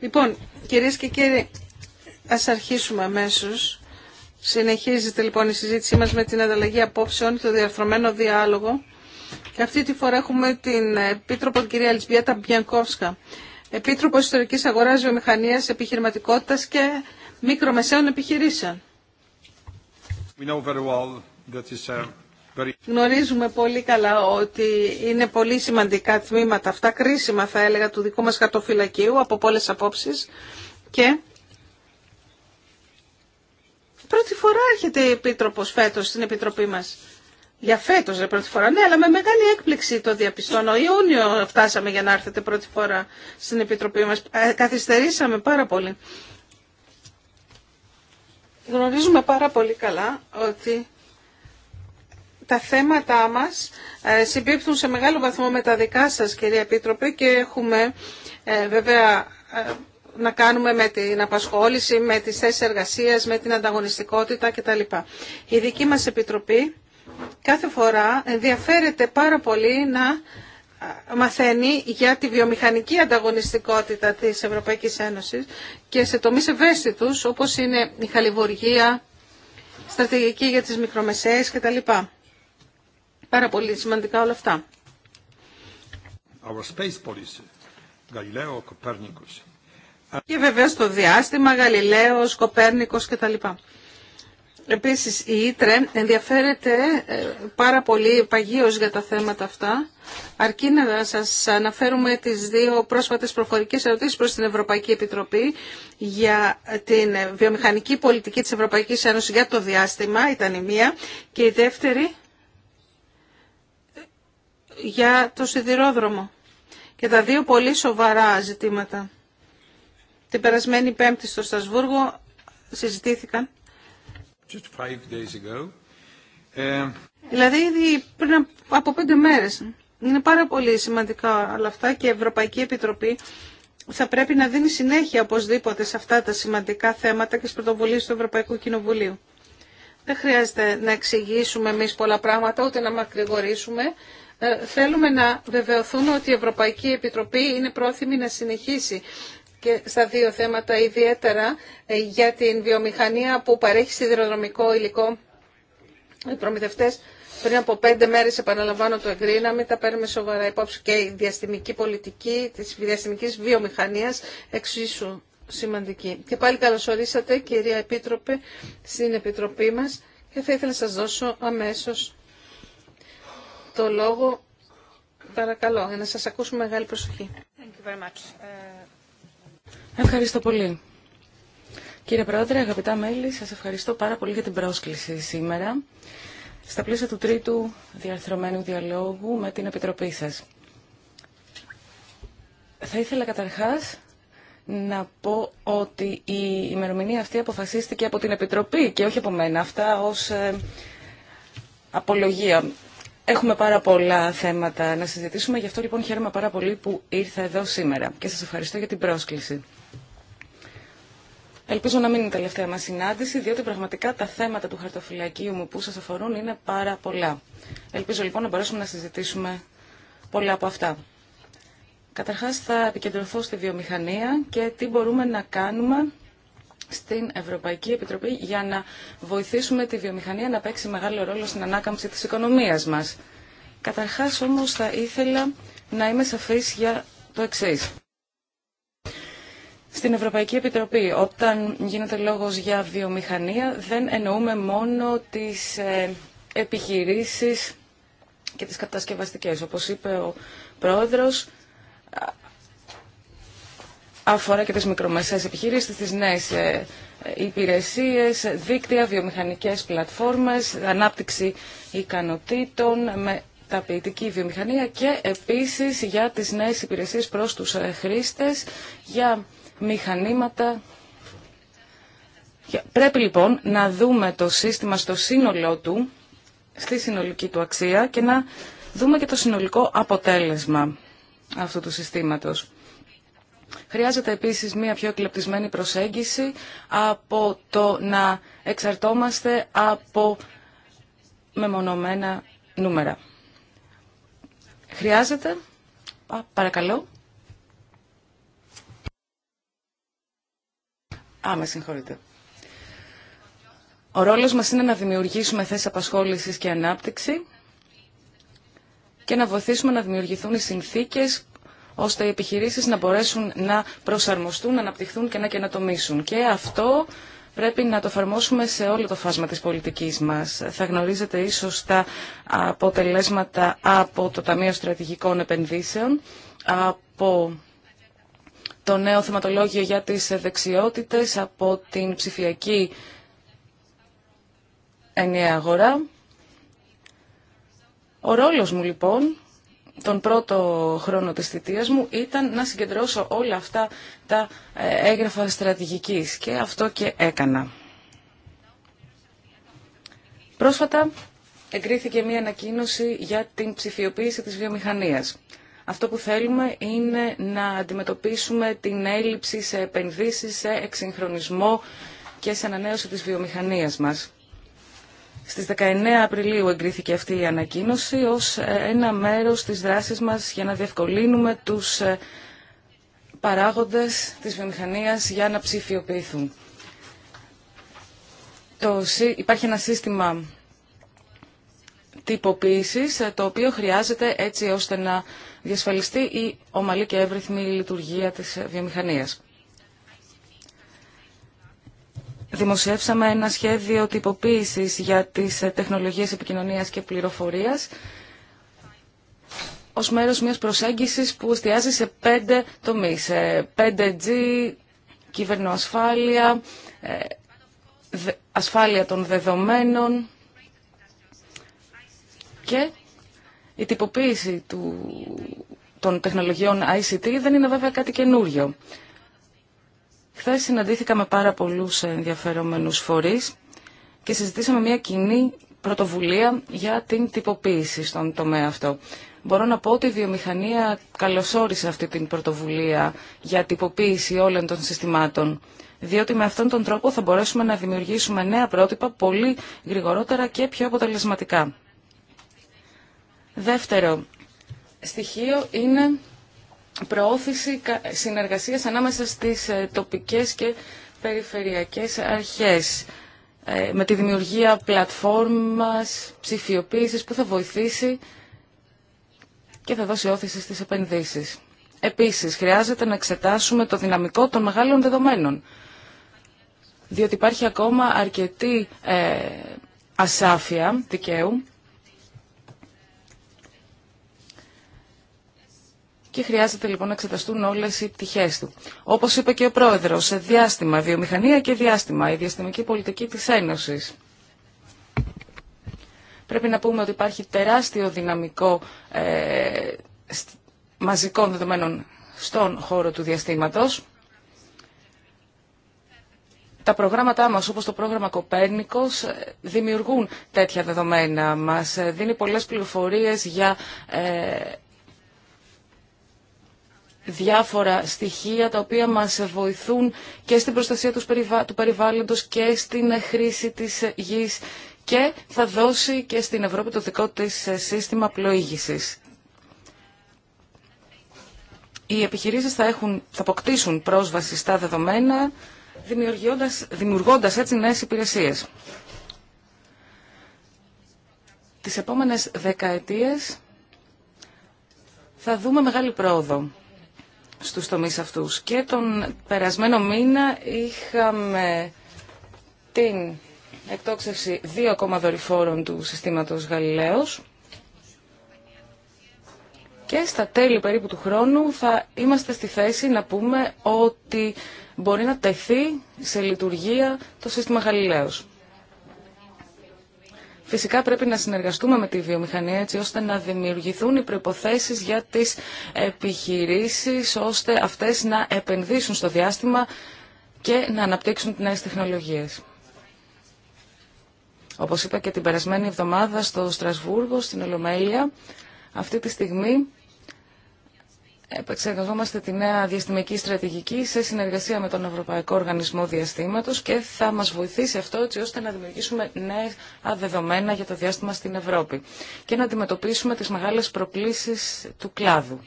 Λοιπόν, κυρίες και κύριοι, ας αρχίσουμε αμέσως. Συνεχίζεται λοιπόν η συζήτησή μας με την ανταλλαγή απόψεων, το διαρθρωμένο διάλογο. Και αυτή τη φορά έχουμε την Επίτροπο κυρία Ελισμπιέτα Μπιανκόφσκα, Επίτροπο Ιστορικής Αγοράς, Βιομηχανίας, Επιχειρηματικότητας και Μικρομεσαίων Επιχειρήσεων. Γνωρίζουμε πολύ καλά ότι είναι πολύ σημαντικά τμήματα αυτά, κρίσιμα θα έλεγα του δικού μας κατοφυλακίου από πολλές απόψεις και πρώτη φορά έρχεται η Επίτροπος φέτος στην Επιτροπή μας. Για φέτος ρε πρώτη φορά. Ναι, αλλά με μεγάλη έκπληξη το διαπιστώνω. Ιούνιο φτάσαμε για να έρθετε πρώτη φορά στην Επιτροπή μας. Ε, καθυστερήσαμε πάρα πολύ. Γνωρίζουμε πάρα πολύ καλά ότι τα θέματα μας ε, συμπίπτουν σε μεγάλο βαθμό με τα δικά σας, κυρία Επίτροπε, και έχουμε ε, βέβαια ε, να κάνουμε με την απασχόληση, με τις θέσεις εργασίας, με την ανταγωνιστικότητα κτλ. Η δική μας Επιτροπή κάθε φορά ενδιαφέρεται πάρα πολύ να μαθαίνει για τη βιομηχανική ανταγωνιστικότητα της Ευρωπαϊκής Ένωσης και σε τομείς ευαίσθητους όπως είναι η χαλιβουργία, στρατηγική για τις μικρομεσαίες κτλ. Πάρα πολύ σημαντικά όλα αυτά. Our space policy. Galileo, Copernicus. Και βεβαίω το διάστημα, Γαλιλαίος, Κοπέρνικος λοιπά. Επίσης η Ήτρε ενδιαφέρεται ε, πάρα πολύ παγίως για τα θέματα αυτά. Αρκεί να σας αναφέρουμε τις δύο πρόσφατες προφορικές ερωτήσεις προς την Ευρωπαϊκή Επιτροπή για την βιομηχανική πολιτική της Ευρωπαϊκής Ένωσης για το διάστημα, ήταν η μία, και η δεύτερη για το σιδηρόδρομο και τα δύο πολύ σοβαρά ζητήματα. Την περασμένη Πέμπτη στο Στασβούργο συζητήθηκαν. Ε, δηλαδή ήδη πριν από πέντε μέρες. Είναι πάρα πολύ σημαντικά όλα αυτά και η Ευρωπαϊκή Επιτροπή θα πρέπει να δίνει συνέχεια οπωσδήποτε σε αυτά τα σημαντικά θέματα και στις πρωτοβουλίες του Ευρωπαϊκού Κοινοβουλίου. Δεν χρειάζεται να εξηγήσουμε εμεί πολλά πράγματα, ούτε να μακρηγορήσουμε. Ε, θέλουμε να βεβαιωθούμε ότι η Ευρωπαϊκή Επιτροπή είναι πρόθυμη να συνεχίσει και στα δύο θέματα ιδιαίτερα ε, για την βιομηχανία που παρέχει σιδηροδρομικό υλικό οι προμηθευτές πριν από πέντε μέρες επαναλαμβάνω το εγκρίναμε, τα παίρνουμε σοβαρά υπόψη και η διαστημική πολιτική της διαστημικής βιομηχανίας εξίσου σημαντική. Και πάλι καλώς ορίσατε κυρία Επίτροπε στην Επιτροπή μας και θα ήθελα να σας δώσω αμέσως το λόγο. Παρακαλώ, για να σας ακούσουμε μεγάλη προσοχή. Ε, ευχαριστώ πολύ. Κύριε Πρόεδρε, αγαπητά μέλη, σας ευχαριστώ πάρα πολύ για την πρόσκληση σήμερα στα πλαίσια του τρίτου διαρθρωμένου διαλόγου με την Επιτροπή σας. Θα ήθελα καταρχάς να πω ότι η ημερομηνία αυτή αποφασίστηκε από την Επιτροπή και όχι από μένα. Αυτά ως ε, απολογία. Έχουμε πάρα πολλά θέματα να συζητήσουμε, γι' αυτό λοιπόν χαίρομαι πάρα πολύ που ήρθα εδώ σήμερα και σας ευχαριστώ για την πρόσκληση. Ελπίζω να μην είναι η τελευταία μας συνάντηση, διότι πραγματικά τα θέματα του χαρτοφυλακίου μου που σας αφορούν είναι πάρα πολλά. Ελπίζω λοιπόν να μπορέσουμε να συζητήσουμε πολλά από αυτά. Καταρχάς θα επικεντρωθώ στη βιομηχανία και τι μπορούμε να κάνουμε στην Ευρωπαϊκή Επιτροπή για να βοηθήσουμε τη βιομηχανία να παίξει μεγάλο ρόλο στην ανάκαμψη της οικονομίας μας. Καταρχάς όμως θα ήθελα να είμαι σαφής για το εξής. Στην Ευρωπαϊκή Επιτροπή, όταν γίνεται λόγος για βιομηχανία, δεν εννοούμε μόνο τις ε, επιχειρήσεις και τις κατασκευαστικές. Όπως είπε ο Πρόεδρος, αφορά και τις μικρομεσαίες επιχειρήσεις, τις νέες ε, υπηρεσίες, δίκτυα, βιομηχανικές πλατφόρμες, ανάπτυξη ικανοτήτων με τα ποιητική βιομηχανία και επίσης για τις νέες υπηρεσίες προς τους ε, χρήστες, για μηχανήματα. Πρέπει λοιπόν να δούμε το σύστημα στο σύνολό του, στη συνολική του αξία και να δούμε και το συνολικό αποτέλεσμα αυτού του συστήματος. Χρειάζεται επίσης μια πιο εκλεπτισμένη προσέγγιση από το να εξαρτόμαστε από μεμονωμένα νούμερα. Χρειάζεται... παρακαλώ. Α, με συγχωρείτε. Ο ρόλος μας είναι να δημιουργήσουμε θέσεις απασχόλησης και ανάπτυξη και να βοηθήσουμε να δημιουργηθούν οι συνθήκες ώστε οι επιχειρήσεις να μπορέσουν να προσαρμοστούν, να αναπτυχθούν και να καινοτομήσουν. Και αυτό πρέπει να το εφαρμόσουμε σε όλο το φάσμα της πολιτικής μας. Θα γνωρίζετε ίσως τα αποτελέσματα από το Ταμείο Στρατηγικών Επενδύσεων, από το νέο θεματολόγιο για τις δεξιότητες, από την ψηφιακή ενιαία αγορά. Ο ρόλος μου λοιπόν τον πρώτο χρόνο της θητείας μου ήταν να συγκεντρώσω όλα αυτά τα ε, έγγραφα στρατηγικής και αυτό και έκανα. Πρόσφατα εγκρίθηκε μια ανακοίνωση για την ψηφιοποίηση της βιομηχανίας. Αυτό που θέλουμε είναι να αντιμετωπίσουμε την έλλειψη σε επενδύσεις, σε εξυγχρονισμό και σε ανανέωση της βιομηχανίας μας. Στις 19 Απριλίου εγκρίθηκε αυτή η ανακοίνωση ως ε, ένα μέρος της δράσης μας για να διευκολύνουμε τους ε, παράγοντες της βιομηχανίας για να ψηφιοποιηθούν. Το, υπάρχει ένα σύστημα τυποποίησης ε, το οποίο χρειάζεται έτσι ώστε να διασφαλιστεί η ομαλή και εύρυθμη λειτουργία της βιομηχανίας δημοσιεύσαμε ένα σχέδιο τυποποίησης για τις τεχνολογίες επικοινωνίας και πληροφορίας ως μέρος μιας προσέγγισης που εστιάζει σε πέντε τομείς. 5G, ε, κυβερνοασφάλεια, ε, ασφάλεια των δεδομένων και η τυποποίηση των τεχνολογιών ICT δεν είναι βέβαια κάτι καινούριο. Χθες συναντήθηκα με πάρα πολλού ενδιαφερόμενους φορείς και συζητήσαμε μια κοινή πρωτοβουλία για την τυποποίηση στον τομέα αυτό. Μπορώ να πω ότι η βιομηχανία καλωσόρισε αυτή την πρωτοβουλία για τυποποίηση όλων των συστημάτων, διότι με αυτόν τον τρόπο θα μπορέσουμε να δημιουργήσουμε νέα πρότυπα πολύ γρηγορότερα και πιο αποτελεσματικά. Δεύτερο στοιχείο είναι προώθηση συνεργασίας ανάμεσα στις ε, τοπικές και περιφερειακές αρχές ε, με τη δημιουργία πλατφόρμας ψηφιοποίησης που θα βοηθήσει και θα δώσει όθηση στις επενδύσεις. Επίσης, χρειάζεται να εξετάσουμε το δυναμικό των μεγάλων δεδομένων, διότι υπάρχει ακόμα αρκετή ε, ασάφεια δικαίου και χρειάζεται λοιπόν να εξεταστούν όλες οι πτυχέ του. Όπως είπε και ο Πρόεδρος, σε διάστημα βιομηχανία και διάστημα, η διαστημική πολιτική της Ένωση. Πρέπει να πούμε ότι υπάρχει τεράστιο δυναμικό ε, μαζικών δεδομένων στον χώρο του διαστήματος. Τα προγράμματά μας, όπως το πρόγραμμα Κοπέρνικος, ε, δημιουργούν τέτοια δεδομένα. Μας ε, δίνει πολλές πληροφορίες για ε, διάφορα στοιχεία τα οποία μας βοηθούν και στην προστασία του περιβάλλοντος και στην χρήση της γης και θα δώσει και στην Ευρώπη το δικό της σύστημα πλοήγησης. Οι επιχειρήσεις θα, έχουν, θα αποκτήσουν πρόσβαση στα δεδομένα δημιουργώντας, δημιουργώντας έτσι νέες υπηρεσίες. Τις επόμενες δεκαετίες θα δούμε μεγάλη πρόοδο στους τομείς αυτούς. Και τον περασμένο μήνα είχαμε την εκτόξευση δύο ακόμα δορυφόρων του συστήματος Γαλιλαίος και στα τέλη περίπου του χρόνου θα είμαστε στη θέση να πούμε ότι μπορεί να τεθεί σε λειτουργία το σύστημα Γαλιλαίος. Φυσικά πρέπει να συνεργαστούμε με τη βιομηχανία έτσι ώστε να δημιουργηθούν οι προϋποθέσεις για τις επιχειρήσεις ώστε αυτές να επενδύσουν στο διάστημα και να αναπτύξουν νέες τεχνολογίες. Όπως είπα και την περασμένη εβδομάδα στο Στρασβούργο, στην Ολομέλεια, αυτή τη στιγμή Επεξεργαζόμαστε τη νέα διαστημική στρατηγική σε συνεργασία με τον Ευρωπαϊκό Οργανισμό Διαστήματος και θα μας βοηθήσει αυτό έτσι ώστε να δημιουργήσουμε νέα δεδομένα για το διάστημα στην Ευρώπη και να αντιμετωπίσουμε τις μεγάλες προκλήσεις του κλάδου.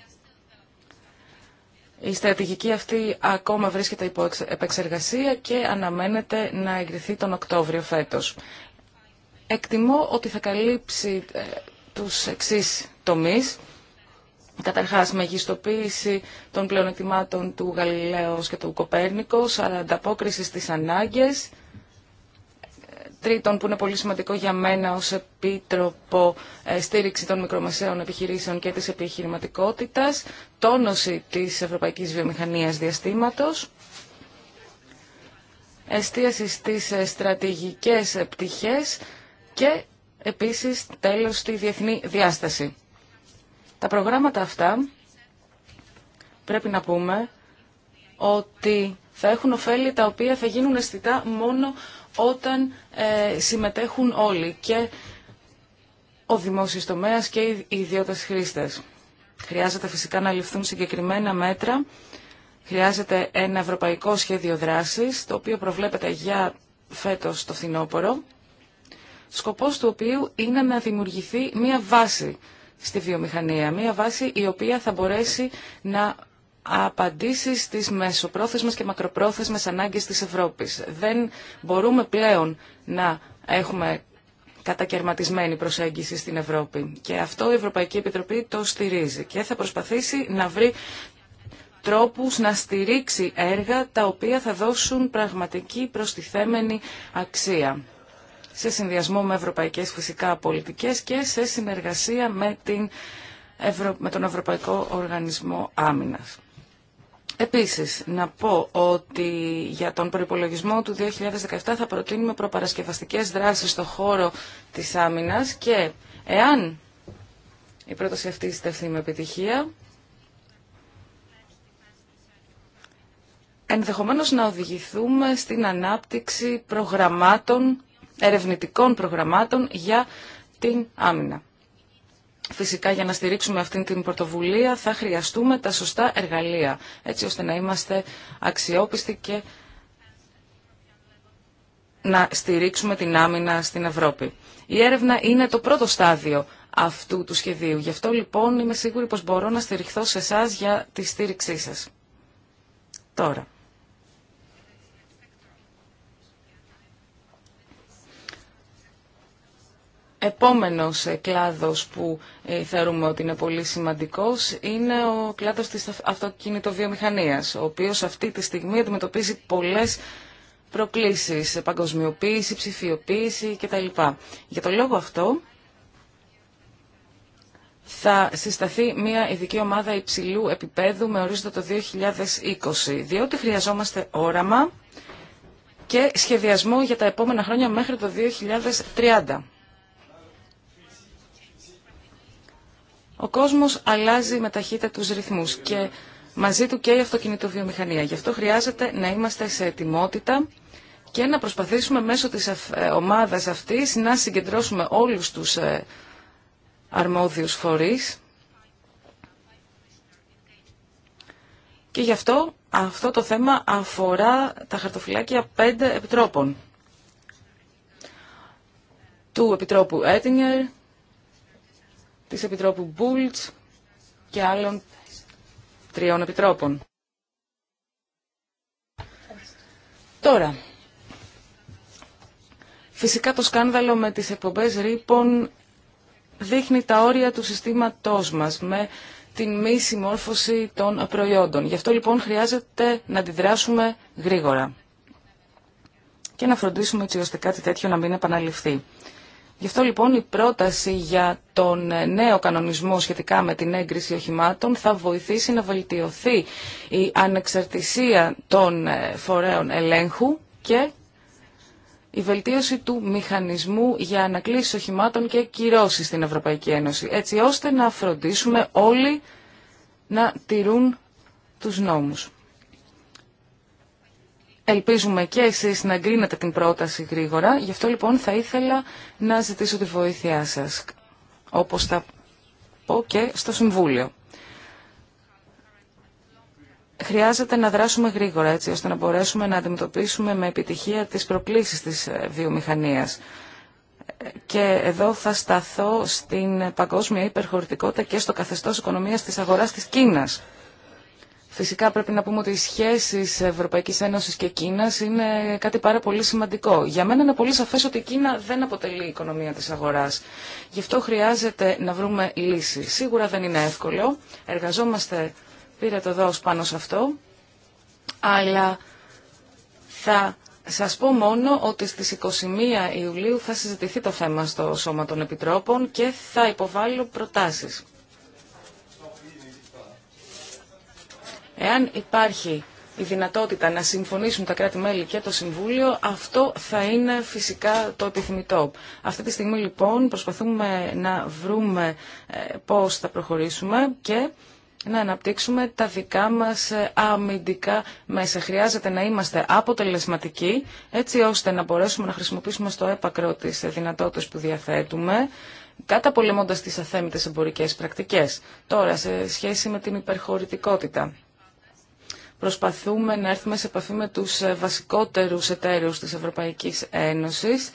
Η στρατηγική αυτή ακόμα βρίσκεται υπό επεξεργασία και αναμένεται να εγκριθεί τον Οκτώβριο φέτος. Εκτιμώ ότι θα καλύψει ε, τους εξής τομείς Καταρχάς, μεγιστοποίηση των πλεονεκτημάτων του Γαλιλαίου και του Κοπέρνικος, ανταπόκριση στις ανάγκε, Τρίτον, που είναι πολύ σημαντικό για μένα ως Επίτροπο, ε, στήριξη των μικρομεσαίων επιχειρήσεων και της επιχειρηματικότητας, τόνωση της Ευρωπαϊκής Βιομηχανίας Διαστήματος, εστίαση στις ε, στρατηγικές πτυχές και επίσης τέλος τη διεθνή διάσταση. Τα προγράμματα αυτά πρέπει να πούμε ότι θα έχουν ωφέλη τα οποία θα γίνουν αισθητά μόνο όταν ε, συμμετέχουν όλοι και ο δημόσιος τομέας και οι ιδιώτες χρήστες. Χρειάζεται φυσικά να ληφθούν συγκεκριμένα μέτρα. Χρειάζεται ένα ευρωπαϊκό σχέδιο δράσης, το οποίο προβλέπεται για φέτος το φθινόπωρο, σκοπός του οποίου είναι να δημιουργηθεί μία βάση στη βιομηχανία. Μία βάση η οποία θα μπορέσει να απαντήσει στις μεσοπρόθεσμες και μακροπρόθεσμες ανάγκες της Ευρώπης. Δεν μπορούμε πλέον να έχουμε κατακαιρματισμένη προσέγγιση στην Ευρώπη. Και αυτό η Ευρωπαϊκή Επιτροπή το στηρίζει και θα προσπαθήσει να βρει τρόπους να στηρίξει έργα τα οποία θα δώσουν πραγματική προστιθέμενη αξία σε συνδυασμό με ευρωπαϊκές φυσικά πολιτικές και σε συνεργασία με, την με τον Ευρωπαϊκό Οργανισμό Άμυνας. Επίσης, να πω ότι για τον προϋπολογισμό του 2017 θα προτείνουμε προπαρασκευαστικές δράσεις στο χώρο της άμυνας και εάν η πρόταση αυτή στεφθεί με επιτυχία, ενδεχομένως να οδηγηθούμε στην ανάπτυξη προγραμμάτων ερευνητικών προγραμμάτων για την άμυνα. Φυσικά για να στηρίξουμε αυτήν την πρωτοβουλία θα χρειαστούμε τα σωστά εργαλεία, έτσι ώστε να είμαστε αξιόπιστοι και να στηρίξουμε την άμυνα στην Ευρώπη. Η έρευνα είναι το πρώτο στάδιο αυτού του σχεδίου. Γι' αυτό λοιπόν είμαι σίγουρη πως μπορώ να στηριχθώ σε εσά για τη στήριξή σας. Τώρα. Επόμενος κλάδος που ε, θεωρούμε ότι είναι πολύ σημαντικός είναι ο κλάδος της αυτοκινητοβιομηχανίας, ο οποίος αυτή τη στιγμή αντιμετωπίζει πολλές προκλήσεις, παγκοσμιοποίηση, ψηφιοποίηση κτλ. Για τον λόγο αυτό θα συσταθεί μια ειδική ομάδα υψηλού επίπεδου με ορίζοντα το 2020, διότι χρειαζόμαστε όραμα και σχεδιασμό για τα επόμενα χρόνια μέχρι το 2030. Ο κόσμος αλλάζει με ταχύτητα τους ρυθμούς και μαζί του και η αυτοκινητοβιομηχανία. Γι' αυτό χρειάζεται να είμαστε σε ετοιμότητα και να προσπαθήσουμε μέσω της ε, ομάδας αυτής να συγκεντρώσουμε όλους τους ε, αρμόδιους φορείς και γι' αυτό αυτό το θέμα αφορά τα χαρτοφυλάκια πέντε επιτρόπων του Επιτρόπου Έτινγκερ, της Επιτρόπου Μπούλτς και άλλων τριών επιτρόπων. Τώρα, φυσικά το σκάνδαλο με τις εκπομπές ρήπων δείχνει τα όρια του συστήματός μας με την μη συμμόρφωση των προϊόντων. Γι' αυτό λοιπόν χρειάζεται να αντιδράσουμε γρήγορα και να φροντίσουμε έτσι ώστε κάτι τέτοιο να μην επαναληφθεί. Γι' αυτό λοιπόν η πρόταση για τον νέο κανονισμό σχετικά με την έγκριση οχημάτων θα βοηθήσει να βελτιωθεί η ανεξαρτησία των ε, φορέων ελέγχου και η βελτίωση του μηχανισμού για ανακλήσεις οχημάτων και κυρώσεις στην Ευρωπαϊκή Ένωση, έτσι ώστε να φροντίσουμε όλοι να τηρούν τους νόμους. Ελπίζουμε και εσείς να εγκρίνετε την πρόταση γρήγορα, γι' αυτό λοιπόν θα ήθελα να ζητήσω τη βοήθειά σας, όπως θα πω και στο Συμβούλιο. Χρειάζεται να δράσουμε γρήγορα έτσι ώστε να μπορέσουμε να αντιμετωπίσουμε με επιτυχία τις προκλήσεις της ε, βιομηχανίας. Και εδώ θα σταθώ στην παγκόσμια υπερχωρητικότητα και στο καθεστώς οικονομίας της αγοράς της Κίνας. Φυσικά πρέπει να πούμε ότι οι σχέσει Ευρωπαϊκή Ένωση και Κίνα είναι κάτι πάρα πολύ σημαντικό. Για μένα είναι πολύ σαφέ ότι η Κίνα δεν αποτελεί η οικονομία τη αγορά. Γι' αυτό χρειάζεται να βρούμε λύσει. Σίγουρα δεν είναι εύκολο. Εργαζόμαστε πήρα το πάνω σε αυτό. Αλλά θα σας πω μόνο ότι στις 21 Ιουλίου θα συζητηθεί το θέμα στο Σώμα των Επιτρόπων και θα υποβάλω προτάσεις. Εάν υπάρχει η δυνατότητα να συμφωνήσουν τα κράτη-μέλη και το Συμβούλιο, αυτό θα είναι φυσικά το επιθυμητό. Αυτή τη στιγμή λοιπόν προσπαθούμε να βρούμε ε, πώς θα προχωρήσουμε και να αναπτύξουμε τα δικά μας ε, αμυντικά μέσα. Χρειάζεται να είμαστε αποτελεσματικοί, έτσι ώστε να μπορέσουμε να χρησιμοποιήσουμε στο έπακρο τις δυνατότητες που διαθέτουμε, καταπολεμώντας τις αθέμητες εμπορικές πρακτικές. Τώρα, σε σχέση με την υπερχωρητικότητα προσπαθούμε να έρθουμε σε επαφή με τους ε, βασικότερους εταίρους της Ευρωπαϊκής Ένωσης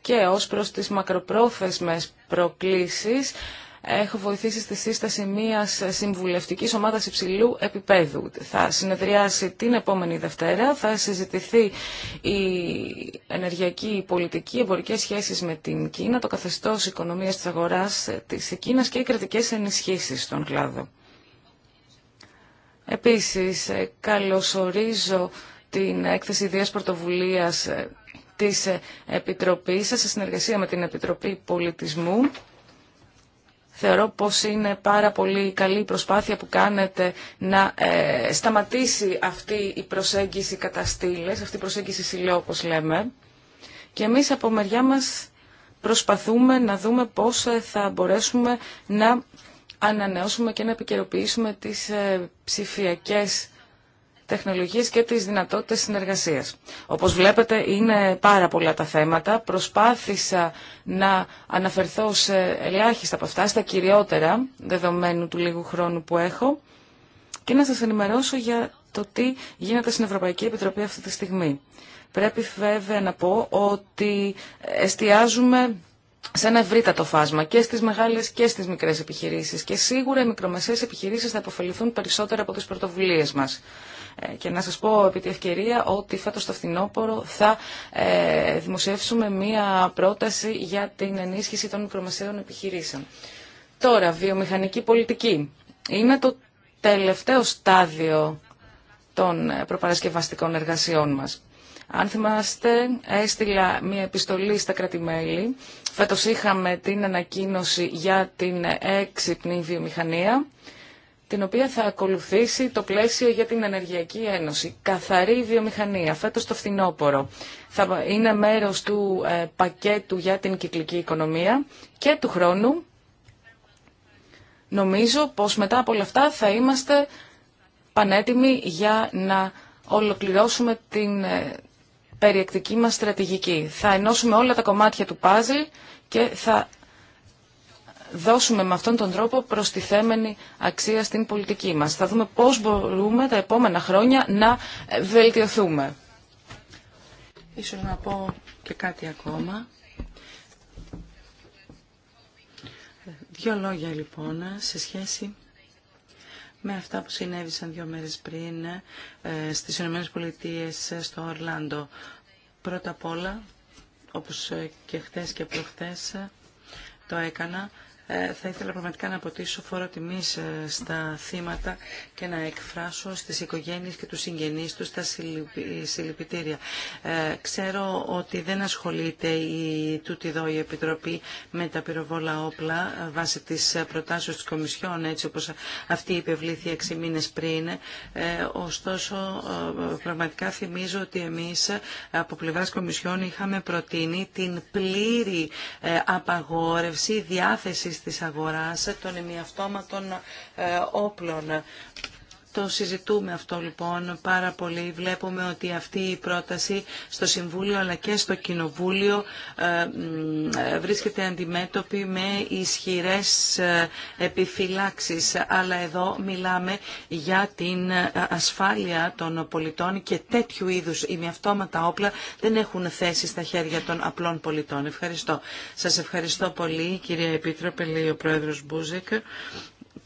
και ως προς τις μακροπρόθεσμες προκλήσεις έχω βοηθήσει στη σύσταση μιας συμβουλευτικής ομάδας υψηλού επίπεδου. Θα συνεδριάσει την επόμενη Δευτέρα, θα συζητηθεί η ενεργειακή πολιτική, οι εμπορικές σχέσεις με την Κίνα, το καθεστώς οικονομίας της αγοράς ε, της Κίνας και οι κρατικές ενισχύσεις στον κλάδο. Επίσης, ε, καλωσορίζω την έκθεση ιδίας πρωτοβουλίας ε, της ε, Επιτροπής σας, σε συνεργασία με την Επιτροπή Πολιτισμού. Θεωρώ πως είναι πάρα πολύ καλή η προσπάθεια που κάνετε να σταματήσει αυτή η προσέγγιση κατά αυτή η προσέγγιση σιλό όπως λέμε. Και εμείς από μεριά μας προσπαθούμε να δούμε πώς θα μπορέσουμε να ανανεώσουμε και να επικαιροποιήσουμε τις ε, ψηφιακές τεχνολογίες και τις δυνατότητες συνεργασίας. Όπως βλέπετε είναι πάρα πολλά τα θέματα. Προσπάθησα να αναφερθώ σε ελάχιστα από αυτά, στα κυριότερα, δεδομένου του λίγου χρόνου που έχω, και να σας ενημερώσω για το τι γίνεται στην Ευρωπαϊκή Επιτροπή αυτή τη στιγμή. Πρέπει βέβαια να πω ότι εστιάζουμε σε ένα ευρύτατο φάσμα και στις μεγάλες και στις μικρές επιχειρήσεις και σίγουρα οι μικρομεσαίες επιχειρήσεις θα υποφεληθούν περισσότερο από τις πρωτοβουλίες μας. Ε, και να σας πω επί τη ευκαιρία ότι φέτος το φθινόπωρο θα ε, δημοσιεύσουμε μία πρόταση για την ενίσχυση των μικρομεσαίων επιχειρήσεων. Τώρα, βιομηχανική πολιτική. Είναι το τελευταίο στάδιο των προπαρασκευαστικών εργασιών μας. Αν θυμάστε, έστειλα μια επιστολή στα κρατημέλη. Φέτος είχαμε την ανακοίνωση για την έξυπνη βιομηχανία, την οποία θα ακολουθήσει το πλαίσιο για την Ενεργειακή Ένωση. Καθαρή βιομηχανία, φέτος το φθινόπωρο. Θα είναι μέρος του ε, πακέτου για την κυκλική οικονομία και του χρόνου. Νομίζω πως μετά από όλα αυτά θα είμαστε πανέτοιμοι για να ολοκληρώσουμε την ε, περιεκτική μας στρατηγική. Θα ενώσουμε όλα τα κομμάτια του παζλ και θα δώσουμε με αυτόν τον τρόπο προστιθέμενη αξία στην πολιτική μας. Θα δούμε πώς μπορούμε τα επόμενα χρόνια να βελτιωθούμε. Ίσως να πω και κάτι ακόμα. Δύο λόγια λοιπόν σε σχέση με αυτά που συνέβησαν δύο μέρες πριν ε, στις Ηνωμένες Πολιτείες ε, στο Ορλάντο. Πρώτα απ' όλα, όπως ε, και χθες και προχθές το έκανα, ε, θα ήθελα πραγματικά να αποτίσω φόρο τιμή ε, στα θύματα και να εκφράσω στι οικογένειε και τους συγγενεί τους τα συλληπιτήρια. Ε, ξέρω ότι δεν ασχολείται η τούτη εδώ η Επιτροπή με τα πυροβόλα όπλα βάσει της προτάσεω της Κομισιόν έτσι όπω αυτή υπευλήθη έξι μήνες πριν. Ωστόσο πραγματικά θυμίζω ότι εμεί από πλευρά Κομισιόν είχαμε προτείνει την πλήρη απαγόρευση διάθεση της αγοράς των ημιαυτόματων ε, όπλων. Το συζητούμε αυτό λοιπόν πάρα πολύ. Βλέπουμε ότι αυτή η πρόταση στο Συμβούλιο αλλά και στο Κοινοβούλιο ε, βρίσκεται αντιμέτωπη με ισχυρές ε, επιφυλάξεις. Αλλά εδώ μιλάμε για την ε, ασφάλεια των πολιτών και τέτοιου είδους ημιαυτόματα όπλα δεν έχουν θέση στα χέρια των απλών πολιτών. Ευχαριστώ. Σας ευχαριστώ πολύ κυρία Επίτροπε, λέει ο Πρόεδρος Μπούζεκ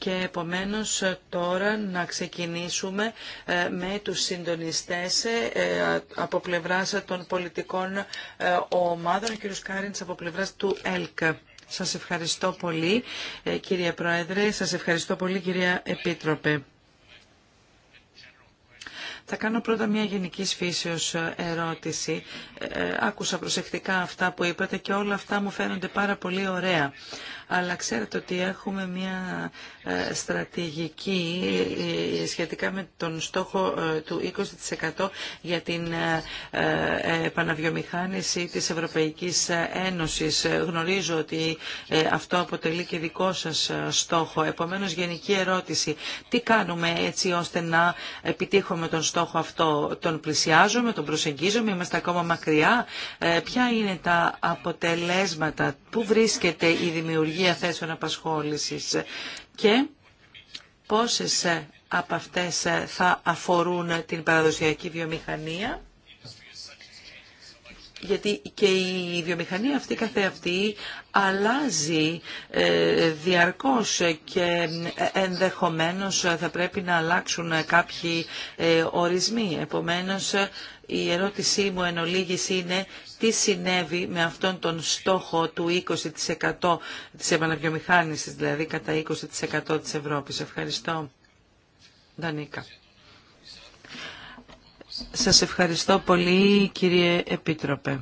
και επομένως ε, τώρα να ξεκινήσουμε ε, με τους συντονιστές ε, από πλευράς των πολιτικών ομάδων, κύριος Κάριντς από πλευράς του ΕΛΚΑ. Σας ευχαριστώ πολύ κύριε Πρόεδρε, σας ευχαριστώ πολύ κυρία Επίτροπε. Θα κάνω πρώτα μια γενική φύσεως ερώτηση. Άκουσα προσεκτικά αυτά που είπατε και όλα αυτά μου φαίνονται πάρα πολύ ωραία αλλά ξέρετε ότι έχουμε μια ε, στρατηγική ε, ε, σχετικά με τον στόχο του 20% για την επαναβιομηχάνηση της Ευρωπαϊκής Ένωσης. Γνωρίζω ότι αυτό αποτελεί και δικό σας στόχο. Επομένως, γενική ερώτηση. Τι κάνουμε έτσι ώστε να επιτύχουμε τον στόχο αυτό. Τον πλησιάζουμε, τον προσεγγίζουμε, είμαστε ακόμα μακριά. Ποια είναι τα αποτελέσματα, πού βρίσκεται η δημιουργία διαθέσεων απασχόλησης και πόσες από αυτές θα αφορούν την παραδοσιακή βιομηχανία γιατί και η βιομηχανία αυτή καθεαυτή αλλάζει ε, διαρκώς και ε, ενδεχομένως θα πρέπει να αλλάξουν κάποιοι ε, ορισμοί. Επομένως, η ερώτησή μου εν είναι τι συνέβη με αυτόν τον στόχο του 20% της επαναβιομηχάνησης, δηλαδή κατά 20% της Ευρώπης. Ευχαριστώ. Δανίκα. Σας ευχαριστώ πολύ κύριε Επίτροπε.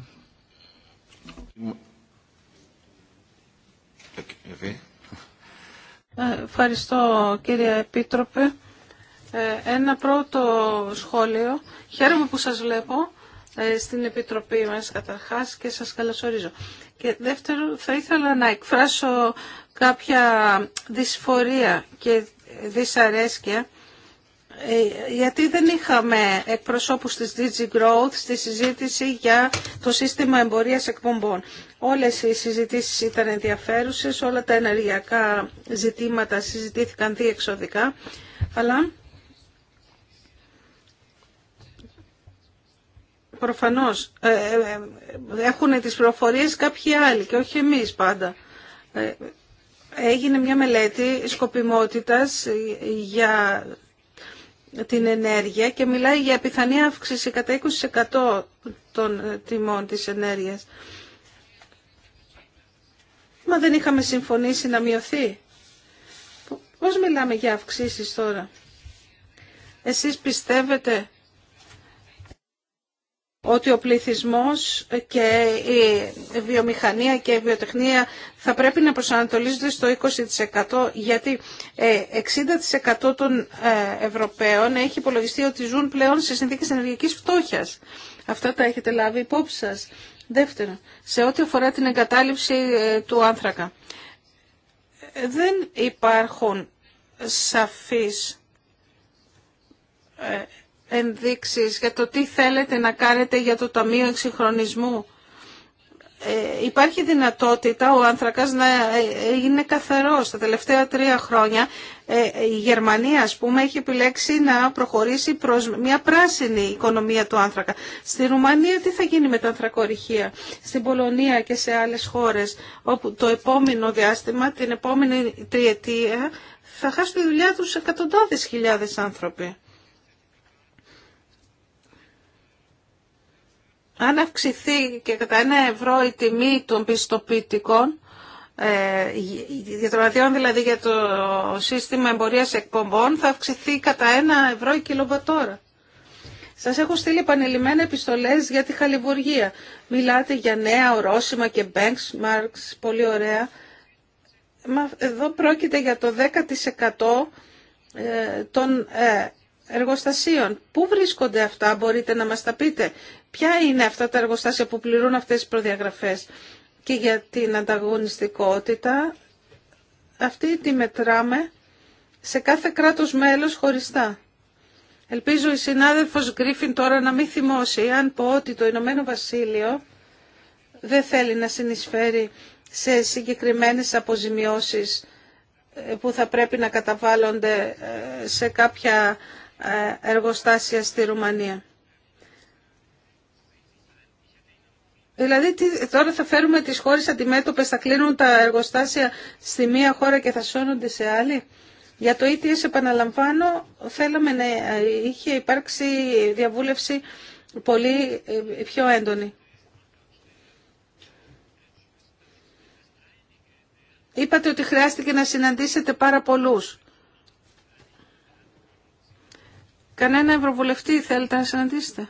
Ευχαριστώ κύριε Επίτροπε. Ε, ένα πρώτο σχόλιο. Χαίρομαι που σας βλέπω ε, στην Επιτροπή μας καταρχάς και σας καλωσορίζω. Και δεύτερο, θα ήθελα να εκφράσω κάποια δυσφορία και δυσαρέσκεια ε, γιατί δεν είχαμε εκπροσώπους της DG Growth στη συζήτηση για το σύστημα εμπορίας εκπομπών. Όλες οι συζητήσεις ήταν ενδιαφέρουσες, όλα τα ενεργειακά ζητήματα συζητήθηκαν διεξοδικά, αλλά προφανώς ε, ε, έχουν τις πληροφορίε κάποιοι άλλοι και όχι εμείς πάντα. Ε, έγινε μια μελέτη σκοπιμότητας ε, για την ενέργεια και μιλάει για πιθανή αύξηση κατά 20% των τιμών της ενέργειας. Μα δεν είχαμε συμφωνήσει να μειωθεί. Πώς μιλάμε για αυξήσεις τώρα. Εσείς πιστεύετε ότι ο πληθυσμός και η βιομηχανία και η βιοτεχνία θα πρέπει να προσανατολίζονται στο 20% γιατί 60% ε, των ε, Ευρωπαίων έχει υπολογιστεί ότι ζουν πλέον σε συνθήκες ενεργειακής φτώχειας. Αυτά τα έχετε λάβει υπόψη σας. Δεύτερον, σε ό,τι αφορά την εγκατάλειψη ε, του άνθρακα. Δεν υπάρχουν σαφείς ενδείξεις για το τι θέλετε να κάνετε για το Ταμείο Εξυγχρονισμού. Ε, υπάρχει δυνατότητα ο άνθρακας να είναι καθαρός. Τα τελευταία τρία χρόνια ε, η Γερμανία, ας πούμε, έχει επιλέξει να προχωρήσει προς μια πράσινη οικονομία του άνθρακα. Στη Ρουμανία τι θα γίνει με τα ανθρακοριχεία, στην Πολωνία και σε άλλες χώρες, όπου το επόμενο διάστημα, την επόμενη τριετία, θα χάσουν τη δουλειά τους εκατοντάδες χιλιάδες άνθρωποι. Αν αυξηθεί και κατά ένα ευρώ η τιμή των πιστοποιητικών, για ε, το δηλαδή για το σύστημα εμπορίας εκπομπών, θα αυξηθεί κατά ένα ευρώ η κιλοβατόρα. Σας έχω στείλει επανειλημμένα επιστολές για τη χαλιβουργία. Μιλάτε για νέα ορόσημα και benchmarks, πολύ ωραία. Μα εδώ πρόκειται για το 10% ε, των ε, εργοστασίων. Πού βρίσκονται αυτά, μπορείτε να μας τα πείτε. Ποια είναι αυτά τα εργοστάσια που πληρούν αυτές τις προδιαγραφές και για την ανταγωνιστικότητα αυτή τη μετράμε σε κάθε κράτος μέλος χωριστά. Ελπίζω η συνάδελφος Γκρίφιν τώρα να μην θυμώσει αν πω ότι το Ηνωμένο Βασίλειο δεν θέλει να συνεισφέρει σε συγκεκριμένες αποζημιώσεις ε, που θα πρέπει να καταβάλλονται ε, σε κάποια ε, εργοστάσια στη Ρουμανία. Δηλαδή τώρα θα φέρουμε τις χώρες αντιμέτωπες, θα κλείνουν τα εργοστάσια στη μία χώρα και θα σώνονται σε άλλη. Για το ETS επαναλαμβάνω, θέλαμε να είχε υπάρξει διαβούλευση πολύ ε, πιο έντονη. Είπατε ότι χρειάστηκε να συναντήσετε πάρα πολλούς. Κανένα ευρωβουλευτή θέλετε να συναντήσετε.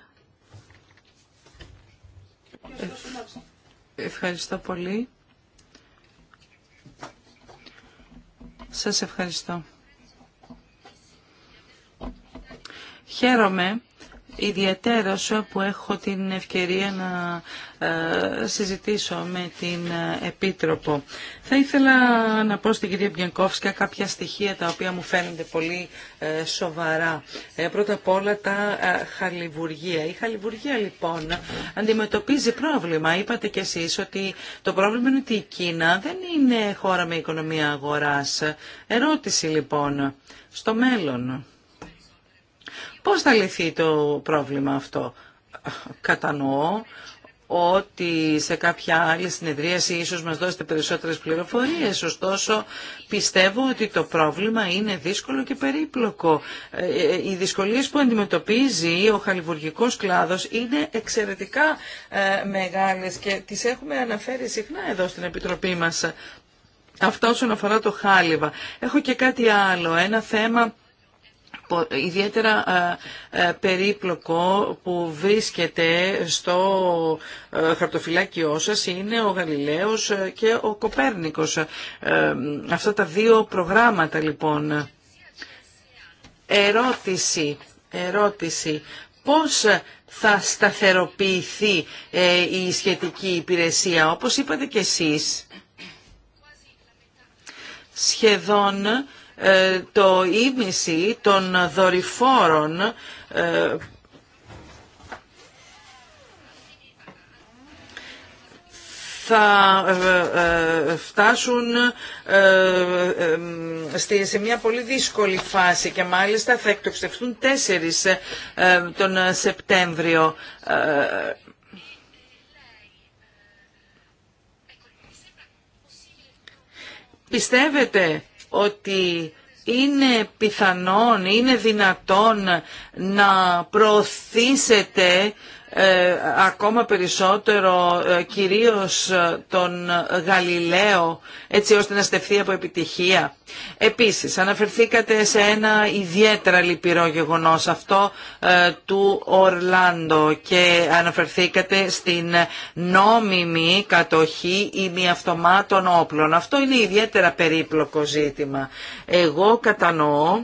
Ευχαριστώ πολύ. Σας ευχαριστώ. Χαίρομαι σου που έχω την ευκαιρία να ε, συζητήσω με την ε, Επίτροπο. Θα ήθελα να πω στην κυρία Μπιανκόφσκα κάποια στοιχεία τα οποία μου φαίνονται πολύ ε, σοβαρά. Πρώτα απ' όλα τα χαλιβουργία. Η χαλιβουργία λοιπόν αντιμετωπίζει πρόβλημα. Είπατε κι εσείς ότι το πρόβλημα είναι ότι η Κίνα δεν είναι χώρα με οικονομία αγοράς. Ερώτηση λοιπόν στο μέλλον. Πώς θα λυθεί το πρόβλημα αυτό. Κατανοώ ότι σε κάποια άλλη συνεδρίαση ίσως μας δώσετε περισσότερες πληροφορίες. Ωστόσο, πιστεύω ότι το πρόβλημα είναι δύσκολο και περίπλοκο. Ε, ε, οι δυσκολίες που αντιμετωπίζει ο χαλιβουργικός κλάδος είναι εξαιρετικά ε, μεγάλες και τις έχουμε αναφέρει συχνά εδώ στην Επιτροπή μας. Αυτό όσον αφορά το χάλιβα. Έχω και κάτι άλλο, ένα θέμα ιδιαίτερα περίπλοκο που βρίσκεται στο χαρτοφυλάκιό σας είναι ο Γαλιλαίος και ο Κοπέρνικος. Αυτά τα δύο προγράμματα λοιπόν. Ερώτηση, ερώτηση. Πώς θα σταθεροποιηθεί ε, η σχετική υπηρεσία, όπως είπατε και εσείς, σχεδόν ε, το ίμιση των δορυφόρων ε, θα ε, φτάσουν σε μια πολύ δύσκολη φάση και μάλιστα θα εκτοξευτούν τέσσερις τον Σεπτέμβριο. Πιστεύετε ότι είναι πιθανόν, είναι δυνατόν να προωθήσετε ε, ακόμα περισσότερο ε, κυρίως ε, τον Γαλιλαίο έτσι ώστε να στεφθεί από επιτυχία. Επίσης αναφερθήκατε σε ένα ιδιαίτερα λυπηρό γεγονός αυτό του Ορλάντο και αναφερθήκατε στην νόμιμη κατοχή ημιαυτομάτων όπλων. Αυτό είναι ιδιαίτερα περίπλοκο ζήτημα. Εγώ κατανοώ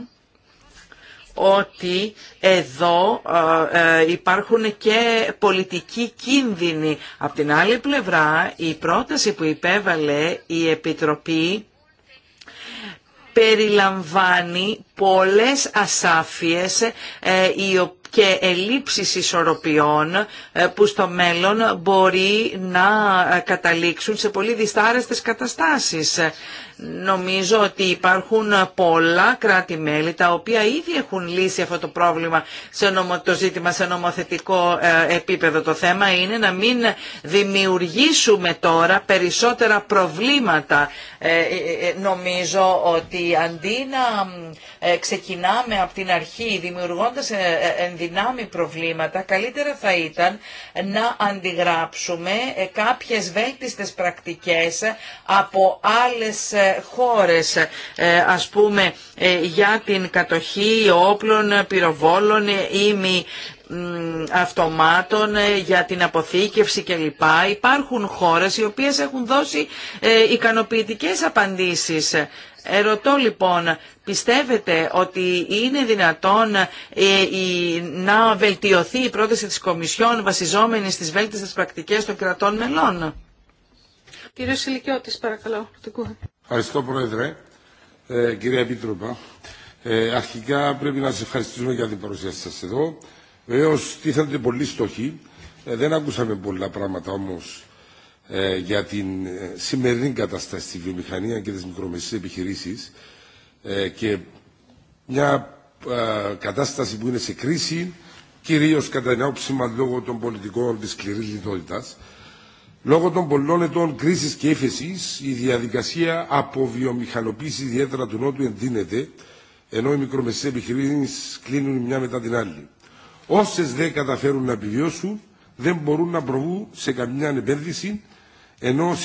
ότι εδώ ε, ε, υπάρχουν και πολιτικοί κίνδυνοι. Απ' την άλλη πλευρά, η πρόταση που υπέβαλε η Επιτροπή περιλαμβάνει πολλές ασάφειες ε, και ελλείψεις ισορροπιών που στο μέλλον μπορεί να καταλήξουν σε πολύ δυστάρεστες καταστάσεις. Νομίζω ότι υπάρχουν πολλά κράτη-μέλη τα οποία ήδη έχουν λύσει αυτό το πρόβλημα, το ζήτημα σε νομοθετικό ε, επίπεδο. Το θέμα είναι να μην δημιουργήσουμε τώρα περισσότερα προβλήματα. Ε, ε, νομίζω ότι αντί να ξεκινάμε από την αρχή δημιουργώντας ενδυνάμει προβλήματα, καλύτερα θα ήταν να αντιγράψουμε κάποιες βέλτιστες πρακτικές από άλλες χώρες ε, ας πούμε ε, για την κατοχή όπλων, πυροβόλων ε, ή μη αυτομάτων για την αποθήκευση κλπ. Υπάρχουν χώρες οι οποίες έχουν δώσει ικανοποιητικές απαντήσεις. Ερωτώ λοιπόν, πιστεύετε ότι είναι δυνατόν να βελτιωθεί η πρόταση της Κομισιόν βασιζόμενη στις βέλτιστες πρακτικές των κρατών μελών. Κύριε Σιλικιώτης, παρακαλώ. Ευχαριστώ, Πρόεδρε. Ε, κυρία Επίτροπα, ε, αρχικά πρέπει να σας ευχαριστήσουμε για την παρουσία σας εδώ. Βεβαίω τίθενται πολλοί στόχοι. Ε, δεν ακούσαμε πολλά πράγματα όμως για την σημερινή κατάσταση στη βιομηχανία και της μικρομεσαίες επιχειρήσεις και μια κατάσταση που είναι σε κρίση κυρίως κατά την άποψη λόγω των πολιτικών της σκληρής λιτότητας. Λόγω των πολλών ετών κρίσης και ύφεση, η διαδικασία αποβιομηχανοποίηση ιδιαίτερα του Νότου εντείνεται, ενώ οι μικρομεσαίε επιχειρήσει κλείνουν μια μετά την άλλη. Όσε δεν καταφέρουν να επιβιώσουν, δεν μπορούν να προβούν σε καμιά επένδυση, ενώ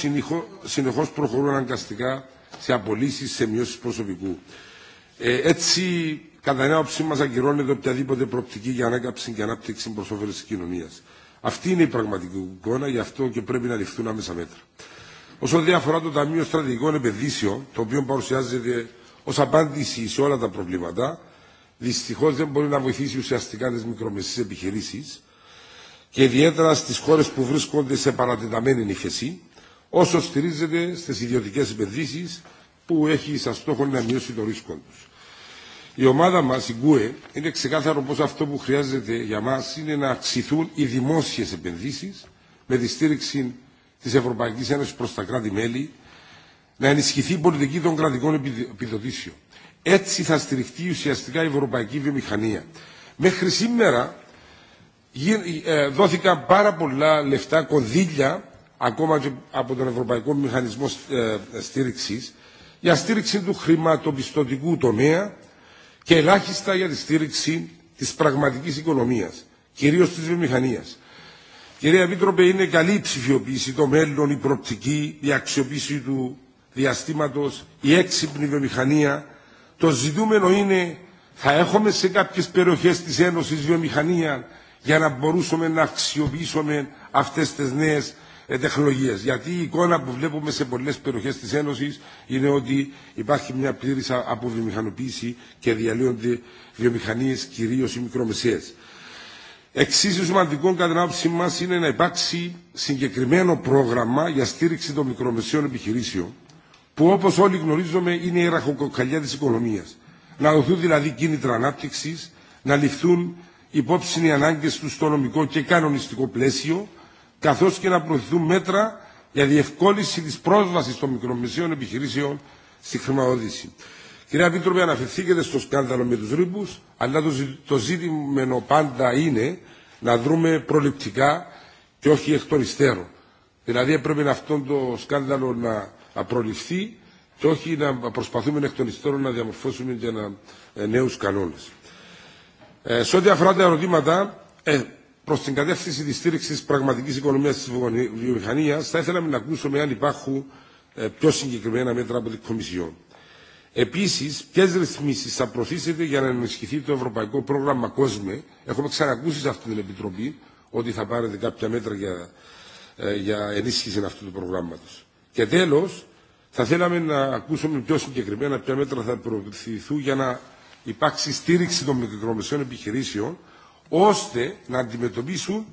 συνεχώς προχωρούν αναγκαστικά σε απολύσει, σε μειώσει προσωπικού. Ε, έτσι, κατά νέα όψη μα, ακυρώνεται οποιαδήποτε προοπτική για ανάκαμψη και ανάπτυξη προ κοινωνίας. κοινωνία. Αυτή είναι η πραγματική εικόνα, γι' αυτό και πρέπει να ληφθούν άμεσα μέτρα. Όσον διάφορα το Ταμείο Στρατηγικών Επενδύσεων, το οποίο παρουσιάζεται ω απάντηση σε όλα τα προβλήματα, δυστυχώ δεν μπορεί να βοηθήσει ουσιαστικά τι μικρομεσαίε επιχειρήσει και ιδιαίτερα στι χώρε που βρίσκονται σε παρατεταμένη νυχεσή, όσο στηρίζεται στι ιδιωτικέ επενδύσει που έχει σαν στόχο να μειώσει το ρίσκο του. Η ομάδα μα, η ΓΚΟΕ, είναι ξεκάθαρο πω αυτό που χρειάζεται για μα είναι να αυξηθούν οι δημόσιε επενδύσει με τη στήριξη τη Ευρωπαϊκή Ένωση προ τα κράτη-μέλη, να ενισχυθεί η πολιτική των κρατικών επιδοτήσεων. Έτσι θα στηριχτεί ουσιαστικά η ευρωπαϊκή βιομηχανία. Μέχρι σήμερα ε, δόθηκαν πάρα πολλά λεφτά, κονδύλια, ακόμα και από τον Ευρωπαϊκό Μηχανισμό ε, στήριξη, για στήριξη του χρηματοπιστωτικού τομέα, και ελάχιστα για τη στήριξη της πραγματικής οικονομίας, κυρίως της βιομηχανίας. Κυρία Επίτροπε, είναι καλή η ψηφιοποίηση, το μέλλον, η προοπτική, η αξιοποίηση του διαστήματος, η έξυπνη βιομηχανία. Το ζητούμενο είναι θα έχουμε σε κάποιες περιοχές της Ένωσης βιομηχανία για να μπορούσαμε να αξιοποιήσουμε αυτές τις νέες ε, Γιατί η εικόνα που βλέπουμε σε πολλέ περιοχέ τη Ένωση είναι ότι υπάρχει μια πλήρη αποβιομηχανοποίηση και διαλύονται βιομηχανίε, κυρίω οι μικρομεσαίε. Εξίσου σημαντικό κατά την άποψή μα είναι να υπάρξει συγκεκριμένο πρόγραμμα για στήριξη των μικρομεσαίων επιχειρήσεων, που όπω όλοι γνωρίζουμε είναι η ραχοκοκαλιά τη οικονομία. Να δοθούν δηλαδή κίνητρα ανάπτυξη, να ληφθούν υπόψη οι ανάγκε του στο νομικό και κανονιστικό πλαίσιο, καθώς και να προωθηθούν μέτρα για διευκόλυνση της πρόσβασης των μικρομεσαίων επιχειρήσεων στη χρηματοδότηση. Κυρία Επίτροπε, αναφερθήκετε στο σκάνδαλο με τους ρήπου, αλλά το ζήτημα πάντα είναι να δρούμε προληπτικά και όχι εκ των υστέρων. Δηλαδή έπρεπε αυτό το σκάνδαλο να προληφθεί και όχι να προσπαθούμε εκ των υστέρων να διαμορφώσουμε και να, ε, νέους κανόνες. Ε, σε ό,τι αφορά τα ερωτήματα, ε, Προ την κατεύθυνση τη στήριξη πραγματική οικονομία τη βιομηχανία, θα ήθελαμε να ακούσουμε αν υπάρχουν ε, πιο συγκεκριμένα μέτρα από την Κομισιόν. Επίση, ποιε ρυθμίσει θα προσθέσετε για να ενισχυθεί το ευρωπαϊκό πρόγραμμα COSME. Έχουμε ξανακούσει σε αυτή την Επιτροπή ότι θα πάρετε κάποια μέτρα για, ε, για ενίσχυση αυτού του προγράμματο. Και τέλο, θα θέλαμε να ακούσουμε πιο συγκεκριμένα ποια μέτρα θα προωθηθούν για να υπάρξει στήριξη των μικρομεσαίων επιχειρήσεων ώστε να αντιμετωπίσουν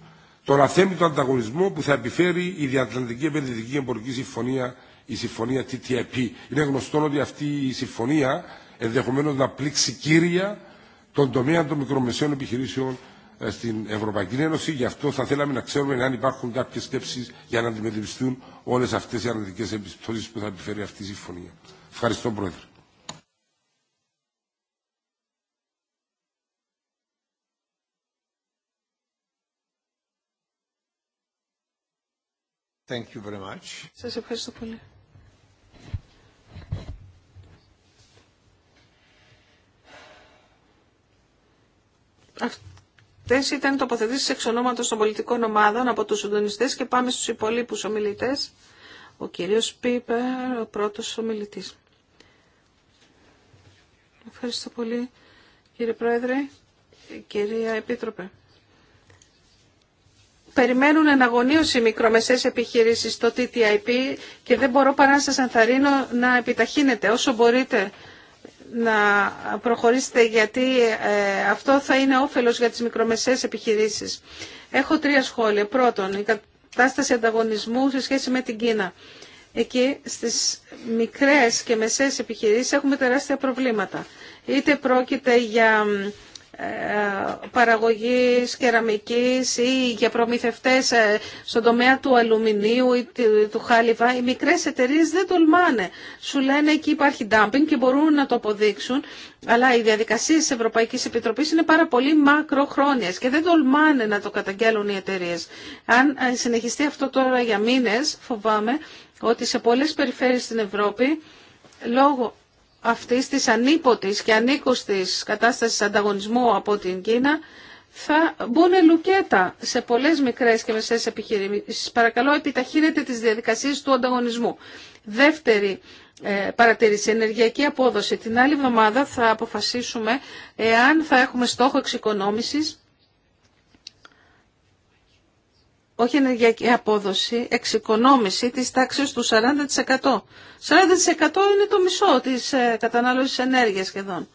τον αθέμητο ανταγωνισμό που θα επιφέρει η Διατλαντική Επενδυτική Εμπορική Συμφωνία, η Συμφωνία TTIP. Είναι γνωστό ότι αυτή η συμφωνία ενδεχομένω να πλήξει κύρια τον τομέα των μικρομεσαίων επιχειρήσεων ε, στην Ευρωπαϊκή Ένωση. Γι' αυτό θα θέλαμε να ξέρουμε αν υπάρχουν κάποιε σκέψει για να αντιμετωπιστούν όλε αυτέ οι αρνητικέ επιπτώσει που θα επιφέρει αυτή η συμφωνία. Ευχαριστώ, Πρόεδρε. Thank you very much. Σας ευχαριστώ πολύ. Αυτές ήταν τοποθετήσεις εξ ονόματος των πολιτικών ομάδων από τους συντονιστέ και πάμε στους υπολείπους ομιλητέ, Ο κύριος Πίπερ, ο πρώτος ομιλητή. Ευχαριστώ πολύ κύριε Πρόεδρε, κυρία Επίτροπε περιμένουν εναγωνίωση οι μικρομεσαίες επιχειρήσεις στο TTIP και δεν μπορώ παρά να σας ενθαρρύνω να επιταχύνετε όσο μπορείτε να προχωρήσετε γιατί ε, αυτό θα είναι όφελος για τις μικρομεσαίες επιχειρήσεις. Έχω τρία σχόλια. Πρώτον, η κατάσταση ανταγωνισμού σε σχέση με την Κίνα. Εκεί στις μικρές και μεσαίες επιχειρήσεις έχουμε τεράστια προβλήματα. Είτε πρόκειται για παραγωγής κεραμικής ή για προμηθευτές ε, στον τομέα του αλουμινίου ή του χάλιβα, οι μικρές εταιρείε δεν τολμάνε. Σου λένε εκεί υπάρχει dumping και μπορούν να το αποδείξουν, αλλά οι διαδικασίες της Ευρωπαϊκής Επιτροπής είναι πάρα πολύ μακροχρόνιες και δεν τολμάνε να το καταγγέλουν οι εταιρείε. Αν ε, συνεχιστεί αυτό τώρα για μήνες, φοβάμαι ότι σε πολλές περιφέρειες στην Ευρώπη, λόγω αυτή της ανίποτης και ανήκουστης κατάστασης ανταγωνισμού από την Κίνα θα μπουν λουκέτα σε πολλές μικρές και μεσαίες επιχειρήσεις. Παρακαλώ επιταχύνετε τις διαδικασίες του ανταγωνισμού. Δεύτερη ε, παρατήρηση, ενεργειακή απόδοση. Την άλλη εβδομάδα θα αποφασίσουμε εάν θα έχουμε στόχο εξοικονόμησης όχι ενεργειακή απόδοση, εξοικονόμηση της τάξης του 40%. 40% είναι το μισό της ε, κατανάλωσης ενέργειας σχεδόν.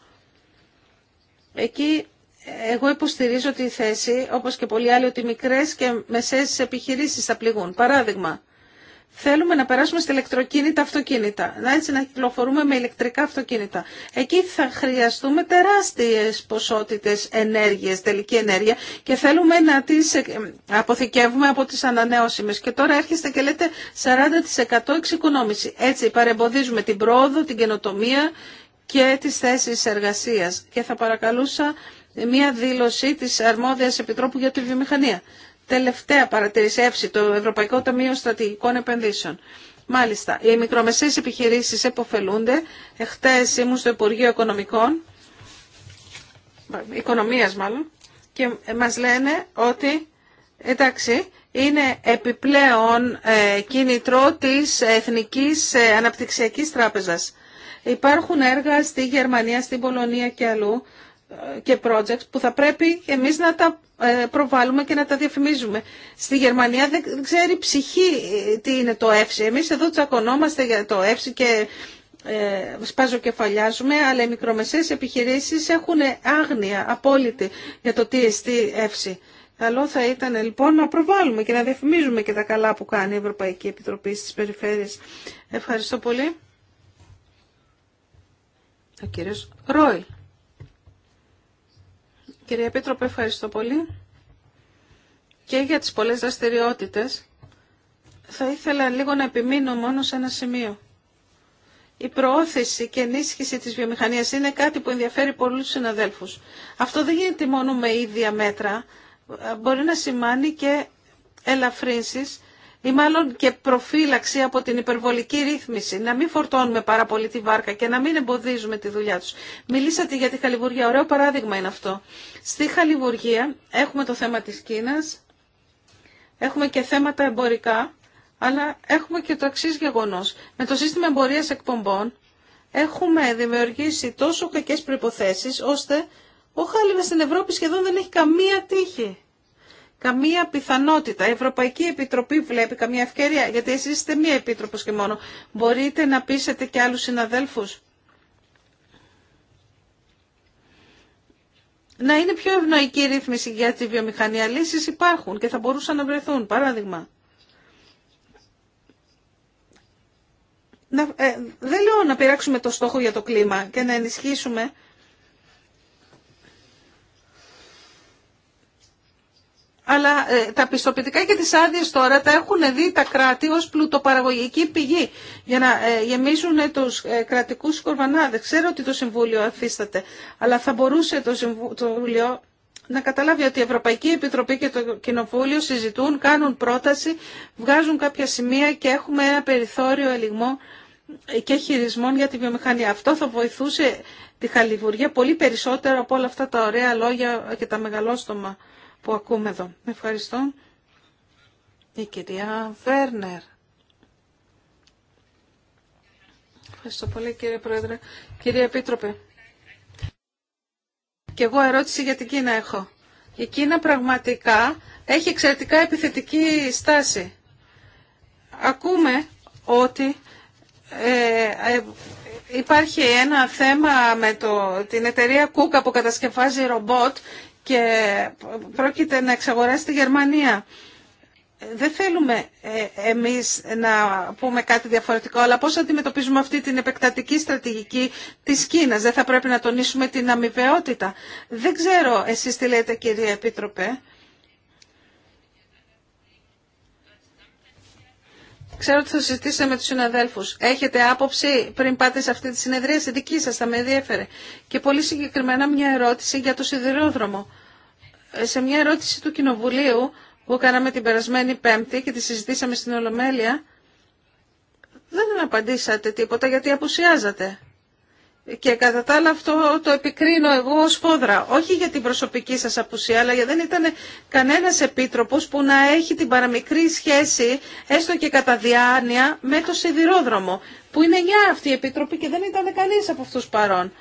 Εκεί ε, εγώ υποστηρίζω τη θέση, όπως και πολλοί άλλοι, ότι μικρές και μεσαίες επιχειρήσεις θα πληγούν. Παράδειγμα, Θέλουμε να περάσουμε στα ηλεκτροκίνητα αυτοκίνητα, να έτσι να κυκλοφορούμε με ηλεκτρικά αυτοκίνητα. Εκεί θα χρειαστούμε τεράστιες ποσότητες ενέργειας, τελική ενέργεια και θέλουμε να τις ε, αποθηκεύουμε από τις ανανεώσιμες. Και τώρα έρχεστε και λέτε 40% εξοικονόμηση. Έτσι παρεμποδίζουμε την πρόοδο, την καινοτομία και τις θέσεις εργασίας. Και θα παρακαλούσα μια δήλωση της Αρμόδιας Επιτρόπου για τη Βιομηχανία. Τελευταία παρατηρήση, το Ευρωπαϊκό Ταμείο Στρατηγικών Επενδύσεων. Μάλιστα, οι μικρομεσαίες επιχειρήσεις επωφελούνται. Εχθές ήμουν στο Υπουργείο Οικονομικών, Οικονομίας μάλλον, και μας λένε ότι, εντάξει, είναι επιπλέον ε, κίνητρο της Εθνικής ε, Αναπτυξιακής Τράπεζας. Υπάρχουν έργα στη Γερμανία, στην Πολωνία και αλλού και projects που θα πρέπει εμείς να τα ε, προβάλλουμε και να τα διαφημίζουμε. Στη Γερμανία δεν ξέρει ψυχή ε, τι είναι το ΕΦΣΙ. Εμείς εδώ τσακωνόμαστε για το ΕΦΣΙ και ε, σπάζω κεφαλιάζουμε, αλλά οι μικρομεσαίες επιχειρήσεις έχουν άγνοια απόλυτη για το τι εστί ΕΦΣΙ. Καλό θα ήταν λοιπόν να προβάλλουμε και να διαφημίζουμε και τα καλά που κάνει η Ευρωπαϊκή Επιτροπή στις περιφέρειες. Ευχαριστώ πολύ. Ο Κύριε Επίτροπε, ευχαριστώ πολύ και για τις πολλές δραστηριότητε. Θα ήθελα λίγο να επιμείνω μόνο σε ένα σημείο. Η προώθηση και ενίσχυση της βιομηχανίας είναι κάτι που ενδιαφέρει πολλούς συναδέλφους. Αυτό δεν γίνεται μόνο με ίδια μέτρα. Μπορεί να σημάνει και ελαφρύνσεις ή μάλλον και προφύλαξη από την υπερβολική ρύθμιση, να μην φορτώνουμε πάρα πολύ τη βάρκα και να μην εμποδίζουμε τη δουλειά τους. Μιλήσατε για τη χαλιβουργία, ωραίο παράδειγμα είναι αυτό. Στη χαλιβουργία έχουμε το θέμα της Κίνας, έχουμε και θέματα εμπορικά, αλλά έχουμε και το εξή γεγονός. Με το σύστημα εμπορίας εκπομπών έχουμε δημιουργήσει τόσο κακές προϋποθέσεις, ώστε ο Χάλιβα στην Ευρώπη σχεδόν δεν έχει καμία τύχη καμία πιθανότητα. Η Ευρωπαϊκή Επιτροπή βλέπει καμία ευκαιρία, γιατί εσείς είστε μία επίτροπος και μόνο. Μπορείτε να πείσετε και άλλους συναδέλφους. Να είναι πιο ευνοϊκή η ρύθμιση για τη βιομηχανία. λύσει υπάρχουν και θα μπορούσαν να βρεθούν. Παράδειγμα. Να, ε, δεν λέω να πειράξουμε το στόχο για το κλίμα και να ενισχύσουμε Αλλά ε, τα πιστοποιητικά και τις άδειες τώρα τα έχουν δει τα κράτη ως πλουτοπαραγωγική πηγή για να ε, γεμίζουν τους ε, κρατικούς κορβανάδες. Ξέρω ότι το Συμβούλιο αφίσταται, αλλά θα μπορούσε το Συμβούλιο να καταλάβει ότι η Ευρωπαϊκή Επιτροπή και το Κοινοβούλιο συζητούν, κάνουν πρόταση, βγάζουν κάποια σημεία και έχουμε ένα περιθώριο ελιγμό και χειρισμών για τη βιομηχανία. Αυτό θα βοηθούσε τη χαλιβουργία πολύ περισσότερο από όλα αυτά τα ωραία λόγια και τα μεγαλόστομα που ακούμε εδώ. Ευχαριστώ. Η κυρία Βέρνερ. Ευχαριστώ πολύ κύριε Πρόεδρε. Κύριε Επίτροπε. Και εγώ ερώτηση για την Κίνα έχω. Η Κίνα πραγματικά έχει εξαιρετικά επιθετική στάση. Ακούμε ότι ε, ε υπάρχει ένα θέμα με το, την εταιρεία Κούκα που κατασκευάζει ρομπότ και πρόκειται να εξαγοράσει τη Γερμανία. Δεν θέλουμε ε, εμείς να πούμε κάτι διαφορετικό, αλλά πώς αντιμετωπίζουμε αυτή την επεκτατική στρατηγική της Κίνας. Δεν θα πρέπει να τονίσουμε την αμοιβαιότητα. Δεν ξέρω εσείς τι λέτε κύριε Επίτροπε. Ξέρω ότι θα συζητήσετε με τους συναδέλφους. Έχετε άποψη πριν πάτε σε αυτή τη συνεδρία, σε δική σα θα με ενδιαφέρε. Και πολύ συγκεκριμένα μια ερώτηση για το σιδηρόδρομο. Ε, σε μια ερώτηση του Κοινοβουλίου που κάναμε την περασμένη Πέμπτη και τη συζητήσαμε στην Ολομέλεια, δεν απαντήσατε τίποτα γιατί απουσιάζατε. Και κατά τα άλλα αυτό το επικρίνω εγώ ως φόδρα. Όχι για την προσωπική σας απουσία, αλλά γιατί δεν ήταν κανένας επίτροπος που να έχει την παραμικρή σχέση, έστω και κατά διάνοια, με το σιδηρόδρομο. Που είναι για αυτή η επίτροπη και δεν ήταν κανείς από αυτούς παρών.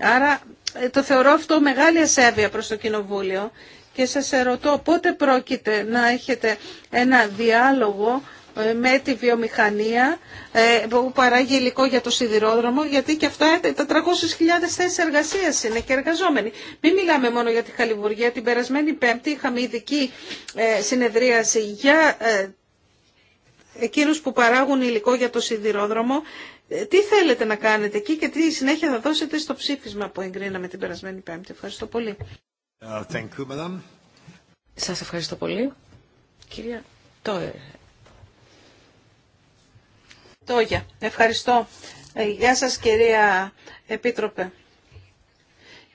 Άρα ε, το θεωρώ αυτό μεγάλη ασέβεια προς το Κοινοβούλιο. Και σας ερωτώ πότε πρόκειται να έχετε ένα διάλογο ε, με τη βιομηχανία ε, που παράγει υλικό για το σιδηρόδρομο, γιατί και αυτά 400.000 θέσει εργασία είναι και εργαζόμενοι. Μην μιλάμε μόνο για τη Χαλιβουργία. Την περασμένη Πέμπτη είχαμε ειδική ε, συνεδρίαση για εκείνους που παράγουν υλικό για το σιδηρόδρομο. Τι θέλετε να κάνετε εκεί και τι συνέχεια θα δώσετε στο ψήφισμα που εγκρίναμε την περασμένη Πέμπτη. Ευχαριστώ πολύ. Uh, thank ευχαριστώ πολύ. Κυρία Τόερ, Τόγια. Ευχαριστώ. Ε, γεια σας κυρία Επίτροπε.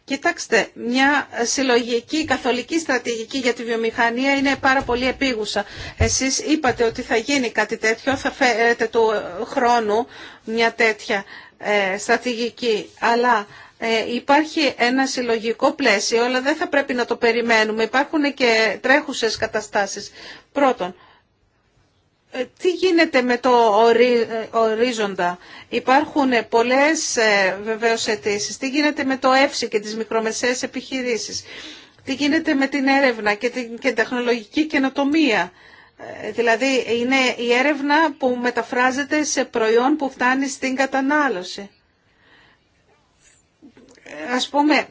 Κοιτάξτε, μια συλλογική καθολική στρατηγική για τη βιομηχανία είναι πάρα πολύ επίγουσα. Εσείς είπατε ότι θα γίνει κάτι τέτοιο, θα φέρετε του χρόνου μια τέτοια ε, στρατηγική. Αλλά ε, υπάρχει ένα συλλογικό πλαίσιο, αλλά δεν θα πρέπει να το περιμένουμε. Υπάρχουν και τρέχουσες καταστάσεις. Πρώτον, ε, τι γίνεται με το ε, ορίζοντα. Υπάρχουν ε, πολλές βεβαίως αιτήσει. Τι γίνεται με το ΕΦΣΙ και τις μικρομεσαίες επιχειρήσεις. Τι γίνεται με την έρευνα και την και τεχνολογική καινοτομία. Δηλαδή είναι η έρευνα που μεταφράζεται σε προϊόν που φτάνει στην κατανάλωση. Ας πούμε,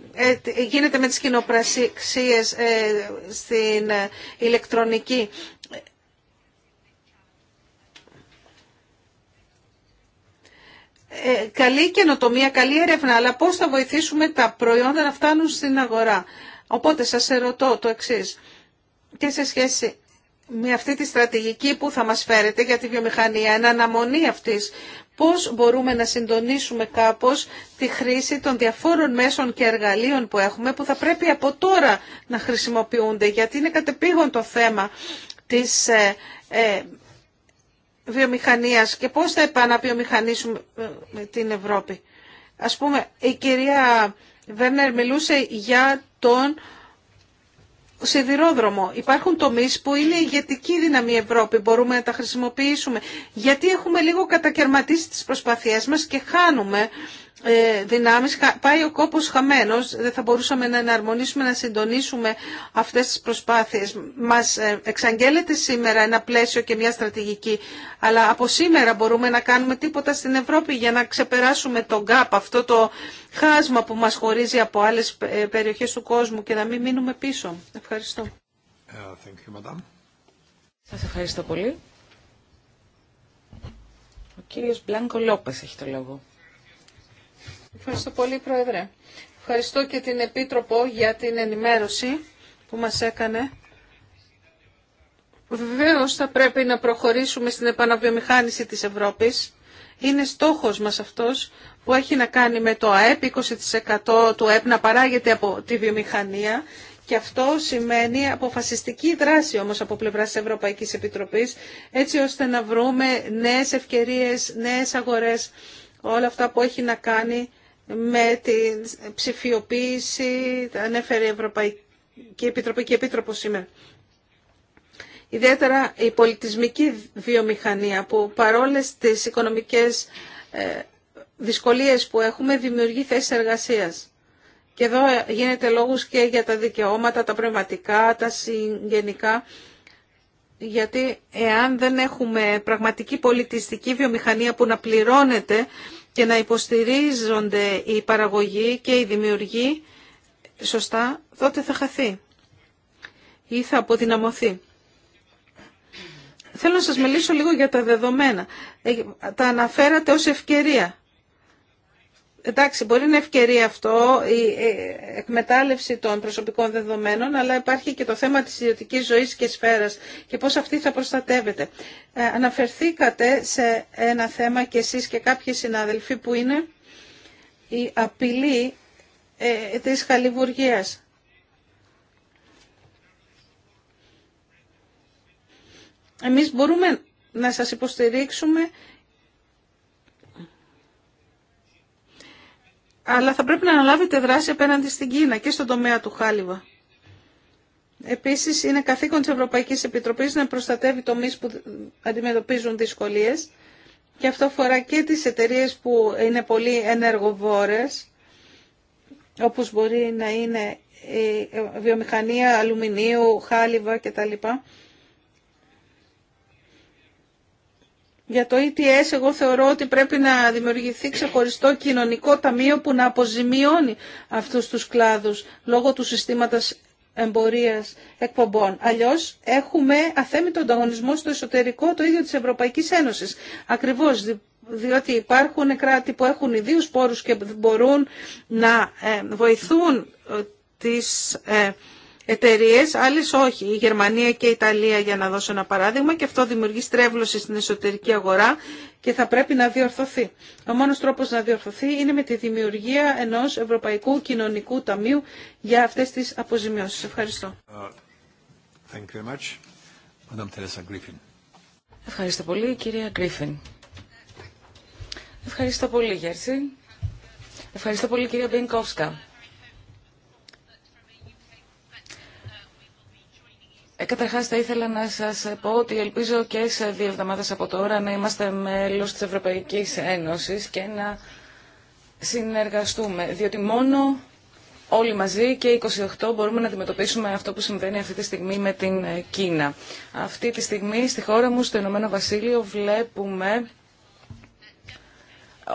γίνεται με τις κοινοπρασίες στην ηλεκτρονική. ε, καλή καινοτομία, καλή έρευνα, αλλά πώς θα βοηθήσουμε τα προϊόντα να φτάνουν στην αγορά. Οπότε σας ερωτώ το εξής και σε σχέση με αυτή τη στρατηγική που θα μας φέρετε για τη βιομηχανία, εν αναμονή αυτής, πώς μπορούμε να συντονίσουμε κάπως τη χρήση των διαφόρων μέσων και εργαλείων που έχουμε, που θα πρέπει από τώρα να χρησιμοποιούνται, γιατί είναι κατεπήγον το θέμα της ε, ε, βιομηχανίας και πώς θα επαναβιομηχανίσουμε ε, την Ευρώπη. Ας πούμε, η κυρία Βέρνερ μιλούσε για τον σιδηρόδρομο. Υπάρχουν τομείς που είναι ηγετική δύναμη Ευρώπη, μπορούμε να τα χρησιμοποιήσουμε. Γιατί έχουμε λίγο κατακαιρματίσει τις προσπαθίες μας και χάνουμε ε, δυνάμεις, πάει ο κόπος χαμένος, δεν θα μπορούσαμε να εναρμονίσουμε, να συντονίσουμε αυτές τις προσπάθειες. Μας ε, εξαγγέλλεται σήμερα ένα πλαίσιο και μια στρατηγική, αλλά από σήμερα μπορούμε να κάνουμε τίποτα στην Ευρώπη για να ξεπεράσουμε τον γκάπ, αυτό το χάσμα που μας χωρίζει από άλλες ε, περιοχές του κόσμου και να μην μείνουμε πίσω. Ευχαριστώ. Thank you, Σας ευχαριστώ πολύ. Ο κύριος Μπλάνκο Λόπες έχει το λόγο. Ευχαριστώ πολύ, Πρόεδρε. Ευχαριστώ και την Επίτροπο για την ενημέρωση που μας έκανε. Βεβαίω θα πρέπει να προχωρήσουμε στην επαναβιομηχάνηση της Ευρώπης. Είναι στόχος μας αυτός που έχει να κάνει με το ΑΕΠ, 20% του ΑΕΠ να παράγεται από τη βιομηχανία και αυτό σημαίνει αποφασιστική δράση όμως από πλευράς της Ευρωπαϊκής Επιτροπής έτσι ώστε να βρούμε νέες ευκαιρίες, νέες αγορές, όλα αυτά που έχει να κάνει με την ψηφιοποίηση, ανέφερε η Ευρωπαϊκή Επιτροπή και η Επίτροπο σήμερα. Ιδιαίτερα η πολιτισμική βιομηχανία που παρόλες τις οικονομικές ε, δυσκολίες που έχουμε δημιουργεί θέσεις εργασίας. Και εδώ γίνεται λόγος και για τα δικαιώματα, τα πνευματικά, τα συγγενικά, γιατί εάν δεν έχουμε πραγματική πολιτιστική βιομηχανία που να πληρώνεται και να υποστηρίζονται η παραγωγή και η δημιουργή σωστά, τότε θα χαθεί ή θα αποδυναμωθεί. Θέλω να σας μιλήσω λίγο για τα δεδομένα. Ε, τα αναφέρατε ως ευκαιρία. Εντάξει, μπορεί να είναι ευκαιρία αυτό, η ε, εκμετάλλευση των προσωπικών δεδομένων, αλλά υπάρχει και το θέμα της ιδιωτικής ζωής και σφαίρας και πώς αυτή θα προστατεύεται. Ε, αναφερθήκατε σε ένα θέμα και εσείς και κάποιοι συναδελφοί που είναι η απειλή ε, της χαλιβουργίας. Εμείς μπορούμε να σας υποστηρίξουμε αλλά θα πρέπει να αναλάβετε δράση απέναντι στην Κίνα και στον τομέα του χάλιβα. Επίσης, είναι καθήκον της Ευρωπαϊκής Επιτροπής να προστατεύει τομείς που αντιμετωπίζουν δυσκολίες και αυτό αφορά και τις εταιρείες που είναι πολύ ενεργοβόρες, όπως μπορεί να είναι η βιομηχανία αλουμινίου, χάλιβα κτλ. Για το ETS εγώ θεωρώ ότι πρέπει να δημιουργηθεί ξεχωριστό κοινωνικό ταμείο που να αποζημιώνει αυτούς τους κλάδους λόγω του συστήματος εμπορίας εκπομπών. Αλλιώς έχουμε αθέμητο ανταγωνισμό στο εσωτερικό το ίδιο της Ευρωπαϊκής Ένωσης. Ακριβώς διότι υπάρχουν κράτη που έχουν ιδίους πόρους και μπορούν να ε, βοηθούν ε, τις ε, εταιρείε, άλλε όχι. Η Γερμανία και η Ιταλία, για να δώσω ένα παράδειγμα, και αυτό δημιουργεί στρέβλωση στην εσωτερική αγορά και θα πρέπει να διορθωθεί. Ο μόνο τρόπο να διορθωθεί είναι με τη δημιουργία ενό Ευρωπαϊκού Κοινωνικού Ταμείου για αυτέ τι αποζημιώσει. Ευχαριστώ. Uh, Ευχαριστώ πολύ, κυρία Γκρίφιν. Ευχαριστώ πολύ, Γέρση. Ευχαριστώ πολύ, κυρία Μπινκόφσκα. Ε, Καταρχά, θα ήθελα να σα πω ότι ελπίζω και σε δύο εβδομάδε από τώρα να είμαστε μέλο τη Ευρωπαϊκή Ένωση και να συνεργαστούμε. Διότι μόνο όλοι μαζί και 28 μπορούμε να αντιμετωπίσουμε αυτό που συμβαίνει αυτή τη στιγμή με την Κίνα. Αυτή τη στιγμή στη χώρα μου, στο Ηνωμένο Βασίλειο, βλέπουμε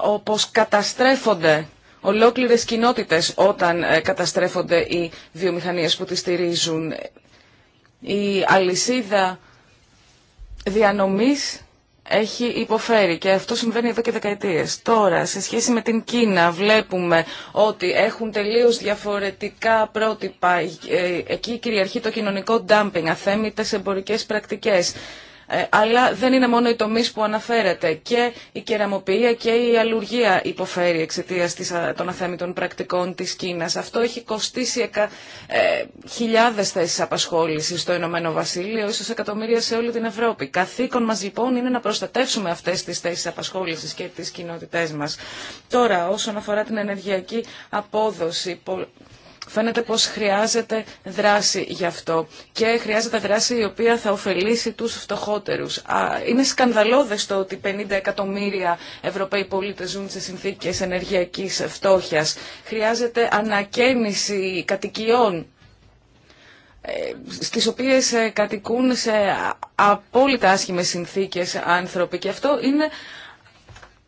όπως καταστρέφονται ολόκληρες κοινότητες όταν ε, καταστρέφονται οι βιομηχανίες που τις στηρίζουν η αλυσίδα διανομής έχει υποφέρει και αυτό συμβαίνει εδώ και δεκαετίες. Τώρα, σε σχέση με την Κίνα, βλέπουμε ότι έχουν τελείως διαφορετικά πρότυπα. Ε, εκεί κυριαρχεί το κοινωνικό ντάμπινγκ, αθέμητες εμπορικές πρακτικές. Ε, αλλά δεν είναι μόνο οι τομείς που αναφέρεται. Και η κεραμοποιία και η αλλουργία υποφέρει εξαιτία των αθέμητων πρακτικών της Κίνας. Αυτό έχει κοστίσει εκα, ε, χιλιάδες θέσεις απασχόλησης στο Ηνωμένο Βασίλειο, ίσως εκατομμύρια σε όλη την Ευρώπη. Καθήκον μας λοιπόν είναι να προστατεύσουμε αυτές τις θέσει απασχόλησης και τις κοινότητές μας. Τώρα, όσον αφορά την ενεργειακή απόδοση, Φαίνεται πως χρειάζεται δράση γι' αυτό και χρειάζεται δράση η οποία θα ωφελήσει τους φτωχότερους. Είναι σκανδαλώδες το ότι 50 εκατομμύρια Ευρωπαίοι πολίτες ζουν σε συνθήκες ενεργειακής φτώχειας. Χρειάζεται ανακαίνιση κατοικιών ε, στις οποίες ε, κατοικούν σε απόλυτα άσχημες συνθήκες άνθρωποι και αυτό είναι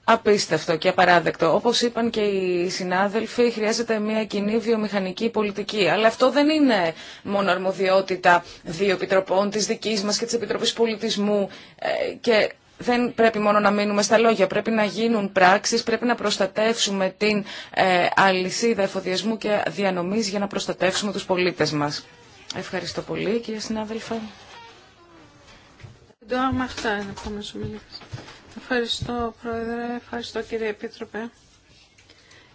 απίστευτο και απαράδεκτο. Όπως είπαν και οι συνάδελφοι, χρειάζεται μια κοινή βιομηχανική πολιτική. Αλλά αυτό δεν είναι μόνο αρμοδιότητα δύο επιτροπών, της δικής μας και της επιτροπή Πολιτισμού ε, και δεν πρέπει μόνο να μείνουμε στα λόγια, πρέπει να γίνουν πράξεις, πρέπει να προστατεύσουμε την ε, αλυσίδα εφοδιασμού και διανομή για να προστατεύσουμε του πολίτε μα. Ευχαριστώ πολύ, κύριε συνάδελφε. Ευχαριστώ, Πρόεδρε. Ευχαριστώ, κύριε Επίτροπε.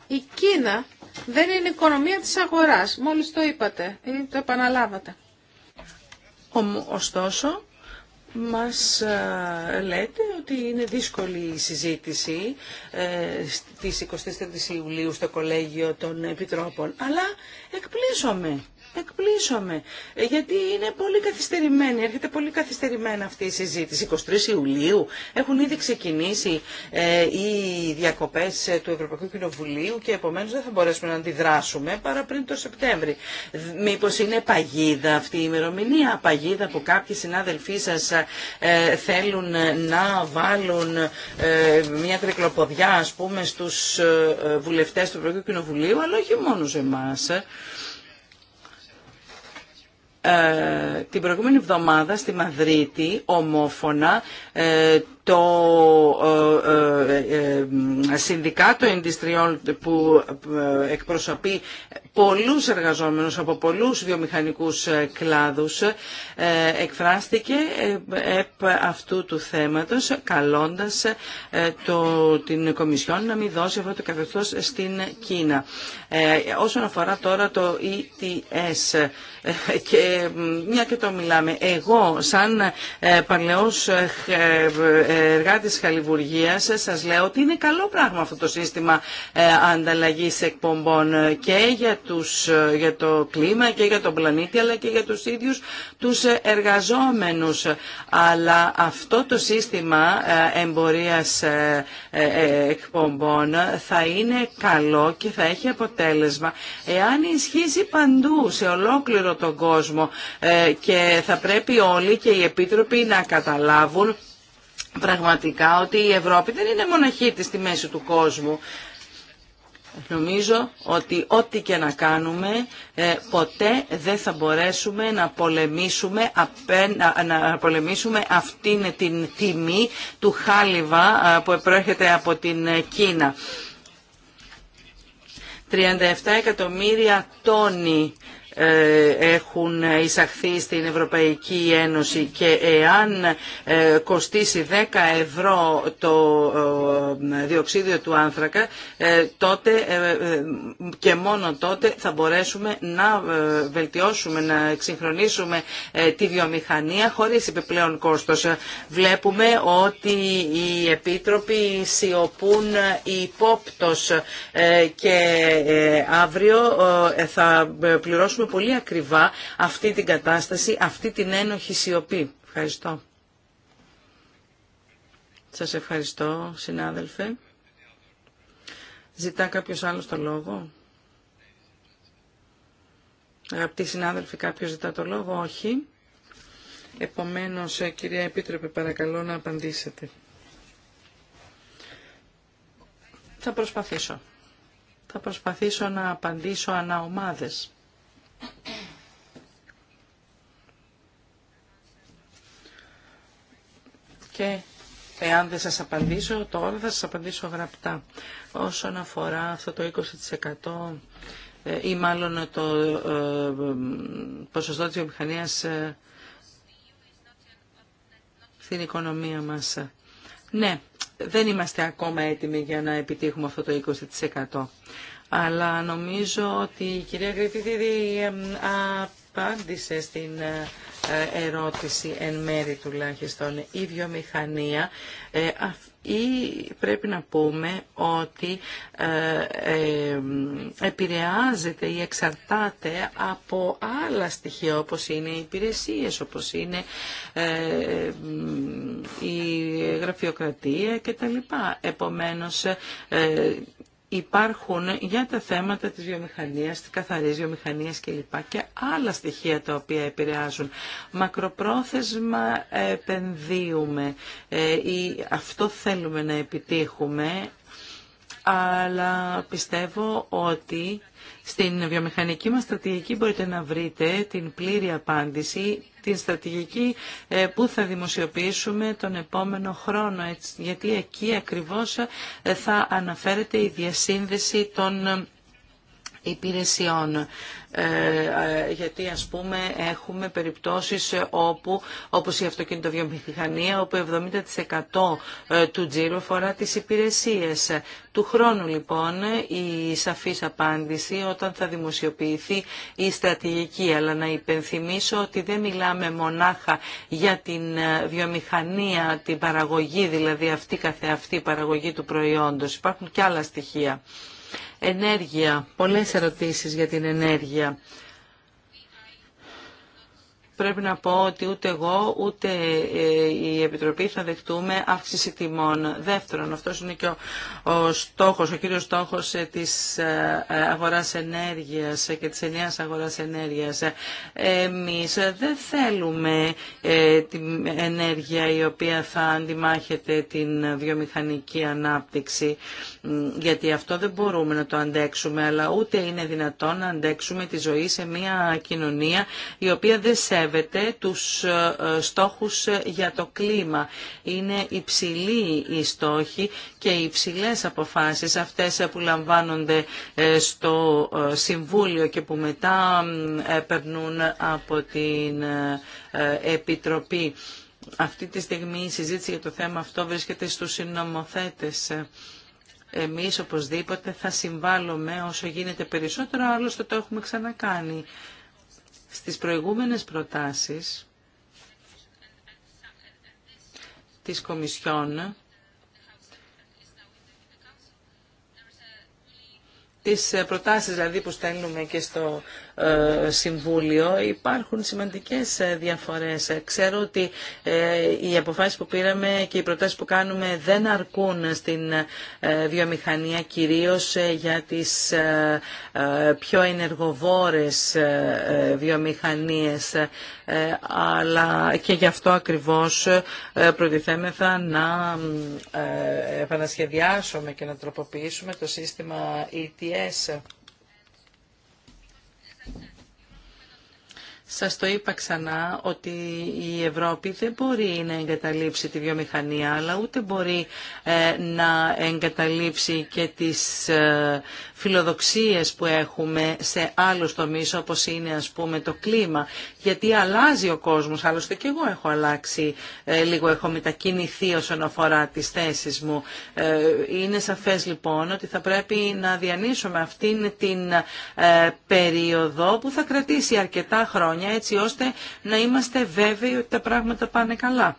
Η Κίνα δεν είναι οικονομία της αγοράς. Μόλις το είπατε ή το επαναλάβατε. Ωστόσο, μας ε, λέτε ότι είναι δύσκολη η συζήτηση ε, στις η Ιουλίου στο Κολέγιο των Επιτρόπων. Αλλά εκπλήσωμε εκπλήσωμε. γιατί είναι πολύ καθυστερημένη, έρχεται πολύ καθυστερημένα αυτή η συζήτηση. 23 Ιουλίου έχουν ήδη ξεκινήσει ε, οι διακοπές ε, του Ευρωπαϊκού Κοινοβουλίου και επομένως δεν θα μπορέσουμε να αντιδράσουμε παρά πριν το Σεπτέμβρη. Μήπω είναι παγίδα αυτή η ημερομηνία, παγίδα που κάποιοι συνάδελφοί σας ε, θέλουν να βάλουν μια τρικλοποδιά α πούμε στους βουλευτέ του Ευρωπαϊκού Κοινοβουλίου, αλλά όχι μόνο σε εμά. Ε, την προηγούμενη εβδομάδα στη Μαδρίτη ομόφωνα ε, το ε, ε, ε, Συνδικάτο ενδυστριών που εκπροσωπεί πολλούς εργαζόμενους από πολλούς βιομηχανικούς κλάδους εκφράστηκε επ αυτού του θέματος καλώντας το, την Κομισιόν να μην δώσει αυτό το καθεστώς στην Κίνα. όσον αφορά τώρα το ETS και μια και το μιλάμε, εγώ σαν παλαιός εργάτης χαλιβουργίας σας λέω ότι είναι καλό πράγμα αυτό το σύστημα ε, ανταλλαγής εκπομπών ε, και για, τους, ε, για το κλίμα και για τον πλανήτη αλλά και για τους ίδιους τους εργαζόμενους. Αλλά αυτό το σύστημα εμπορίας εκπομπών θα είναι καλό και θα έχει αποτέλεσμα εάν ισχύσει παντού σε ολόκληρο τον κόσμο και θα πρέπει όλοι και οι επίτροποι να καταλάβουν πραγματικά ότι η Ευρώπη δεν είναι μοναχή της στη μέση του κόσμου. Νομίζω ότι ό,τι και να κάνουμε ε, ποτέ δεν θα μπορέσουμε να πολεμήσουμε, να πολεμήσουμε αυτήν την τιμή του χάλιβα ε, που προέρχεται από την ε, Κίνα. 37 εκατομμύρια τόνοι ε, έχουν εισαχθεί στην Ευρωπαϊκή Ένωση και εάν ε, κοστίσει 10 ευρώ το ε, διοξίδιο του άνθρακα τότε και μόνο τότε θα μπορέσουμε να βελτιώσουμε, να εξυγχρονίσουμε τη βιομηχανία χωρίς επιπλέον κόστος. Βλέπουμε ότι οι επίτροποι σιωπούν ε, και αύριο θα πληρώσουμε πολύ ακριβά αυτή την κατάσταση, αυτή την ένοχη σιωπή. Ευχαριστώ. Σας ευχαριστώ, συνάδελφε. Ζητά κάποιος άλλος το λόγο. Αγαπητοί συνάδελφοι, κάποιος ζητά το λόγο. Όχι. Επομένως, ε, κυρία Επίτροπε, παρακαλώ να απαντήσετε. Θα προσπαθήσω. Θα προσπαθήσω να απαντήσω ανά ομάδες. Και εάν δεν σας απαντήσω τώρα θα σας απαντήσω γραπτά. Όσον αφορά αυτό το 20% ε, ή μάλλον το ε, ποσοστό της βιομηχανίας ε, στην οικονομία μας. Ναι, δεν είμαστε ακόμα έτοιμοι για να επιτύχουμε αυτό το 20% αλλά νομίζω ότι η κυρία Γρυπηδίδη απάντησε στην ε, ε, ερώτηση εν μέρη τουλάχιστον η βιομηχανία ε, ή πρέπει να πούμε ότι επηρεάζεται ή εξαρτάται από άλλα στοιχεία όπως είναι οι υπηρεσίες, όπως είναι η γραφειοκρατία κτλ. Επομένως υπάρχουν για τα θέματα της βιομηχανίας, της καθαρής βιομηχανίας κλπ. και άλλα στοιχεία τα οποία επηρεάζουν. Μακροπρόθεσμα επενδύουμε ή ε, αυτό θέλουμε να επιτύχουμε, αλλά πιστεύω ότι στην βιομηχανική μας στρατηγική μπορείτε να βρείτε την πλήρη απάντηση την στρατηγική ε, που θα δημοσιοποιήσουμε τον επόμενο χρόνο, γιατί εκεί ακριβώς ε, θα αναφέρεται η διασύνδεση των υπηρεσιών. Ε, ε, γιατί ας πούμε έχουμε περιπτώσεις όπου, όπως η αυτοκινητοβιομηχανία, όπου 70% ε, του τζίρου φορά τις υπηρεσίες. Του χρόνου λοιπόν η σαφής απάντηση όταν θα δημοσιοποιηθεί η στρατηγική. Αλλά να υπενθυμίσω ότι δεν μιλάμε μονάχα για την βιομηχανία, την παραγωγή, δηλαδή αυτή καθεαυτή παραγωγή του προϊόντος. Υπάρχουν και άλλα στοιχεία. Ενέργεια. Πολλές ερωτήσεις για την ενέργεια. Πρέπει να πω ότι ούτε εγώ ούτε ε, η Επιτροπή θα δεχτούμε αύξηση τιμών. Δεύτερον, αυτός είναι και ο στόχος, ο κύριος στόχος ε, της ε, αγοράς ενέργειας και της ενιαίας αγοράς ενέργειας. Εμείς δεν θέλουμε την ενέργεια η οποία θα αντιμάχεται την βιομηχανική ανάπτυξη γιατί αυτό δεν μπορούμε να το αντέξουμε, αλλά ούτε είναι δυνατόν να αντέξουμε τη ζωή σε μια κοινωνία η οποία δεν σέβεται τους ε, ε, στόχους ε, για το κλίμα. Είναι υψηλή οι στόχοι και οι υψηλές αποφάσεις αυτές που λαμβάνονται στο Συμβούλιο και που μετά περνούν από την Επιτροπή. Αυτή τη στιγμή η συζήτηση για το θέμα αυτό βρίσκεται στους συνομοθέτες. Εμείς οπωσδήποτε θα συμβάλλουμε όσο γίνεται περισσότερο, άλλωστε το έχουμε ξανακάνει. Στις προηγούμενες προτάσεις της Κομισιόν, τις προτάσεις δηλαδή που στέλνουμε και στο ε, Συμβούλιο υπάρχουν σημαντικές ε, διαφορές. Ε, ξέρω ότι οι αποφάσεις που πήραμε και οι προτάσεις που κάνουμε δεν αρκούν στην βιομηχανία κυρίως για τις πιο ενεργοβόρες βιομηχανίες αλλά και γι' αυτό ακριβώς προτιθέμεθα να επανασχεδιάσουμε και να τροποποιήσουμε το σύστημα ETS. Σας το είπα ξανά ότι η Ευρώπη δεν μπορεί να εγκαταλείψει τη βιομηχανία αλλά ούτε μπορεί ε, να εγκαταλείψει και τις ε, φιλοδοξίες που έχουμε σε άλλους τομείς όπως είναι ας πούμε το κλίμα γιατί αλλάζει ο κόσμος, άλλωστε και εγώ έχω αλλάξει ε, λίγο, έχω μετακινηθεί όσον αφορά τις θέσεις μου. Είναι σαφές λοιπόν ότι θα πρέπει να διανύσουμε αυτήν την περίοδο που θα κρατήσει αρκετά χρόνια χρόνια έτσι ώστε να είμαστε βέβαιοι ότι τα πράγματα πάνε καλά.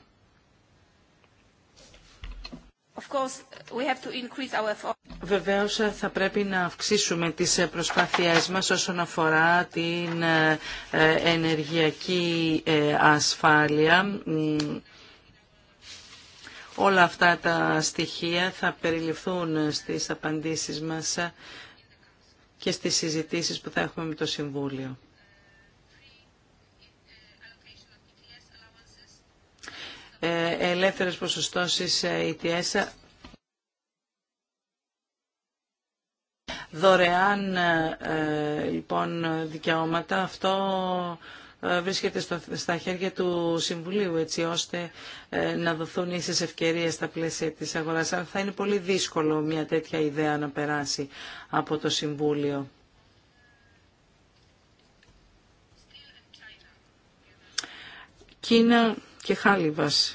Βεβαίω θα πρέπει να αυξήσουμε τις προσπάθειές μας όσον αφορά την ε, ε, ενεργειακή ε, ασφάλεια. Όλα αυτά τα στοιχεία θα περιληφθούν στις απαντήσεις μας και στις συζητήσεις που θα έχουμε με το Συμβούλιο. Ε, ελεύθερες ποσοστώσεις ε, ETS δωρεάν ε, λοιπόν δικαιώματα αυτό βρίσκεται στα χέρια του Συμβουλίου έτσι ώστε να δοθούν ίσες ευκαιρίες στα πλαίσια της αγοράς. θα είναι πολύ δύσκολο μια τέτοια ιδέα να περάσει από το Συμβούλιο. Κίνα και χάλιβας.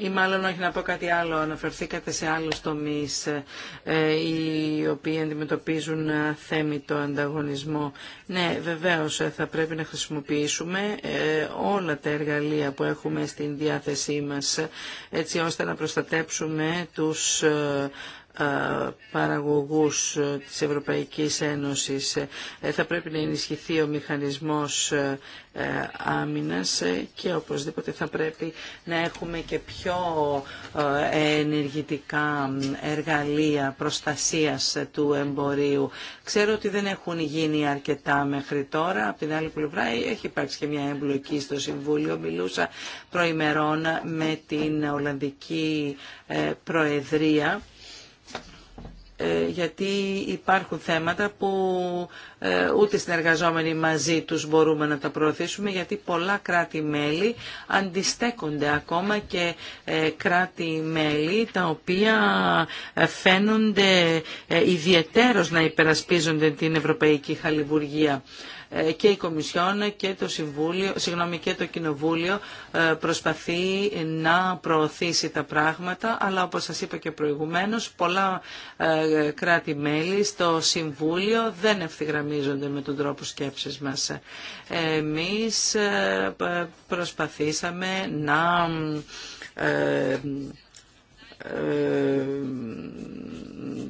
Ή μάλλον όχι να πω κάτι άλλο, αναφερθήκατε σε άλλους τομείς ε, οι οποίοι αντιμετωπίζουν ε, το ανταγωνισμό. Ναι, βεβαίως ε, θα πρέπει να χρησιμοποιήσουμε ε, όλα τα εργαλεία που έχουμε στην διάθεσή μας έτσι ώστε να προστατέψουμε τους ε, παραγωγούς ε, της Ευρωπαϊκής Ένωσης. Ε, θα πρέπει να ενισχυθεί ο μηχανισμός άμυνας και οπωσδήποτε θα πρέπει να έχουμε και πιο ενεργητικά εργαλεία προστασίας του εμπορίου. Ξέρω ότι δεν έχουν γίνει αρκετά μέχρι τώρα. Από την άλλη πλευρά έχει υπάρξει και μια εμπλοκή στο Συμβούλιο. Μιλούσα προημερών με την Ολλανδική Προεδρία ε, γιατί υπάρχουν θέματα που ε, ούτε συνεργαζόμενοι μαζί τους μπορούμε να τα προωθήσουμε γιατί πολλά κράτη-μέλη αντιστέκονται ακόμα και ε, κράτη-μέλη τα οποία φαίνονται ιδιαιτέρως να υπερασπίζονται την Ευρωπαϊκή Χαλιβουργία. Ε, και η Κομισιόν και το, Συμβούλιο, το Κοινοβούλιο ε, προσπαθεί να προωθήσει τα πράγματα, αλλά όπως σας είπα και προηγουμένως, πολλά ε, κράτη-μέλη στο Συμβούλιο δεν ευθυγραμμίζονται με τον τρόπο σκέψης μας. Εμείς προσπαθήσαμε να ε,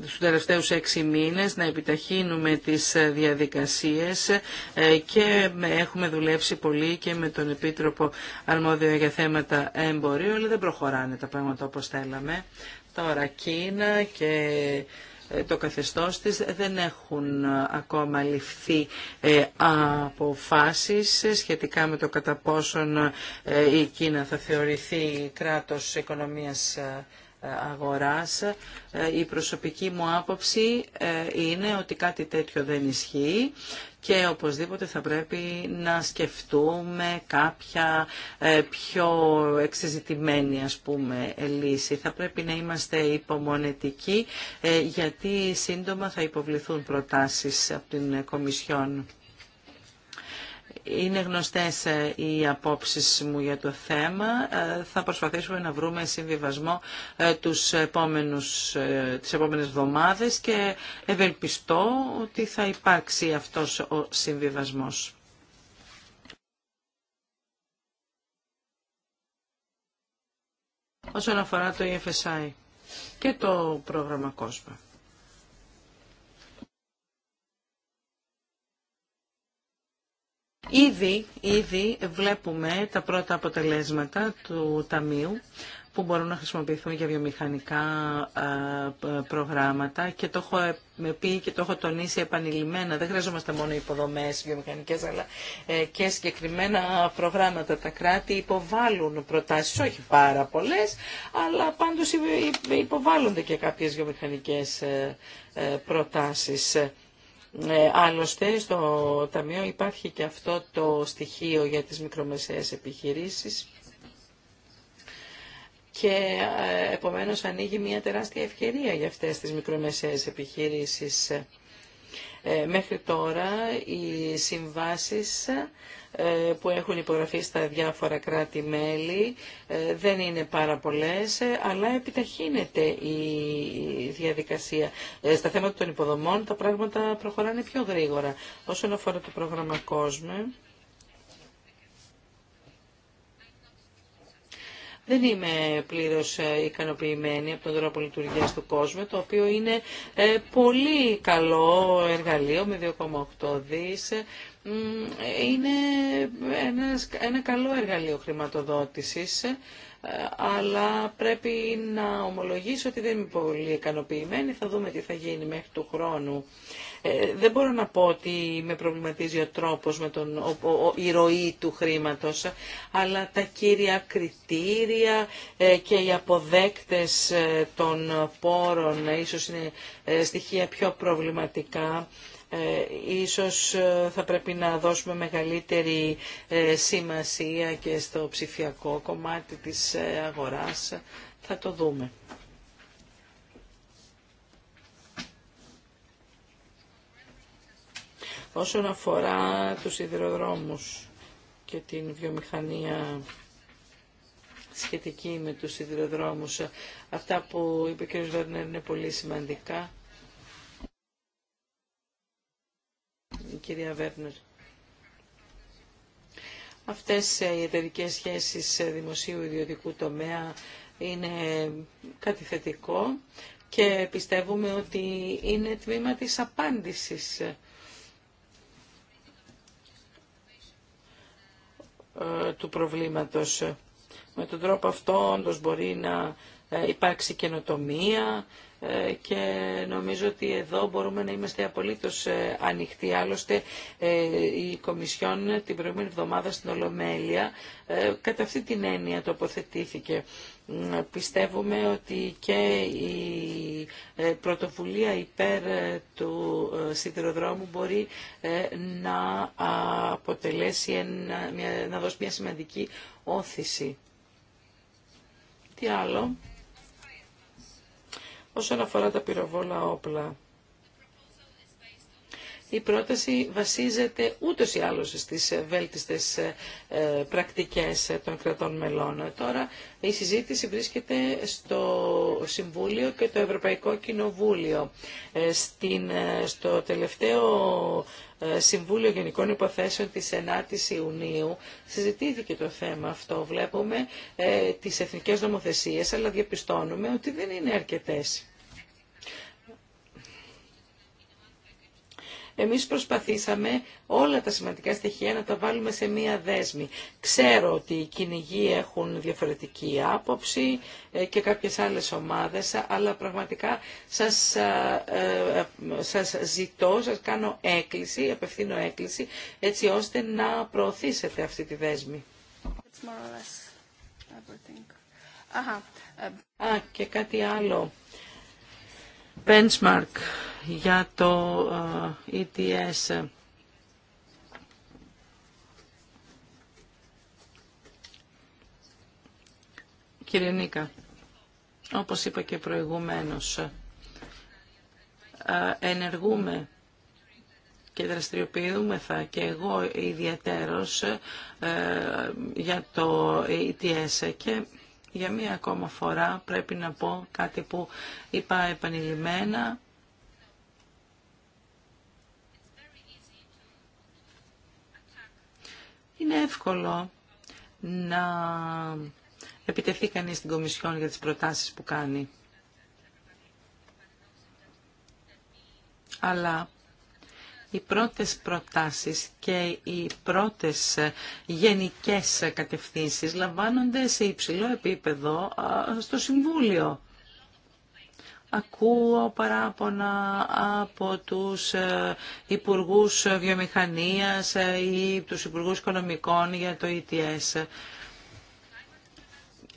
στους τελευταίους έξι μήνες να επιταχύνουμε τις διαδικασίες ε, και έχουμε δουλέψει πολύ και με τον Επίτροπο Αρμόδιο για θέματα εμπορίου, αλλά δεν προχωράνε τα πράγματα όπως θέλαμε. Τώρα Κίνα και ε, το καθεστώς της δεν έχουν ακόμα ληφθεί αποφάσεις σχετικά με το κατά πόσον η Κίνα θα θεωρηθεί κράτος οικονομίας αγοράς. Ε, η προσωπική μου άποψη ε, είναι ότι κάτι τέτοιο δεν ισχύει και οπωσδήποτε θα πρέπει να σκεφτούμε κάποια ε, πιο εξεζητημένη ας πούμε λύση. Θα πρέπει να είμαστε υπομονετικοί γιατί σύντομα θα υποβληθούν προτάσεις από την Κομισιόν. Είναι γνωστές ε, οι απόψεις μου για το θέμα. Ε, θα προσπαθήσουμε να βρούμε συμβιβασμό ε, τους επόμενους, τις επόμενες εβδομάδες και ευελπιστώ ότι θα υπάρξει αυτός ο συμβιβασμός. Όσον αφορά το EFSI και το πρόγραμμα COSPA. Ήδη, ήδη βλέπουμε τα πρώτα αποτελέσματα του Ταμείου που μπορούν να χρησιμοποιηθούν για βιομηχανικά ε, προγράμματα και το έχω ε, πει και το έχω τονίσει επανειλημμένα. Δεν χρειαζόμαστε μόνο υποδομές βιομηχανικές αλλά ε, και συγκεκριμένα προγράμματα. Τα κράτη υποβάλλουν προτάσεις, όχι πάρα πολλές, αλλά πάντως υποβάλλονται και κάποιες βιομηχανικές προτάσεις. Ε, άλλωστε, στο Ταμείο υπάρχει και αυτό το στοιχείο για τις μικρομεσαίες επιχειρήσεις και ε, επομένως ανοίγει μια τεράστια ευκαιρία για αυτές τις μικρομεσαίες επιχειρήσεις. Ε, μέχρι τώρα οι συμβάσεις ε, που έχουν υπογραφεί στα διάφορα κράτη-μέλη. Ε, δεν είναι πάρα πολλές, ε, αλλά επιταχύνεται η διαδικασία. Στα θέματα των υποδομών τα πράγματα προχωράνε πιο γρήγορα. Όσον αφορά το πρόγραμμα COSME, Δεν είμαι πλήρως ικανοποιημένη από τον τρόπο λειτουργία του κόσμου, το οποίο είναι πολύ καλό εργαλείο με 2,8 δις είναι ένα ένα καλό εργαλείο χρηματοδότησης, ε, αλλά πρέπει να ομολογήσω ότι δεν είμαι πολύ ικανοποιημένη. Θα δούμε τι θα γίνει μέχρι του χρόνου. Ε, δεν μπορώ να πω ότι με προβληματίζει ο τρόπος, με τον, ο, η ροή του χρήματος, αλλά τα κύρια κριτήρια ε, και οι αποδέκτες των πόρων ίσως είναι στοιχεία πιο προβληματικά ε, ίσως ε, θα πρέπει να δώσουμε μεγαλύτερη ε, σημασία και στο ψηφιακό κομμάτι της αγοράς. Θα το δούμε. Όσον αφορά τους σιδηροδρόμους και την βιομηχανία σχετική με τους σιδηροδρόμους, αυτά που είπε ο κ. Βέρνερ είναι πολύ σημαντικά. κυρία Βέρνερ. Αυτές ε, οι εταιρικέ σχέσεις ε, δημοσίου ιδιωτικού τομέα είναι κάτι θετικό και πιστεύουμε ότι είναι τμήμα της απάντησης. Ε, του προβλήματος. Με τον τρόπο αυτό όντως μπορεί να ε, υπάρξει καινοτομία ε, και νομίζω ότι εδώ μπορούμε να είμαστε απολύτως ε, ανοιχτοί. Άλλωστε η Κομισιόν την προηγούμενη εβδομάδα στην Ολομέλεια κατά αυτή την έννοια τοποθετήθηκε. Πιστεύουμε ότι και η πρωτοβουλία υπέρ του σιδηροδρόμου μπορεί να αποτελέσει, να δώσει μια σημαντική όθηση. Τι άλλο όσον αφορά τα πυροβόλα όπλα. Η πρόταση βασίζεται ούτως ή άλλως στις βέλτιστες ε, πρακτικές των κρατών μελών. Τώρα η συζήτηση βρίσκεται στο Συμβούλιο και το Ευρωπαϊκό Κοινοβούλιο. Ε, στην, ε, στο τελευταίο Συμβούλιο Γενικών Υποθέσεων της 9ης Ιουνίου συζητήθηκε το θέμα αυτό. Βλέπουμε τις εθνικές νομοθεσίες, αλλά διαπιστώνουμε ότι δεν είναι αρκετές. Εμείς προσπαθήσαμε όλα τα σημαντικά στοιχεία να τα βάλουμε σε μία δέσμη. Ξέρω ότι οι κυνηγοί έχουν διαφορετική άποψη ε, και κάποιες άλλες ομάδες, αλλά πραγματικά σας, ε, ε, σας ζητώ, σας κάνω έκκληση, απευθύνω έκκληση, έτσι ώστε να προωθήσετε αυτή τη δέσμη. Α, και κάτι άλλο. Benchmark για το ε, ETS. Κύριε Νίκα, όπως είπα και προηγουμένως, ε, ενεργούμε και δραστηριοποιούμεθα και εγώ ιδιαίτερος ε, για το ETS και για μία ακόμα φορά πρέπει να πω κάτι που είπα επανειλημμένα είναι εύκολο να επιτεθεί κανείς στην Κομισιόν για τις προτάσεις που κάνει. Αλλά οι πρώτες προτάσεις και οι πρώτες γενικές κατευθύνσεις λαμβάνονται σε υψηλό επίπεδο στο Συμβούλιο. Ακούω παράπονα από τους ε, Υπουργούς Βιομηχανίας ε, ή τους Υπουργούς Οικονομικών για το ETS.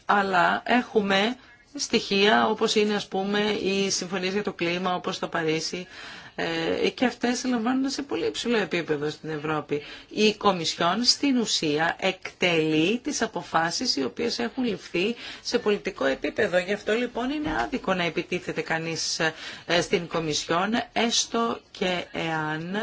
Αλλά έχουμε στοιχεία όπως είναι ας πούμε οι συμφωνίες για το κλίμα όπως το Παρίσι ε, και αυτές λαμβάνονται σε πολύ υψηλό επίπεδο στην Ευρώπη. Η Κομισιόν στην ουσία εκτελεί τις αποφάσεις οι οποίες έχουν ληφθεί σε πολιτικό επίπεδο. Γι' αυτό λοιπόν είναι άδικο να επιτίθεται κανείς ε, στην Κομισιόν έστω και εάν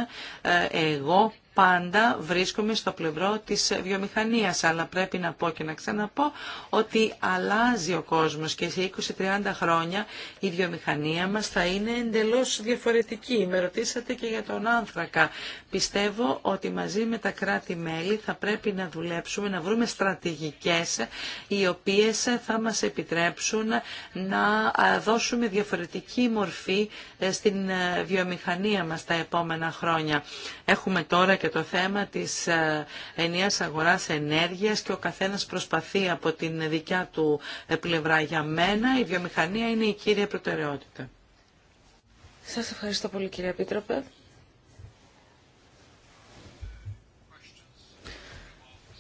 ε, εγώ πάντα βρίσκομαι στο πλευρό της βιομηχανίας, αλλά πρέπει να πω και να ξαναπώ ότι αλλάζει ο κόσμος και σε 20-30 χρόνια η βιομηχανία μας θα είναι εντελώς διαφορετική. Με ρωτήσατε και για τον άνθρακα. Πιστεύω ότι μαζί με τα κράτη-μέλη θα πρέπει να δουλέψουμε, να βρούμε στρατηγικές οι οποίες θα μας επιτρέψουν να δώσουμε διαφορετική μορφή στην βιομηχανία μας τα επόμενα χρόνια. Έχουμε τώρα και το θέμα της ε, ενιαίας αγοράς ενέργειας και ο καθένας προσπαθεί από την δικιά του ε, πλευρά για μένα. Η βιομηχανία είναι η κύρια προτεραιότητα. Σας ευχαριστώ πολύ κύριε Επίτροπε.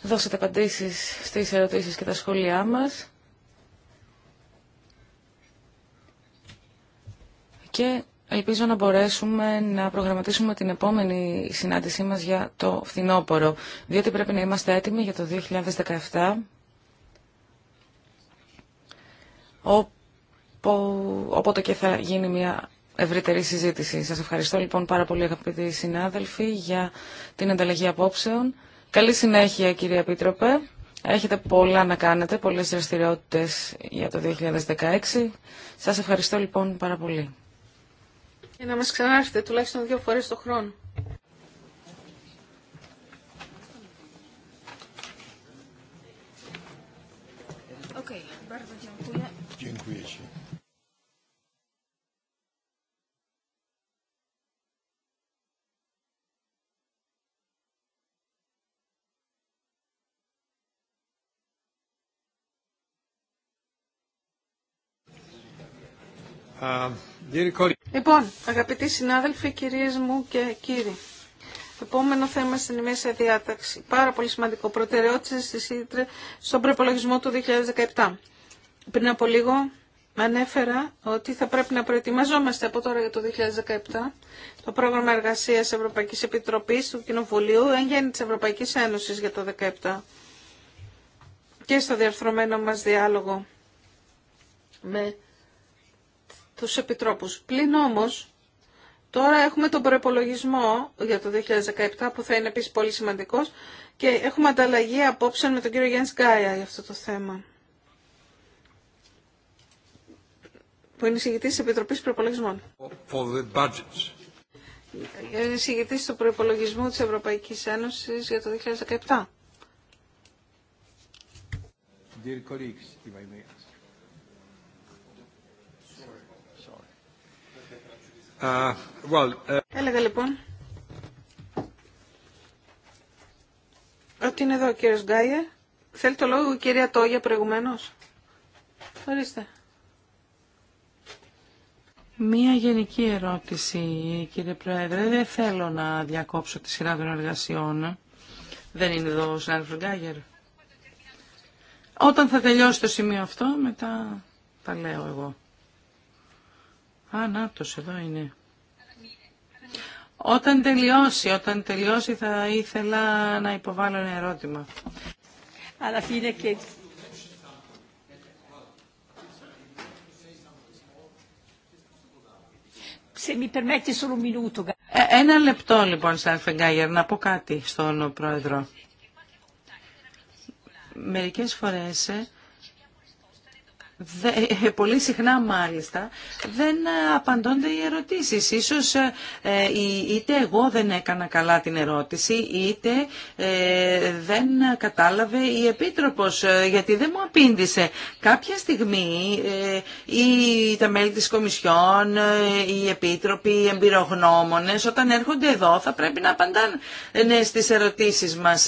Δώσετε απαντήσεις στις ερωτήσεις και τα σχόλιά μας. Και Ελπίζω να μπορέσουμε να προγραμματίσουμε την επόμενη συνάντησή μας για το φθινόπωρο, διότι πρέπει να είμαστε έτοιμοι για το 2017, όποτε και θα γίνει μια ευρύτερη συζήτηση. Σας ευχαριστώ λοιπόν πάρα πολύ αγαπητοί συνάδελφοι για την ανταλλαγή απόψεων. Καλή συνέχεια κυρία Πίτροπε. Έχετε πολλά να κάνετε, πολλές δραστηριότητες για το 2016. Σας ευχαριστώ λοιπόν πάρα πολύ. Και ε, να μας ξανάρθετε τουλάχιστον δύο φορές το χρόνο. Um. Λοιπόν, αγαπητοί συνάδελφοι, κυρίες μου και κύριοι, επόμενο θέμα στην ημέρα διάταξη. Πάρα πολύ σημαντικό. Προτεραιότητες της ΣΥΤΡΕ στον προπολογισμό του 2017. Πριν από λίγο ανέφερα ότι θα πρέπει να προετοιμαζόμαστε από τώρα για το 2017 το πρόγραμμα εργασίας Ευρωπαϊκής Επιτροπής του Κοινοβουλίου εν γέννη της Ευρωπαϊκής Ένωσης για το 2017 και στο διαρθρωμένο μας διάλογο με τους επιτρόπους. Πλην όμως, τώρα έχουμε τον προπολογισμό για το 2017 που θα είναι επίσης πολύ σημαντικός και έχουμε ανταλλαγή απόψεων με τον κύριο Γιάννη Γκάια για αυτό το θέμα. Που είναι συγητής της Επιτροπής Προπολογισμών. For είναι συγητής του προπολογισμού της Ευρωπαϊκής Ένωσης για το 2017. Dear colleagues, if I Uh, uh, Έλεγα λοιπόν ότι είναι εδώ ο κύριος Γκάιε. Θέλει το λόγο η κυρία Τόγια προηγουμένως. Ορίστε. Μία γενική ερώτηση, κύριε Πρόεδρε. Δεν θέλω να διακόψω τη σειρά των εργασιών. Δεν είναι εδώ ο Σνάρφρου Γκάγερ. Όταν θα τελειώσει το σημείο αυτό, μετά τα λέω εγώ. Α, νάτος, εδώ είναι. Όταν τελειώσει, όταν τελειώσει θα ήθελα να υποβάλω ένα ερώτημα. Αλλά φίλε και Ένα λεπτό λοιπόν, Σαν Γκάγερ, να πω κάτι στον Πρόεδρο. Μερικές φορές ε, ε, πολύ συχνά μάλιστα δεν ε, απαντώνται οι ερωτήσεις. Ίσως ε, είτε εγώ δεν έκανα καλά την ερώτηση είτε δεν κατάλαβε η Επίτροπος γιατί δεν μου απήντησε. Κάποια στιγμή ή τα μέλη της Κομισιόν, οι Επίτροποι, οι εμπειρογνώμονες όταν έρχονται εδώ θα πρέπει να απαντάνε ναι, στις ερωτήσεις μας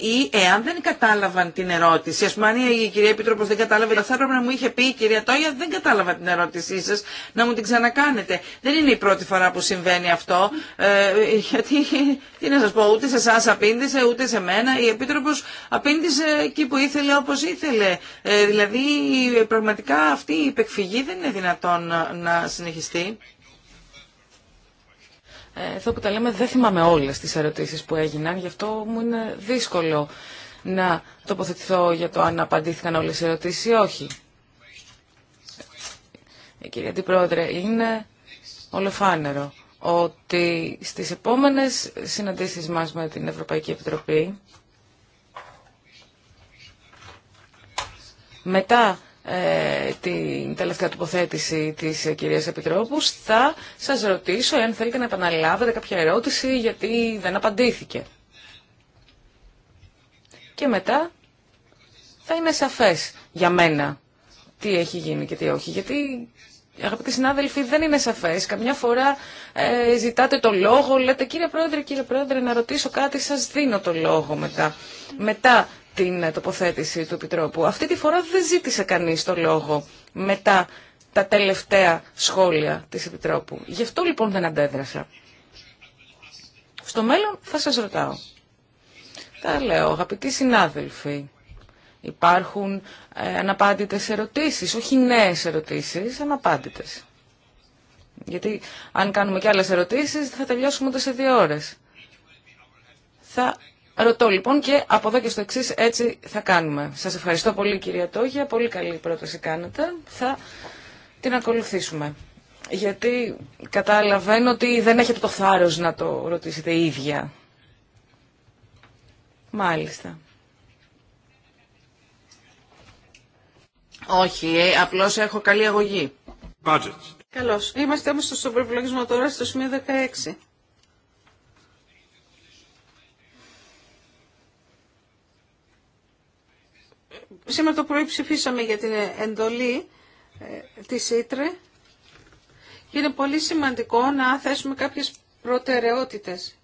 ή εάν δεν κατάλαβαν την ερώτηση, ας πούμε η κυρία Επίτροπος δεν κατάλαβε Βέλγιο. Θα έπρεπε να μου είχε πει η κυρία Τόγια, δεν κατάλαβα την ερώτησή σα, να μου την ξανακάνετε. Δεν είναι η πρώτη φορά που συμβαίνει αυτό, ε, γιατί τι να σα πω, ούτε σε εσά απήντησε, ούτε σε μένα. Η Επίτροπο απήντησε εκεί που ήθελε, όπω ήθελε. Ε, δηλαδή, πραγματικά αυτή η υπεκφυγή δεν είναι δυνατόν να συνεχιστεί. Εδώ που τα λέμε δεν θυμάμαι όλες τις ερωτήσεις που έγιναν, γι' αυτό μου είναι δύσκολο να τοποθετηθώ για το αν απαντήθηκαν όλες οι ερωτήσεις ή όχι. Ε, κύριε Αντιπρόεδρε, είναι ολοφάνερο ότι στις επόμενες συναντήσεις μας με την Ευρωπαϊκή Επιτροπή μετά ε, την τελευταία τοποθέτηση της ε, κυρίας Επιτρόπους θα σας ρωτήσω αν θέλετε να επαναλάβετε κάποια ερώτηση γιατί δεν απαντήθηκε και μετά θα είναι σαφές για μένα τι έχει γίνει και τι όχι. Γιατί, αγαπητοί συνάδελφοι, δεν είναι σαφές. Καμιά φορά ε, ζητάτε το λόγο, λέτε κύριε πρόεδρε, κύριε πρόεδρε, να ρωτήσω κάτι, σας δίνω το λόγο μετά. Μετά την τοποθέτηση του Επιτρόπου. Αυτή τη φορά δεν ζήτησε κανείς το λόγο μετά τα τελευταία σχόλια της Επιτρόπου. Γι' αυτό λοιπόν δεν αντέδρασα. Στο μέλλον θα σας ρωτάω. Τα λέω, αγαπητοί συνάδελφοι. Υπάρχουν ε, αναπάντητες ερωτήσεις, όχι νέες ερωτήσεις, αναπάντητες. Γιατί αν κάνουμε και άλλες ερωτήσεις θα τελειώσουμε ούτε σε δύο ώρες. Θα ρωτώ λοιπόν και από εδώ και στο εξής έτσι θα κάνουμε. Σας ευχαριστώ πολύ κυρία Τόγια, πολύ καλή πρόταση κάνετε. Θα την ακολουθήσουμε. Γιατί καταλαβαίνω ότι δεν έχετε το θάρρος να το ρωτήσετε ίδια. Μάλιστα. Όχι, ε, απλώς έχω καλή αγωγή. Budget. Καλώς. Είμαστε όμως στο προπολογισμό τώρα στο σημείο 16. Σήμερα το πρωί ψηφίσαμε για την εντολή ε, της Ήτρε και είναι πολύ σημαντικό να θέσουμε κάποιες προτεραιότητες.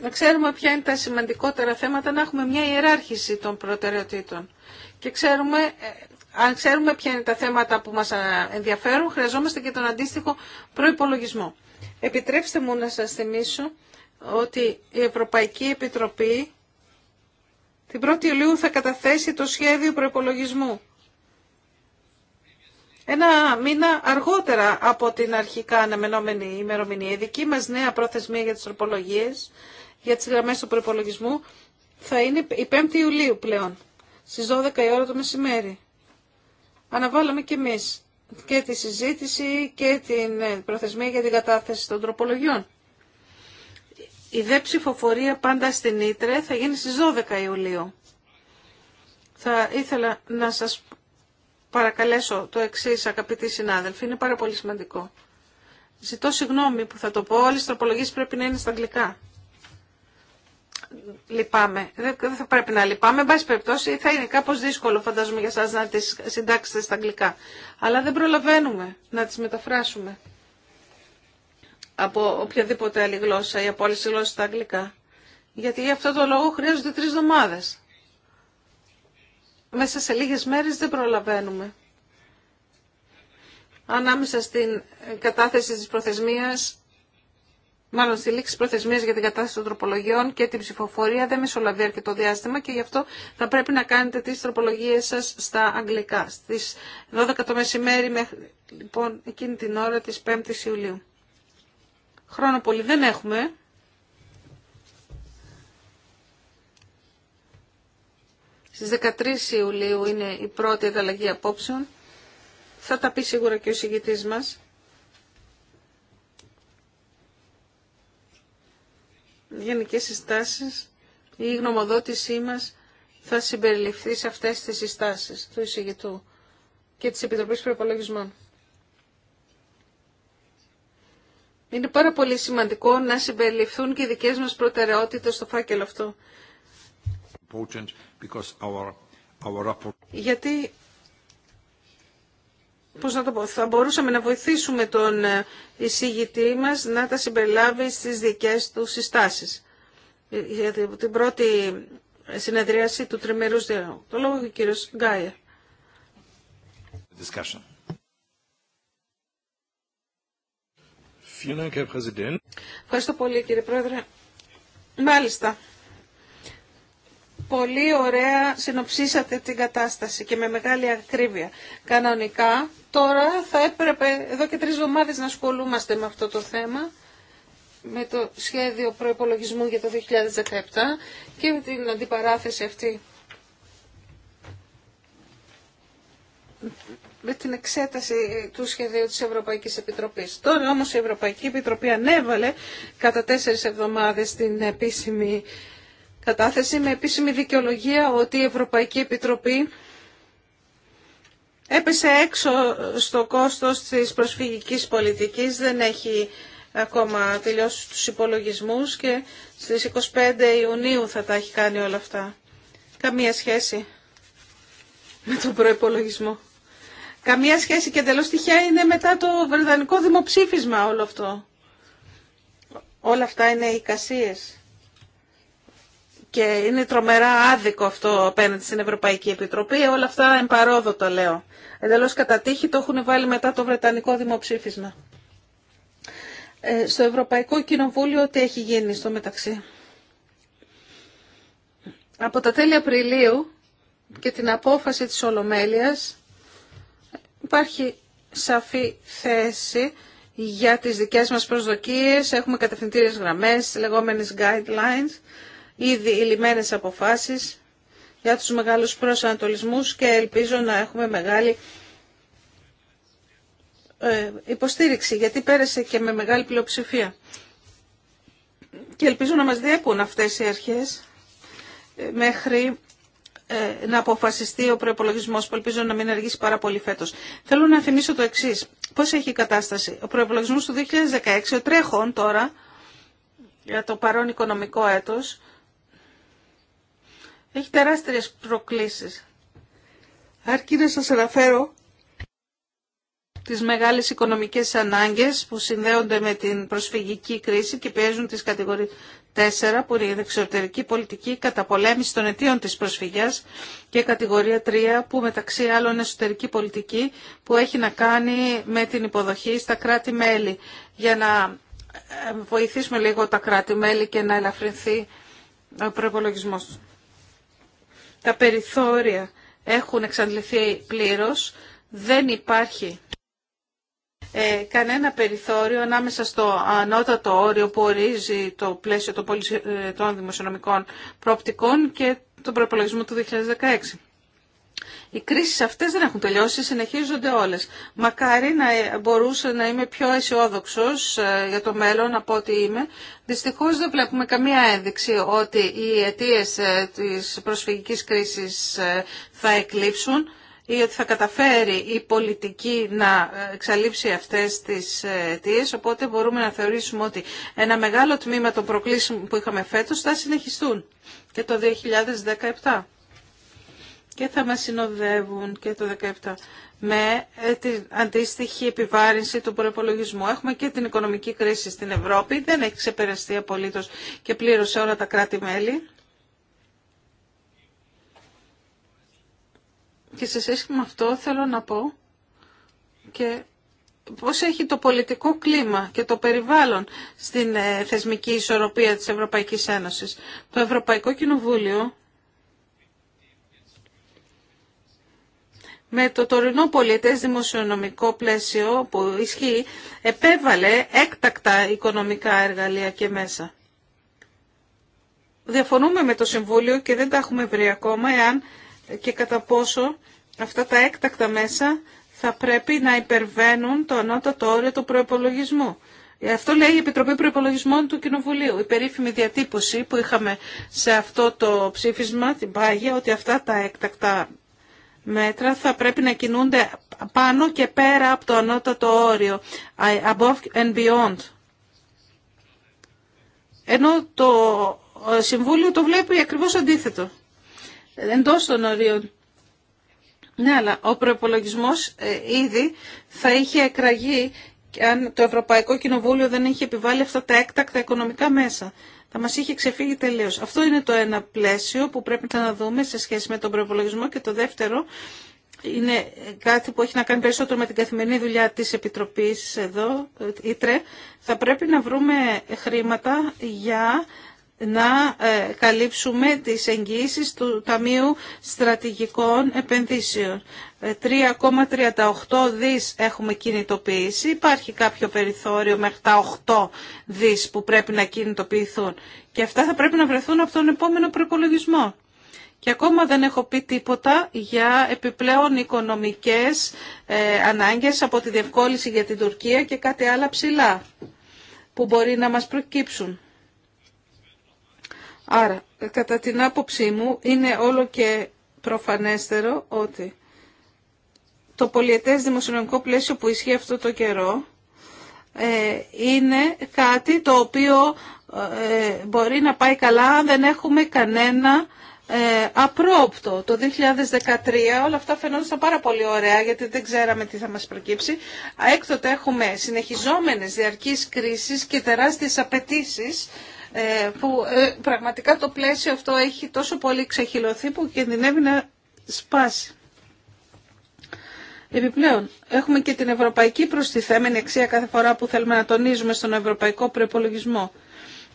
να ξέρουμε ποια είναι τα σημαντικότερα θέματα, να έχουμε μια ιεράρχηση των προτεραιοτήτων. Και ξέρουμε, ε, αν ξέρουμε ποια είναι τα θέματα που μας ε, ενδιαφέρουν, χρειαζόμαστε και τον αντίστοιχο προϋπολογισμό. Επιτρέψτε μου να σας θυμίσω ότι η Ευρωπαϊκή Επιτροπή την 1η Ιουλίου θα καταθέσει το σχέδιο προϋπολογισμού ένα μήνα αργότερα από την αρχικά αναμενόμενη ημερομηνία. Η δική μας νέα προθεσμία για τις τροπολογίες, για τις γραμμές του προπολογισμού, θα είναι η 5η Ιουλίου πλέον, στις 12 η ώρα το μεσημέρι. Αναβάλαμε και εμείς και τη συζήτηση και την ε, προθεσμία για την κατάθεση των τροπολογιών. Η δε ψηφοφορία πάντα στην Ήτρε θα γίνει στις 12 Ιουλίου. Θα ήθελα να σας παρακαλέσω το εξή, αγαπητοί συνάδελφοι, είναι πάρα πολύ σημαντικό. Ζητώ συγγνώμη που θα το πω, όλες οι τροπολογίες πρέπει να είναι στα αγγλικά. Λυπάμαι. Δεν θα πρέπει να λυπάμαι. Εν πάση περιπτώσει θα είναι κάπως δύσκολο φαντάζομαι για εσάς να τις συντάξετε στα αγγλικά. Αλλά δεν προλαβαίνουμε να τις μεταφράσουμε από οποιαδήποτε άλλη γλώσσα ή από όλε τι γλώσσες στα αγγλικά. Γιατί για αυτό το λόγο χρειάζονται τρεις εβδομάδες μέσα σε λίγες μέρες δεν προλαβαίνουμε. Ανάμεσα στην κατάθεση της προθεσμίας, μάλλον στη λήξη προθεσμίας για την κατάθεση των τροπολογιών και την ψηφοφορία δεν μεσολαβεί αρκετό διάστημα και γι' αυτό θα πρέπει να κάνετε τις τροπολογίες σας στα αγγλικά, στις 12 το μεσημέρι, μέχρι, λοιπόν, εκείνη την ώρα της 5ης Ιουλίου. Χρόνο πολύ δεν έχουμε. Στις 13 Ιουλίου είναι η πρώτη ανταλλαγή απόψεων. Θα τα πει σίγουρα και ο συγγητής μας. Γενικές συστάσεις, η γνωμοδότησή μας θα συμπεριληφθεί σε αυτές τις συστάσεις του εισηγητού και της Επιτροπής Προπολογισμών. Είναι πάρα πολύ σημαντικό να συμπεριληφθούν και οι δικές μας προτεραιότητες στο φάκελο αυτό. Γιατί να θα μπορούσαμε να βοηθήσουμε τον ε, εισηγητή μας να τα συμπεριλάβει στις δικές του συστάσεις. Ε, γιατί την πρώτη συνεδρίαση του τριμερούς διαλόγου. Το λόγο ο κύριος Γκάιερ. Ευχαριστώ πολύ κύριε Πρόεδρε. Μάλιστα. Πολύ ωραία συνοψίσατε την κατάσταση και με μεγάλη ακρίβεια. Κανονικά τώρα θα έπρεπε εδώ και τρεις εβδομάδες να ασχολούμαστε με αυτό το θέμα με το σχέδιο προϋπολογισμού για το 2017 και με την αντιπαράθεση αυτή με την εξέταση του σχεδίου της Ευρωπαϊκής Επιτροπής. Τώρα όμως η Ευρωπαϊκή Επιτροπή ανέβαλε κατά τέσσερις εβδομάδες την επίσημη κατάθεση με επίσημη δικαιολογία ότι η Ευρωπαϊκή Επιτροπή έπεσε έξω στο κόστος της προσφυγικής πολιτικής, δεν έχει ακόμα τελειώσει τους υπολογισμούς και στις 25 Ιουνίου θα τα έχει κάνει όλα αυτά. Καμία σχέση με τον προϋπολογισμό. Καμία σχέση και εντελώς τυχαία είναι μετά το βρετανικό δημοψήφισμα όλο αυτό. Όλα αυτά είναι εικασίες και είναι τρομερά άδικο αυτό απέναντι στην Ευρωπαϊκή Επιτροπή. Όλα αυτά εμπαρόδο το λέω. Εντελώ κατά τύχη το έχουν βάλει μετά το Βρετανικό δημοψήφισμα. Ε, στο Ευρωπαϊκό Κοινοβούλιο τι έχει γίνει στο μεταξύ. Από τα τέλη Απριλίου και την απόφαση της Ολομέλειας υπάρχει σαφή θέση για τις δικές μας προσδοκίες. Έχουμε κατευθυντήριες γραμμές, λεγόμενες guidelines ήδη οι λιμένες αποφάσεις για τους μεγάλους προσανατολισμούς και ελπίζω να έχουμε μεγάλη ε, υποστήριξη, γιατί πέρασε και με μεγάλη πλειοψηφία. Και ελπίζω να μας διέπουν αυτές οι αρχές ε, μέχρι ε, να αποφασιστεί ο προπολογισμό που ελπίζω να μην αργήσει πάρα πολύ φέτο. Θέλω να θυμίσω το εξή. Πώ έχει η κατάσταση. Ο προπολογισμό του 2016, ο τρέχον τώρα, για το παρόν οικονομικό έτος, έχει τεράστιες προκλήσεις. Αρκεί να σας αναφέρω τις μεγάλες οικονομικές ανάγκες που συνδέονται με την προσφυγική κρίση και πιέζουν τις κατηγορίες 4 που είναι η εξωτερική πολιτική καταπολέμηση των αιτίων της προσφυγιάς και κατηγορία 3 που μεταξύ άλλων εσωτερική πολιτική που έχει να κάνει με την υποδοχή στα κράτη-μέλη για να ε, βοηθήσουμε λίγο τα κράτη-μέλη και να ελαφρυνθεί ο προπολογισμό του τα περιθώρια έχουν εξαντληθεί πλήρως, δεν υπάρχει ε, κανένα περιθώριο ανάμεσα στο ανώτατο όριο που ορίζει το πλαίσιο των, ε, δημοσιονομικών προοπτικών και τον προπολογισμό του 2016. Οι κρίσει αυτές δεν έχουν τελειώσει, συνεχίζονται όλες. Μακάρι να μπορούσα να είμαι πιο αισιόδοξο ε, για το μέλλον από ό,τι είμαι. Δυστυχώ δεν βλέπουμε καμία ένδειξη ότι οι αιτίες ε, της προσφυγικής κρίσης ε, θα εκλείψουν ή ότι θα καταφέρει η πολιτική να εξαλείψει αυτές τις αιτίε, οπότε μπορούμε να θεωρήσουμε ότι ένα μεγάλο τμήμα των προκλήσεων που είχαμε φέτος θα συνεχιστούν και το 2017 και θα μας συνοδεύουν και το 2017 με ε, την αντίστοιχη επιβάρυνση του προπολογισμού. Έχουμε και την οικονομική κρίση στην Ευρώπη, δεν έχει ξεπεραστεί απολύτως και πλήρωσε όλα τα κράτη-μέλη. Και σε σχέση με αυτό θέλω να πω και πώς έχει το πολιτικό κλίμα και το περιβάλλον στην ε, θεσμική ισορροπία της Ευρωπαϊκής Ένωσης. Το Ευρωπαϊκό Κοινοβούλιο με το τωρινό πολιτές δημοσιονομικό πλαίσιο που ισχύει, επέβαλε έκτακτα οικονομικά εργαλεία και μέσα. Διαφωνούμε με το Συμβούλιο και δεν τα έχουμε βρει ακόμα εάν και κατά πόσο αυτά τα έκτακτα μέσα θα πρέπει να υπερβαίνουν το ανώτατο όριο του προπολογισμού. Αυτό λέει η Επιτροπή Προπολογισμών του Κοινοβουλίου. Η περίφημη διατύπωση που είχαμε σε αυτό το ψήφισμα την πάγια ότι αυτά τα έκτακτα μέτρα θα πρέπει να κινούνται πάνω και πέρα από το ανώτατο όριο, above and beyond. Ενώ το ε, Συμβούλιο το βλέπει ακριβώς αντίθετο, εντός των ορίων. Ναι, αλλά ο προπολογισμό ε, ήδη θα είχε εκραγεί αν το Ευρωπαϊκό Κοινοβούλιο δεν είχε επιβάλει αυτά τα έκτακτα οικονομικά μέσα θα μας είχε ξεφύγει τελείως. Αυτό είναι το ένα πλαίσιο που πρέπει να δούμε σε σχέση με τον προπολογισμό και το δεύτερο είναι κάτι που έχει να κάνει περισσότερο με την καθημερινή δουλειά της Επιτροπής εδώ, ΙΤΡΕ. Θα πρέπει να βρούμε χρήματα για να ε, καλύψουμε τις εγγυήσεις του Ταμείου Στρατηγικών Επενδύσεων. 3,38 ε, δις έχουμε κινητοποιήσει. Υπάρχει κάποιο περιθώριο μέχρι τα 8 δις που πρέπει να κινητοποιηθούν. Και αυτά θα πρέπει να βρεθούν από τον επόμενο προπολογισμό. Και ακόμα δεν έχω πει τίποτα για επιπλέον οικονομικές ε, ανάγκες από τη διευκόλυνση για την Τουρκία και κάτι άλλα ψηλά που μπορεί να μας προκύψουν. Άρα, κατά την άποψή μου, είναι όλο και προφανέστερο ότι το πολιετές δημοσιονομικό πλαίσιο που ισχύει αυτό το καιρό ε, είναι κάτι το οποίο ε, μπορεί να πάει καλά αν δεν έχουμε κανένα ε, απρόπτο. Το 2013 όλα αυτά φαινόντουσαν πάρα πολύ ωραία γιατί δεν ξέραμε τι θα μας προκύψει. Έκτοτε έχουμε συνεχιζόμενες διαρκείς κρίσεις και τεράστιες απαιτήσει ε, που ε, πραγματικά το πλαίσιο αυτό έχει τόσο πολύ ξεχυλωθεί που κινδυνεύει να σπάσει. Επιπλέον, έχουμε και την ευρωπαϊκή προστιθέμενη αξία κάθε φορά που θέλουμε να τονίζουμε στον ευρωπαϊκό προπολογισμό.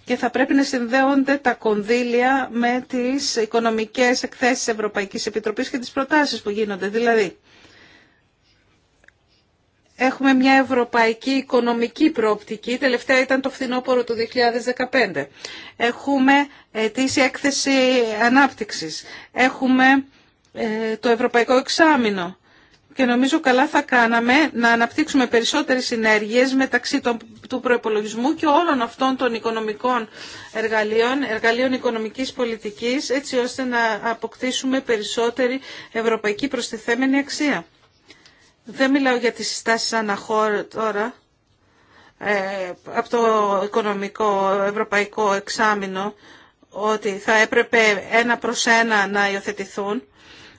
Και θα πρέπει να συνδέονται τα κονδύλια με τις οικονομικές εκθέσεις Ευρωπαϊκής Επιτροπής και τις προτάσεις που γίνονται. Δηλαδή, έχουμε μια ευρωπαϊκή οικονομική προοπτική. Τελευταία ήταν το φθινόπωρο του 2015. Έχουμε αιτήσει έκθεση ανάπτυξης. Έχουμε ε, το ευρωπαϊκό εξάμεινο. Και νομίζω καλά θα κάναμε να αναπτύξουμε περισσότερες συνέργειες μεταξύ του προπολογισμού και όλων αυτών των οικονομικών εργαλείων, εργαλείων οικονομικής πολιτικής, έτσι ώστε να αποκτήσουμε περισσότερη ευρωπαϊκή προστιθέμενη αξία. Δεν μιλάω για τις συστάσεις αναχώρα τώρα, ε, από το οικονομικό ευρωπαϊκό εξάμεινο, ότι θα έπρεπε ένα προς ένα να υιοθετηθούν,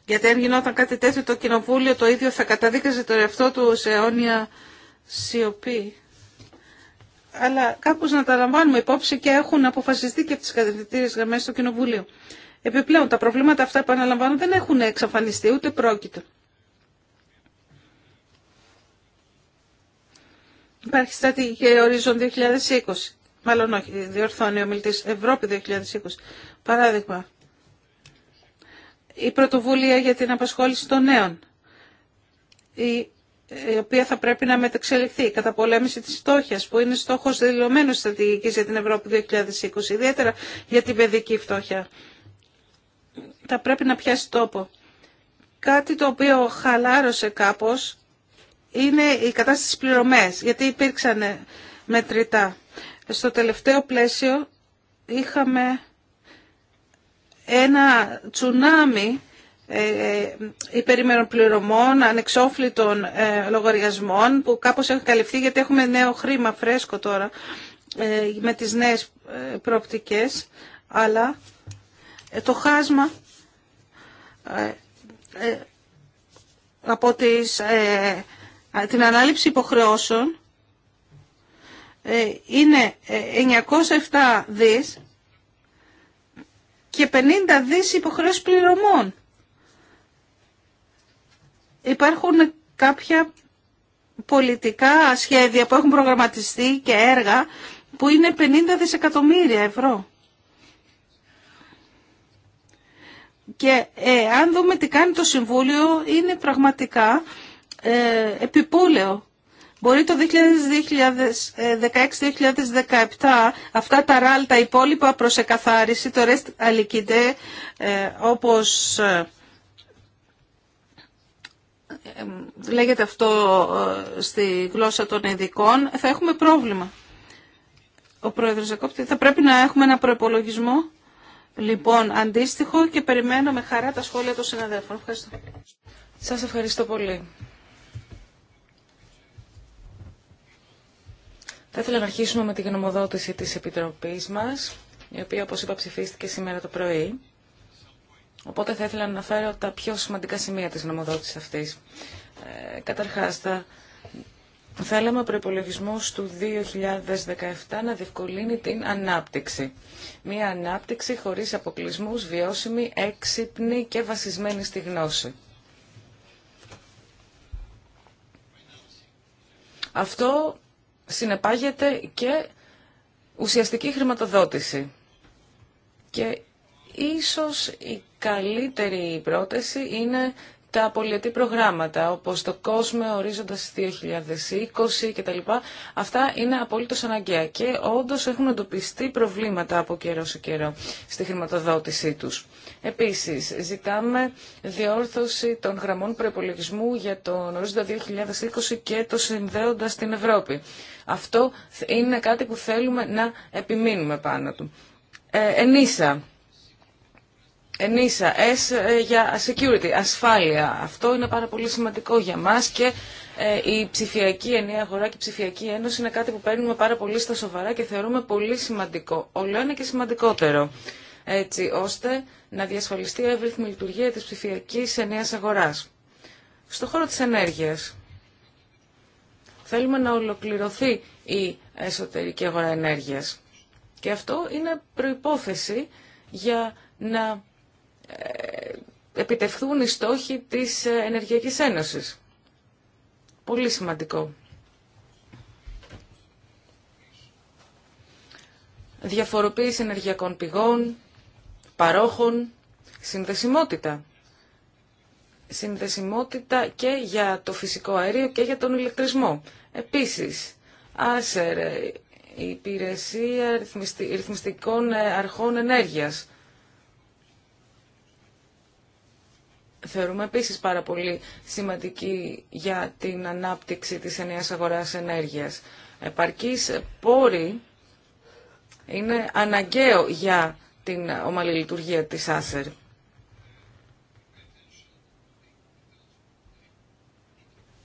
γιατί αν γινόταν κάτι τέτοιο το κοινοβούλιο το ίδιο θα καταδίκαζε το εαυτό του σε αιώνια σιωπή. Αλλά κάπως να τα λαμβάνουμε υπόψη και έχουν αποφασιστεί και από τις κατευθυντήριες γραμμές του Επιπλέον, τα προβλήματα αυτά που αναλαμβάνω δεν έχουν εξαφανιστεί, ούτε πρόκειται. Υπάρχει στρατηγική ορίζον 2020. Μάλλον όχι, διορθώνει ο μιλητής. Ευρώπη 2020. Παράδειγμα, η πρωτοβουλία για την απασχόληση των νέων, η οποία θα πρέπει να μεταξελιχθεί, η καταπολέμηση της φτώχειας, που είναι στόχος δηλωμένος στρατηγικής για την Ευρώπη 2020, ιδιαίτερα για την παιδική φτώχεια. Θα πρέπει να πιάσει τόπο. Κάτι το οποίο χαλάρωσε κάπως είναι η κατάσταση της πληρωμές, γιατί υπήρξαν ε, μετρητά. Στο τελευταίο πλαίσιο είχαμε ένα τσουνάμι ε, ε υπερημερών πληρωμών, ανεξόφλητων ε, λογαριασμών που κάπως έχουν καλυφθεί γιατί έχουμε νέο χρήμα φρέσκο τώρα με τις νέες προοπτικές αλλά το χάσμα από τις την ανάληψη υποχρεώσεων ε, είναι 907 ε, δις και 50 δις υποχρεώσεις πληρωμών. Υπάρχουν κάποια πολιτικά σχέδια που έχουν προγραμματιστεί και έργα που είναι 50 δισεκατομμύρια ευρώ. Και ε, αν δούμε τι κάνει το Συμβούλιο, είναι πραγματικά ε, επιπόλαιο. Μπορεί το 2016-2017 αυτά τα ράλ τα υπόλοιπα προς εκαθάριση, το rest αλικείται ε, όπως ε, λέγεται αυτό στη γλώσσα των ειδικών, θα έχουμε πρόβλημα. Ο πρόεδρος Ζακόπτη, θα πρέπει να έχουμε ένα προπολογισμό λοιπόν αντίστοιχο και περιμένω με χαρά τα σχόλια των συναδέλφων. Ευχαριστώ. Σας ευχαριστώ πολύ. Θα ήθελα να αρχίσουμε με τη γνωμοδότηση της Επιτροπής μας, η οποία, όπως είπα, ψηφίστηκε σήμερα το πρωί. Οπότε θα ήθελα να αναφέρω τα πιο σημαντικά σημεία της γνωμοδότησης αυτής. Ε, καταρχάς, θα θέλαμε ο προπολογισμό του 2017 να διευκολύνει την ανάπτυξη. Μία ανάπτυξη χωρίς αποκλεισμούς, βιώσιμη, έξυπνη και βασισμένη στη γνώση. Αυτό συνεπάγεται και ουσιαστική χρηματοδότηση. Και ίσως η καλύτερη πρόταση είναι τα πολιετή προγράμματα, όπως το κόσμο ορίζοντας 2020 κτλ. Αυτά είναι απολύτως αναγκαία και όντως έχουν εντοπιστεί προβλήματα από καιρό σε καιρό στη χρηματοδότησή τους. Επίσης, ζητάμε διόρθωση των γραμμών προπολογισμού για τον ορίζοντα 2020 και το συνδέοντας την Ευρώπη. Αυτό είναι κάτι που θέλουμε να επιμείνουμε πάνω του. Ε, ενίσα, Ενίσα, S ε, για security, ασφάλεια. Αυτό είναι πάρα πολύ σημαντικό για μας και ε, η ψηφιακή ενιαία αγορά και η ψηφιακή ένωση είναι κάτι που παίρνουμε πάρα πολύ στα σοβαρά και θεωρούμε πολύ σημαντικό. Όλο ένα και σημαντικότερο. Έτσι ώστε να διασφαλιστεί η εύρυθμη λειτουργία της ψηφιακής ενιαίας αγοράς. Στον χώρο της ενέργειας. Θέλουμε να ολοκληρωθεί η εσωτερική αγορά ενέργειας. Και αυτό είναι προϋπόθεση για να ε, επιτευχθούν οι στόχοι της ε, Ενεργειακής Ένωσης. Πολύ σημαντικό. Διαφοροποίηση ενεργειακών πηγών, παρόχων, συνδεσιμότητα. Συνδεσιμότητα και για το φυσικό αέριο και για τον ηλεκτρισμό. Επίσης, άσερ, η ε, υπηρεσία ρυθμιστικών αρχών ενέργειας θεωρούμε επίσης πάρα πολύ σημαντική για την ανάπτυξη της ενιαίας αγοράς ενέργειας. Επαρκής πόρη είναι αναγκαίο για την ομαλή λειτουργία της ΆΣΕΡ.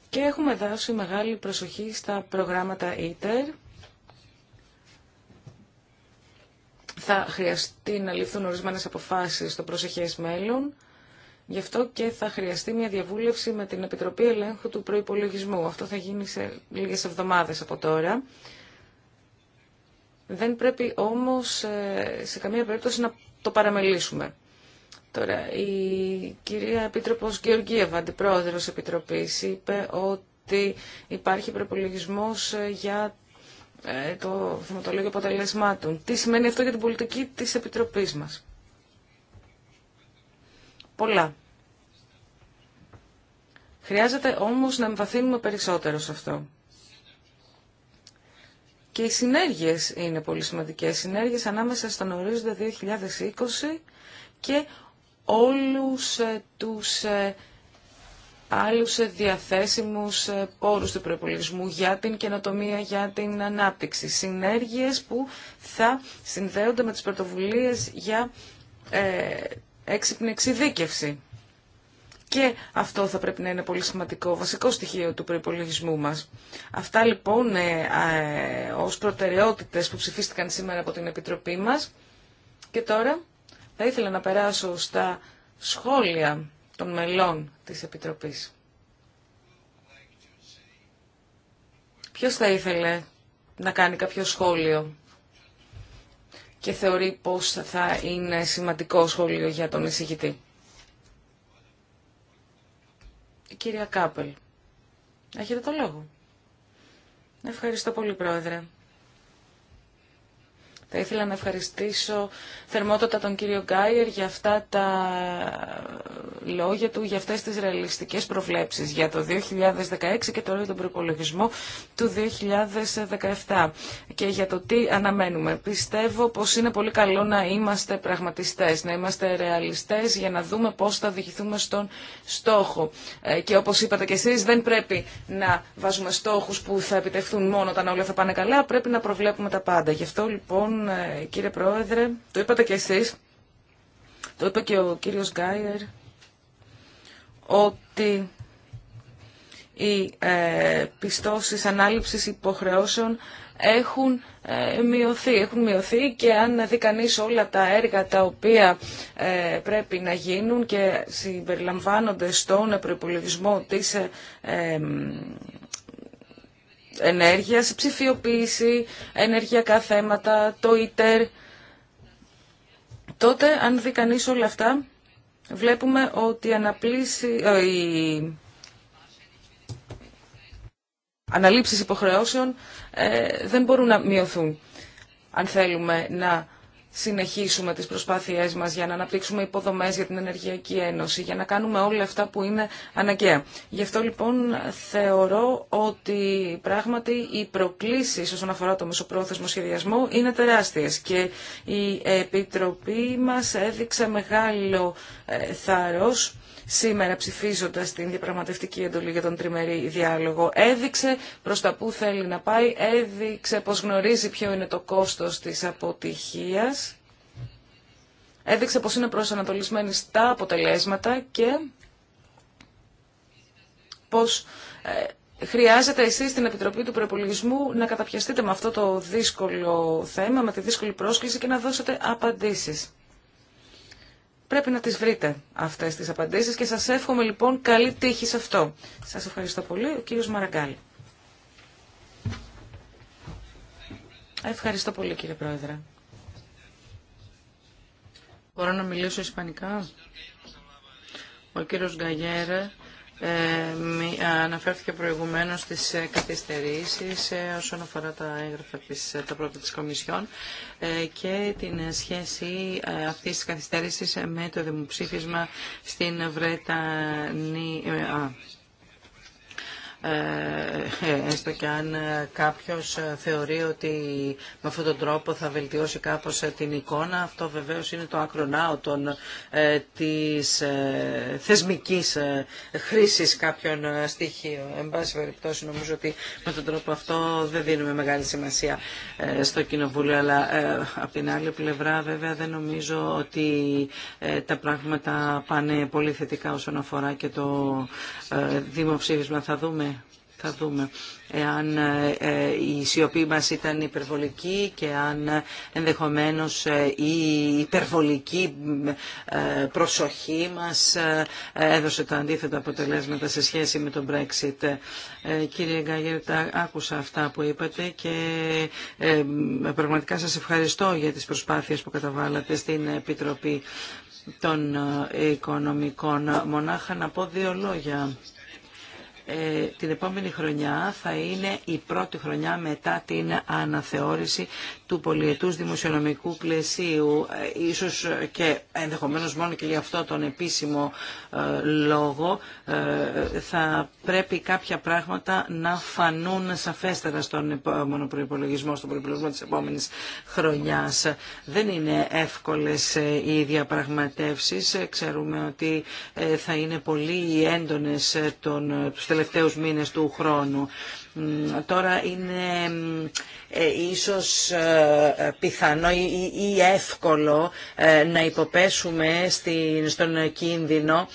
Και έχουμε δώσει μεγάλη προσοχή στα προγράμματα ITER. Θα χρειαστεί να ληφθούν ορισμένες αποφάσεις στο προσεχές μέλλον. Γι' αυτό και θα χρειαστεί μια διαβούλευση με την Επιτροπή Ελέγχου του Προϋπολογισμού. Αυτό θα γίνει σε λίγες εβδομάδες από τώρα. Δεν πρέπει όμως ε, σε καμία περίπτωση να το παραμελήσουμε. Τώρα, η κυρία Επίτροπος Γεωργίευα, αντιπρόεδρος Επιτροπής, είπε ότι υπάρχει προϋπολογισμός ε, για ε, το θεματολόγιο αποτελεσμάτων. Τι σημαίνει αυτό για την πολιτική της Επιτροπής μας. Πολλά. Χρειάζεται όμως να εμβαθύνουμε περισσότερο σε αυτό. Και οι συνέργειες είναι πολύ σημαντικές. Συνέργειες ανάμεσα στον ορίζοντα 2020 και όλους ε, τους ε, άλλους ε, διαθέσιμους πόρους του προπολογισμού για την καινοτομία, για την ανάπτυξη. Συνέργειες που θα συνδέονται με τις πρωτοβουλίες για ε, έξυπνη εξειδίκευση. Και αυτό θα πρέπει να είναι πολύ σημαντικό, βασικό στοιχείο του προπολογισμού μας. Αυτά λοιπόν ε, ε, ως προτεραιότητες που ψηφίστηκαν σήμερα από την Επιτροπή μας. Και τώρα θα ήθελα να περάσω στα σχόλια των μελών της Επιτροπής. Ποιος θα ήθελε να κάνει κάποιο σχόλιο και θεωρεί πως θα είναι σημαντικό σχόλιο για τον εισηγητή. Κυρία Κάπελ, έχετε το λόγο. Ευχαριστώ πολύ, Πρόεδρε. Θα ήθελα να ευχαριστήσω θερμότατα τον κύριο Γκάιερ για αυτά τα λόγια του, για αυτές τις ρεαλιστικές προβλέψεις για το 2016 και τώρα για τον προπολογισμό του 2017 και για το τι αναμένουμε. Πιστεύω πως είναι πολύ καλό να είμαστε πραγματιστές, να είμαστε ρεαλιστές για να δούμε πώς θα διηγηθούμε στον στόχο. Ε, και όπως είπατε και εσείς δεν πρέπει να βάζουμε στόχους που θα επιτευχθούν μόνο όταν όλα θα πάνε καλά, πρέπει να προβλέπουμε τα πάντα. Γι' αυτό λοιπόν ε, κύριε Πρόεδρε, το είπατε και εσείς, το είπε και ο κύριος Γκάιερ, ότι οι ε, πιστώσεις ανάληψης υποχρεώσεων έχουν ε, μειωθεί. Έχουν μειωθεί και αν δει κανεί όλα τα έργα τα οποία ε, πρέπει να γίνουν και συμπεριλαμβάνονται στον προπολογισμό της ενέργειας, ψηφιοποίηση, ενεργειακά θέματα, το ΙΤΕΡ. Τότε, αν δει κανεί όλα αυτά, βλέπουμε ότι οι ε, αναλήψεις υποχρεώσεων ε, δεν μπορούν να μειωθούν αν θέλουμε να συνεχίσουμε τις προσπάθειές μας για να αναπτύξουμε υποδομές για την Ενεργειακή Ένωση, για να κάνουμε όλα αυτά που είναι αναγκαία. Γι' αυτό λοιπόν θεωρώ ότι πράγματι οι προκλήσεις όσον αφορά το μεσοπρόθεσμο σχεδιασμό είναι τεράστιες και η Επιτροπή μας έδειξε μεγάλο ε, θάρρος σήμερα ψηφίζοντας την διαπραγματευτική εντολή για τον τριμερή διάλογο. Έδειξε προς τα που θέλει να πάει, έδειξε πως γνωρίζει ποιο είναι το κόστος της αποτυχίας, έδειξε πως είναι προσανατολισμένη στα αποτελέσματα και πως ε, χρειάζεται εσεί στην Επιτροπή του Προπολογισμού να καταπιαστείτε με αυτό το δύσκολο θέμα, με τη δύσκολη πρόσκληση και να δώσετε απαντήσει. Πρέπει να τις βρείτε αυτές τις απαντήσεις και σας εύχομαι λοιπόν καλή τύχη σε αυτό. Σας ευχαριστώ πολύ. Ο κύριος Μαραγκάλη. Ευχαριστώ πολύ κύριε Πρόεδρε. Μπορώ να μιλήσω ισπανικά. Ο κύριος Γκαγιέρε ε, αναφέρθηκε προηγουμένως στις ε, καθυστερήσεις ε, όσον αφορά τα έγγραφα της, τα πρώτα της Κομισιόν και την σχέση αυτής της καθυστέρησης με το δημοψήφισμα στην Βρετανία ε, ε, έστω και αν ε, κάποιος θεωρεί ότι με αυτόν τον τρόπο θα βελτιώσει κάπως την εικόνα. Αυτό βεβαίως είναι το άκρονάο των, της θεσμικής χρήσης κάποιων στοιχείων. Εν πάση περιπτώσει νομίζω ότι με τον τρόπο αυτό δεν δίνουμε μεγάλη σημασία στο Κοινοβούλιο, αλλά από την άλλη πλευρά βέβαια δεν νομίζω ότι τα πράγματα πάνε πολύ θετικά όσον αφορά και το δημοψήφισμα. Θα δούμε θα δούμε εάν ε, ε, η σιωπή μας ήταν υπερβολική και αν ε, ενδεχομένως η υπερβολική προσοχή μας έδωσε τα αντίθετα αποτελέσματα σε σχέση με τον Brexit. Κύριε Γκάγερ, άκουσα αυτά που είπατε και πραγματικά σας ευχαριστώ για τις προσπάθειες που καταβάλατε στην Επιτροπή των Οικονομικών. Μονάχα να πω δύο λόγια ε, την επόμενη χρονιά θα είναι η πρώτη χρονιά μετά την αναθεώρηση του πολιετούς δημοσιονομικού πλαισίου, ε, ίσως και ενδεχομένως μόνο και για αυτό τον επίσημο ε, λόγο, ε, θα πρέπει κάποια πράγματα να φανούν σαφέστερα στον επόμενο προϋπολογισμό, στον προϋπολογισμό της επόμενης χρονιάς. Δεν είναι εύκολες οι διαπραγματεύσεις. Ξέρουμε ότι θα είναι πολύ έντονες τον, τους τελευταίους μήνες του χρόνου. Τώρα είναι ε, ίσως ε, ε, πιθανό ή εύκολο να υποπέσουμε στον κίνδυνο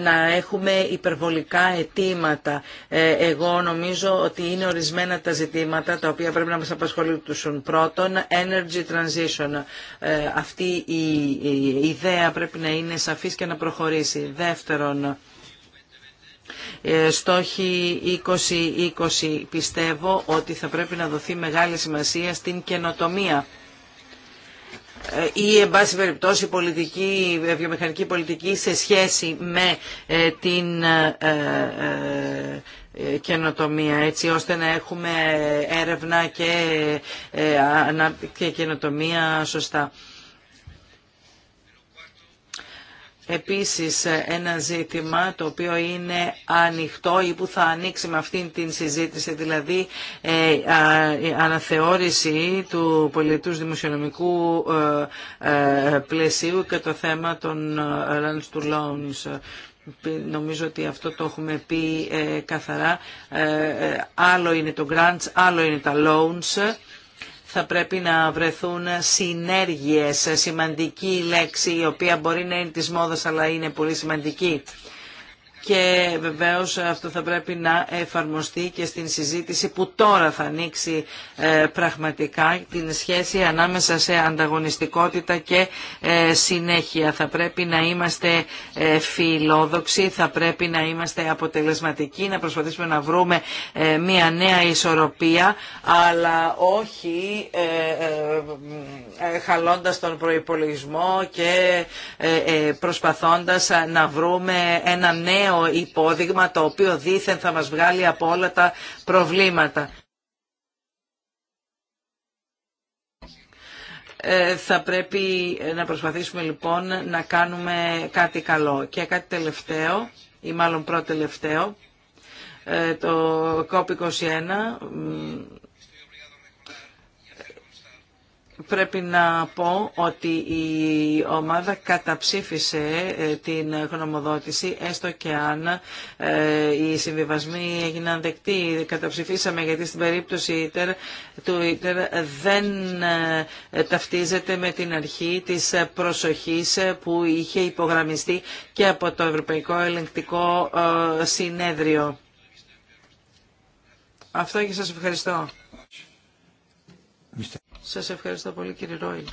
να έχουμε υπερβολικά αιτήματα. Εγώ νομίζω ότι είναι ορισμένα τα ζητήματα τα οποία πρέπει να μας απασχολήσουν. Πρώτον, energy transition. Αυτή η ιδέα πρέπει να είναι σαφής και να προχωρήσει. Δεύτερον, ε, στόχοι 2020 πιστεύω ότι θα πρέπει να δοθεί μεγάλη σημασία στην καινοτομία ε, ή εν πάση περιπτώσει πολιτική, ε, βιομηχανική πολιτική σε σχέση με την καινοτομία έτσι ώστε να έχουμε έρευνα και, και καινοτομία σωστά. Επίσης ένα ζήτημα το οποίο είναι ανοιχτό ή που θα ανοίξει με αυτήν την συζήτηση, δηλαδή ε, η αναθεώρηση του πολιτούς δημοσιονομικού ε, ε, πλαισίου και το θέμα των runs to loans. Νομίζω ότι αυτό το έχουμε πει καθαρά. Άλλο είναι το grants, άλλο είναι τα loans θα πρέπει να βρεθούν συνέργειες, σημαντική λέξη η οποία μπορεί να είναι της μόδας αλλά είναι πολύ σημαντική και βεβαίως αυτό θα πρέπει να εφαρμοστεί και στην συζήτηση που τώρα θα ανοίξει ε, πραγματικά την σχέση ανάμεσα σε ανταγωνιστικότητα και ε, συνέχεια. Θα πρέπει να είμαστε ε, φιλόδοξοι, θα πρέπει να είμαστε αποτελεσματικοί, να προσπαθήσουμε να βρούμε μια νέα ισορροπία, αλλά όχι χαλώντας τον προϋπολογισμό και προσπαθώντας να βρούμε ένα νέο νέο υπόδειγμα το οποίο δήθεν θα μας βγάλει από όλα τα προβλήματα. Ε, θα πρέπει να προσπαθήσουμε λοιπόν να κάνουμε κάτι καλό. Και κάτι τελευταίο, ή μάλλον πρώτο τελευταίο, ε, το COP21 Πρέπει να πω ότι η ομάδα καταψήφισε ε, την γνωμοδότηση, έστω και αν ε, οι συμβιβασμοί έγιναν δεκτοί. Καταψηφίσαμε γιατί στην περίπτωση του ΙΤΕΡ δεν ε, ταυτίζεται με την αρχή της προσοχής που είχε υπογραμμιστεί και από το Ευρωπαϊκό Ελεγκτικό Συνέδριο. Αυτό και σας ευχαριστώ. Σας ευχαριστώ πολύ κύριε Ρόιλ.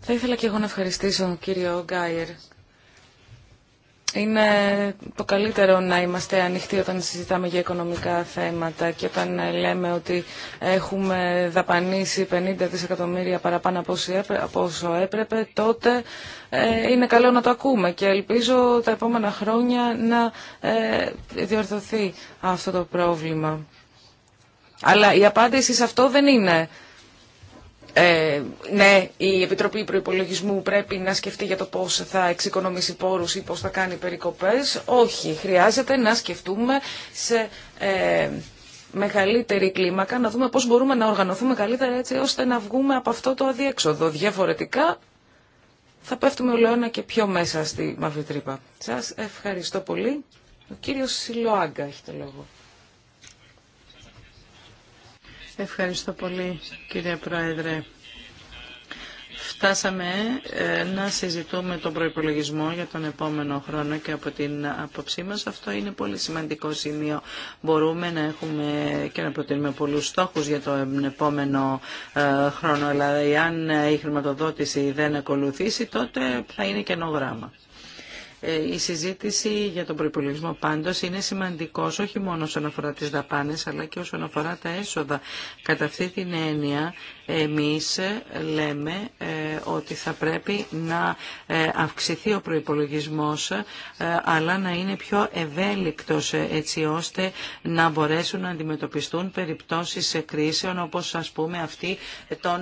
Θα ήθελα και εγώ να ευχαριστήσω κύριο Γκάιερ. Είναι το καλύτερο να είμαστε ανοιχτοί όταν συζητάμε για οικονομικά θέματα και όταν λέμε ότι έχουμε δαπανίσει 50 δισεκατομμύρια παραπάνω από όσο έπρεπε, τότε ε, είναι καλό να το ακούμε και ελπίζω τα επόμενα χρόνια να ε, διορθωθεί αυτό το πρόβλημα. Αλλά η απάντηση σε αυτό δεν είναι ε, ναι, η Επιτροπή Προϋπολογισμού πρέπει να σκεφτεί για το πώς θα εξοικονομήσει πόρους ή πώς θα κάνει περικοπές. Όχι, χρειάζεται να σκεφτούμε σε ε, μεγαλύτερη κλίμακα, να δούμε πώς μπορούμε να οργανωθούμε καλύτερα έτσι ώστε να βγούμε από αυτό το αδιέξοδο. Διαφορετικά θα πέφτουμε όλο ένα και πιο μέσα στη μαύρη τρύπα. Σας ευχαριστώ πολύ. Ο κύριος Σιλοάγκα έχει το λόγο. Ευχαριστώ πολύ κύριε Πρόεδρε. Φτάσαμε ε, να συζητούμε τον προϋπολογισμό για τον επόμενο χρόνο και από την άποψή μας αυτό είναι πολύ σημαντικό σημείο. Μπορούμε να έχουμε και να προτείνουμε πολλούς στόχους για τον επόμενο ε, χρόνο, αλλά αν η χρηματοδότηση δεν ακολουθήσει τότε θα είναι καινό γράμμα. Ε, η συζήτηση για τον προπολογισμό πάντω είναι σημαντικό, όχι μόνο όσον αφορά τι δαπάνε, αλλά και όσον αφορά τα έσοδα. Κατά αυτή την έννοια εμείς λέμε ε, ότι θα πρέπει να ε, αυξηθεί ο προϋπολογισμός ε, αλλά να είναι πιο ευέλικτος έτσι ώστε να μπορέσουν να αντιμετωπιστούν περιπτώσεις κρίσεων όπως ας πούμε αυτή των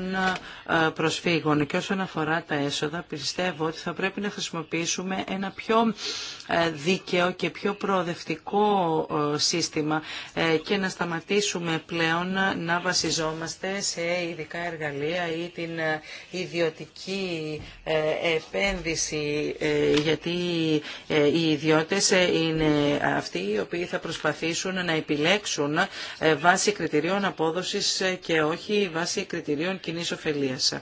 προσφύγων. Και όσον αφορά τα έσοδα πιστεύω ότι θα πρέπει να χρησιμοποιήσουμε ένα πιο δίκαιο και πιο προοδευτικό σύστημα και να σταματήσουμε πλέον να βασιζόμαστε σε ειδικά ιδιωτικά εργαλεία ή την ε, ιδιωτική ε, επένδυση ε, γιατί οι ιδιώτες είναι αυτοί οι οποίοι θα προσπαθήσουν να επιλέξουν βάσει κριτηρίων απόδοσης και όχι βάσει κριτηρίων κοινής ωφελίας.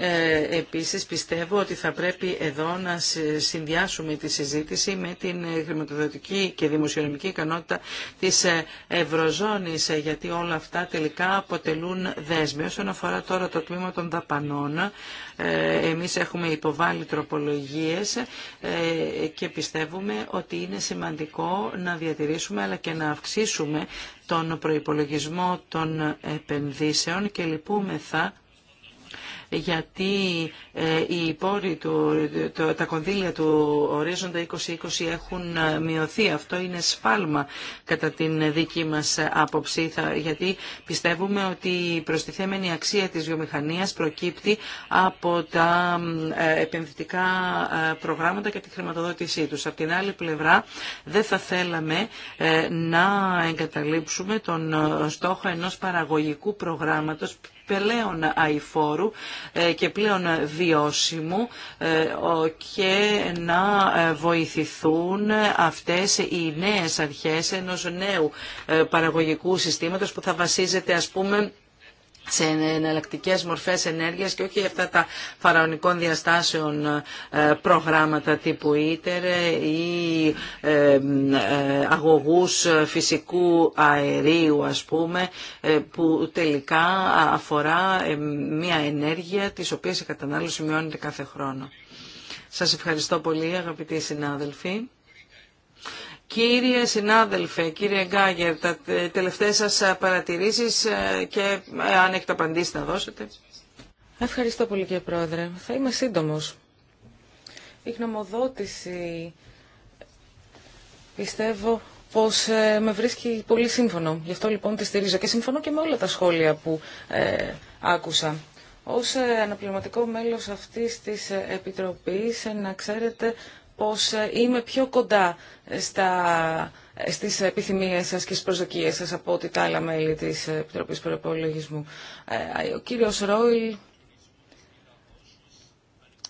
Ε, επίσης πιστεύω ότι θα πρέπει εδώ να συνδυάσουμε τη συζήτηση με την ε, χρηματοδοτική και δημοσιονομική ικανότητα της ε, Ευρωζώνης, γιατί όλα αυτά τελικά αποτελούν δέσμοι. Όσον αφορά τώρα το τμήμα των δαπανών, εμείς έχουμε υποβάλει τροπολογίες και πιστεύουμε ότι είναι σημαντικό να διατηρήσουμε αλλά και να αυξήσουμε τον προϋπολογισμό των επενδύσεων και λυπούμεθα γιατί ε, οι πόροι του, τα κονδύλια του ορίζοντα 2020 έχουν ε, μειωθεί. Αυτό είναι σφάλμα κατά την δική μας άποψη, γιατί πιστεύουμε ότι η προστιθέμενη αξία της βιομηχανίας προκύπτει από τα ε, επενδυτικά προγράμματα και τη χρηματοδότησή τους. Από την άλλη πλευρά δεν θα θέλαμε να εγκαταλείψουμε τον στόχο ενός παραγωγικού προγράμματος πλέον αηφόρου ε, και πλέον βιώσιμου ε, και να ε, βοηθηθούν αυτές οι νέες αρχές ενός νέου παραγωγικού συστήματος που θα βασίζεται ας πούμε σε εναλλακτικέ μορφές ενέργειας και όχι αυτά τα φαραωνικών διαστάσεων ε, προγράμματα τύπου ίτερ ή ε, ε, αγωγούς φυσικού αερίου ας πούμε που τελικά αφορά μια ενέργεια της οποίας η κατανάλωση μειώνεται κάθε χρόνο. Σας ευχαριστώ πολύ αγαπητοί συνάδελφοι. Κύριε συνάδελφε, κύριε Γκάγερ, τα τελευταία σας παρατηρήσεις ε, και ε, αν έχετε απαντήσει να δώσετε. Ευχαριστώ πολύ κύριε Πρόεδρε. Θα είμαι σύντομος. Η γνωμοδότηση πιστεύω πως ε, με βρίσκει πολύ σύμφωνο. Γι' αυτό λοιπόν τη στηρίζω και συμφωνώ και με όλα τα σχόλια που άκουσα. Ως αναπληρωματικό μέλος αυτής της Επιτροπής να ξέρετε πως ε, είμαι πιο κοντά στα, ε, στις επιθυμίες σας και στις προσδοκίες σας από ό,τι τα άλλα μέλη της Επιτροπής Προπολογισμού. Ε, ο κύριος Ρόιλ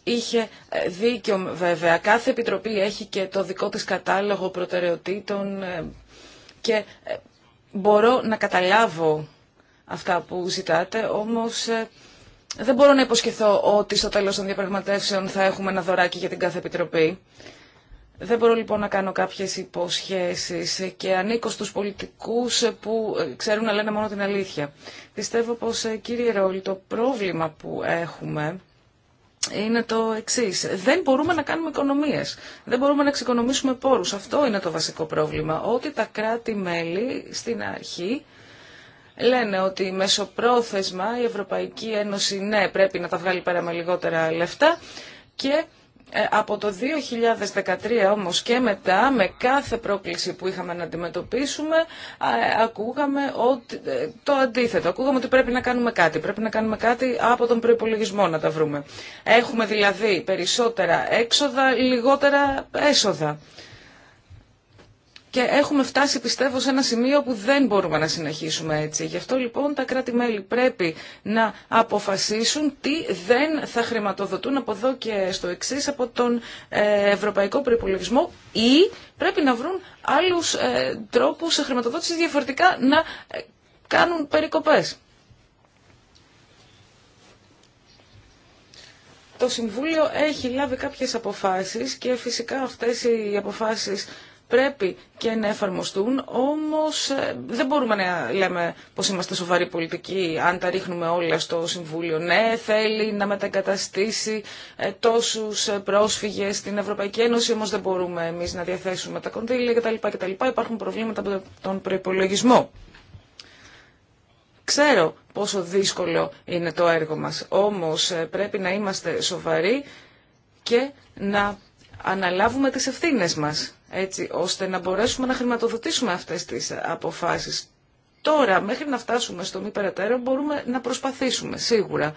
είχε δίκιο βέβαια. Κάθε επιτροπή έχει και το δικό της κατάλογο προτεραιοτήτων και μπορώ να καταλάβω αυτά που ζητάτε, όμως δεν μπορώ να υποσχεθώ ότι στο τέλος των διαπραγματεύσεων θα έχουμε ένα δωράκι για την κάθε επιτροπή. Δεν μπορώ λοιπόν να κάνω κάποιες υποσχέσεις και ανήκω στους πολιτικούς που ε, ξέρουν να λένε μόνο την αλήθεια. Πιστεύω πως ε, κύριε Ρόλη το πρόβλημα που έχουμε είναι το εξή. Δεν μπορούμε να κάνουμε οικονομίε. Δεν μπορούμε να εξοικονομήσουμε πόρου. Αυτό είναι το βασικό πρόβλημα. Ότι τα κράτη-μέλη στην αρχή λένε ότι μεσοπρόθεσμα η Ευρωπαϊκή Ένωση ναι πρέπει να τα βγάλει πέρα με λιγότερα λεφτά και ε, από το 2013 όμως και μετά με κάθε πρόκληση που είχαμε να αντιμετωπίσουμε ακούγαμε ότι, ε, το αντίθετο. Ακούγαμε ότι πρέπει να κάνουμε κάτι. Πρέπει να κάνουμε κάτι από τον προϋπολογισμό να τα βρούμε. Έχουμε δηλαδή περισσότερα έξοδα, λιγότερα έσοδα. Και έχουμε φτάσει, πιστεύω, σε ένα σημείο που δεν μπορούμε να συνεχίσουμε έτσι. Γι' αυτό, λοιπόν, τα κράτη-μέλη πρέπει να αποφασίσουν τι δεν θα χρηματοδοτούν από εδώ και στο εξή από τον ε, ευρωπαϊκό προπολογισμό ή πρέπει να βρουν άλλους ε, τρόπους χρηματοδότηση διαφορετικά να ε, κάνουν περικοπές. Το Συμβούλιο έχει λάβει κάποιες αποφάσεις και φυσικά αυτές οι αποφάσεις πρέπει και να εφαρμοστούν, όμως ε, δεν μπορούμε να λέμε πως είμαστε σοβαροί πολιτικοί αν τα ρίχνουμε όλα στο Συμβούλιο. Ναι, θέλει να μετακαταστήσει ε, τόσους ε, πρόσφυγες στην Ευρωπαϊκή Ένωση, όμως δεν μπορούμε εμείς να διαθέσουμε τα κονδύλια κτλ. κτλ. Υπάρχουν προβλήματα από τον προπολογισμό. Ξέρω πόσο δύσκολο είναι το έργο μας, όμως πρέπει να είμαστε σοβαροί και να αναλάβουμε τις ευθύνες μας, έτσι ώστε να μπορέσουμε να χρηματοδοτήσουμε αυτές τις αποφάσεις. Τώρα, μέχρι να φτάσουμε στο μη περαιτέρω, μπορούμε να προσπαθήσουμε, σίγουρα.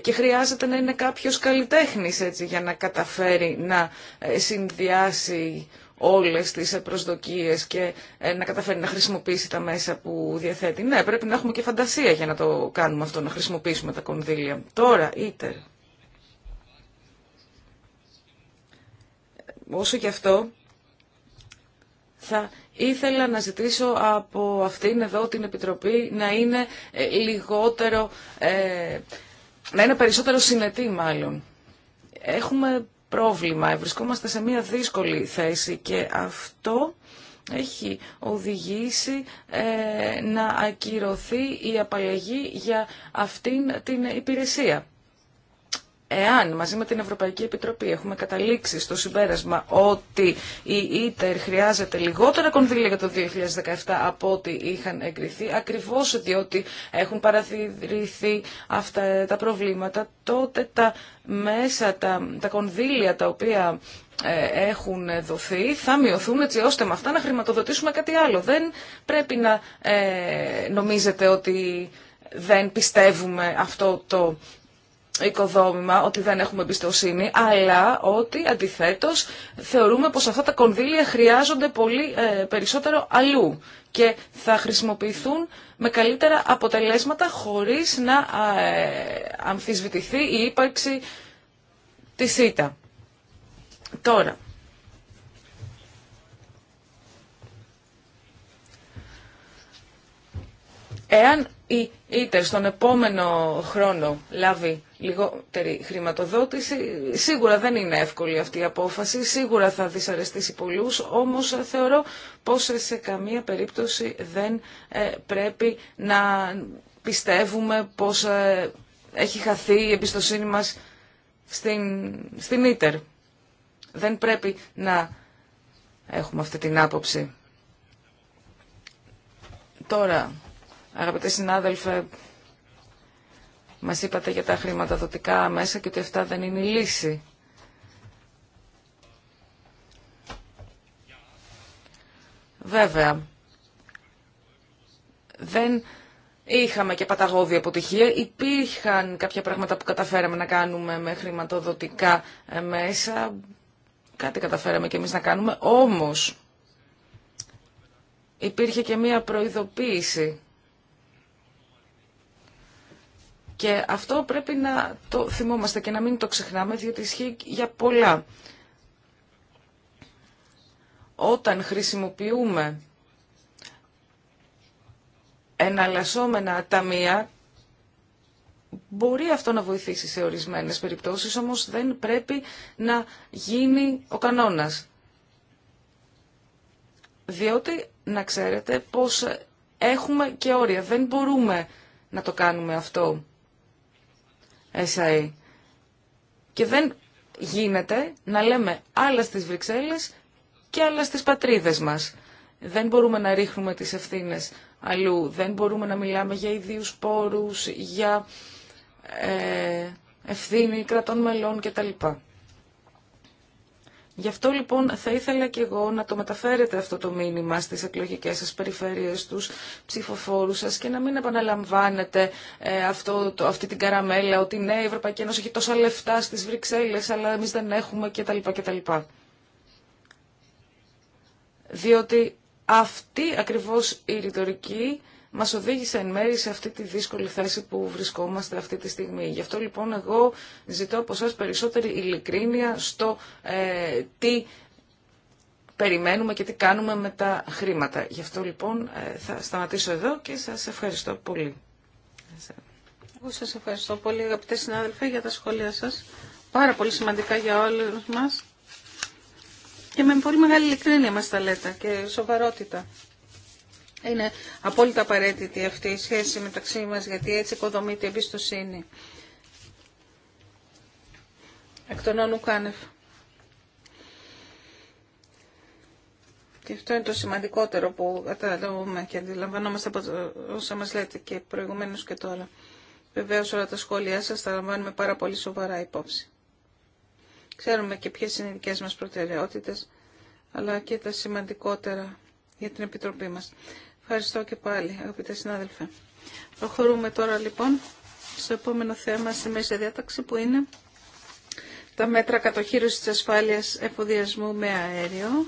Και χρειάζεται να είναι κάποιος καλλιτέχνης, έτσι, για να καταφέρει να ε, συνδυάσει όλες τις ε, προσδοκίες και ε, να καταφέρει να χρησιμοποιήσει τα μέσα που διαθέτει. Ναι, πρέπει να έχουμε και φαντασία για να το κάνουμε αυτό, να χρησιμοποιήσουμε τα κονδύλια. Τώρα, είτε. όσο και αυτό, θα ήθελα να ζητήσω από αυτήν εδώ την Επιτροπή να είναι ε, λιγότερο, ε, να είναι περισσότερο συνετή μάλλον. Έχουμε πρόβλημα, βρισκόμαστε σε μια δύσκολη θέση και αυτό έχει οδηγήσει ε, να ακυρωθεί η απαλλαγή για αυτήν την υπηρεσία. Εάν μαζί με την Ευρωπαϊκή Επιτροπή έχουμε καταλήξει στο συμπέρασμα ότι η ΙΤΕΡ χρειάζεται λιγότερα κονδύλια για το 2017 από ό,τι είχαν εγκριθεί, ακριβώς διότι έχουν παραθυρηθεί αυτά τα προβλήματα, τότε τα μέσα, τα, τα κονδύλια τα οποία ε, έχουν δοθεί θα μειωθούν έτσι ώστε με αυτά να χρηματοδοτήσουμε κάτι άλλο. Δεν πρέπει να ε, νομίζετε ότι δεν πιστεύουμε αυτό το οικοδόμημα, ότι δεν έχουμε εμπιστοσύνη, αλλά ότι αντιθέτως θεωρούμε πως αυτά τα κονδύλια χρειάζονται πολύ ε, περισσότερο αλλού και θα χρησιμοποιηθούν με καλύτερα αποτελέσματα χωρίς να ε, αμφισβητηθεί η ύπαρξη της ΣΥΤΑ. Τώρα, εάν η ίτερ στον επόμενο χρόνο λάβει λιγότερη χρηματοδότηση. Σίγουρα δεν είναι εύκολη αυτή η απόφαση, σίγουρα θα δυσαρεστήσει πολλούς, όμως θεωρώ πως σε καμία περίπτωση δεν ε, πρέπει να πιστεύουμε πως ε, έχει χαθεί η εμπιστοσύνη μας στην, στην Δεν πρέπει να έχουμε αυτή την άποψη. Τώρα, αγαπητέ συνάδελφε, μας είπατε για τα χρηματοδοτικά μέσα και ότι αυτά δεν είναι η λύση. Βέβαια, δεν είχαμε και παταγώδη αποτυχία. Υπήρχαν κάποια πράγματα που καταφέραμε να κάνουμε με χρηματοδοτικά μέσα. Κάτι καταφέραμε και εμείς να κάνουμε. Όμως, υπήρχε και μία προειδοποίηση Και αυτό πρέπει να το θυμόμαστε και να μην το ξεχνάμε, διότι ισχύει για πολλά. Όταν χρησιμοποιούμε εναλλασσόμενα ταμεία, μπορεί αυτό να βοηθήσει σε ορισμένες περιπτώσεις, όμως δεν πρέπει να γίνει ο κανόνας. Διότι, να ξέρετε, πως έχουμε και όρια. Δεν μπορούμε να το κάνουμε αυτό. Και δεν γίνεται να λέμε άλλα στις Βρυξέλλες και άλλα στις πατρίδες μας. Δεν μπορούμε να ρίχνουμε τις ευθύνες αλλού, δεν μπορούμε να μιλάμε για ιδίους πόρους, για ε, ευθύνη κρατών μελών κτλ. Γι' αυτό λοιπόν θα ήθελα και εγώ να το μεταφέρετε αυτό το μήνυμα στις εκλογικές σας περιφέρειες, τους ψηφοφόρους σας και να μην επαναλαμβάνετε ε, αυτό, το, αυτή την καραμέλα ότι ναι η Ευρωπαϊκή Ένωση έχει τόσα λεφτά στις Βρυξέλλες αλλά εμείς δεν έχουμε κτλ. κτλ. Διότι αυτή ακριβώς η ρητορική μας οδήγησε εν μέρη σε αυτή τη δύσκολη θέση που βρισκόμαστε αυτή τη στιγμή. Γι' αυτό λοιπόν εγώ ζητώ από σας περισσότερη ειλικρίνεια στο ε, τι περιμένουμε και τι κάνουμε με τα χρήματα. Γι' αυτό λοιπόν ε, θα σταματήσω εδώ και σας ευχαριστώ πολύ. Εγώ σας ευχαριστώ πολύ αγαπητέ συνάδελφοι για τα σχόλια σας. Πάρα πολύ σημαντικά για όλους μας. Και με πολύ μεγάλη ειλικρίνεια μας τα λέτε και σοβαρότητα είναι απόλυτα απαραίτητη αυτή η σχέση μεταξύ μας γιατί έτσι οικοδομείται η εμπιστοσύνη. Εκ των όνου κάνευ. Και αυτό είναι το σημαντικότερο που καταλαβαίνουμε και αντιλαμβανόμαστε από όσα μας λέτε και προηγουμένως και τώρα. Βεβαίω όλα τα σχόλιά σας τα λαμβάνουμε πάρα πολύ σοβαρά υπόψη. Ξέρουμε και ποιες είναι οι δικές μας προτεραιότητες, αλλά και τα σημαντικότερα για την Επιτροπή μας. Ευχαριστώ και πάλι, αγαπητέ συνάδελφε. Προχωρούμε τώρα λοιπόν στο επόμενο θέμα στη μέση διάταξη που είναι τα μέτρα κατοχήρωσης της ασφάλειας εφοδιασμού με αέριο.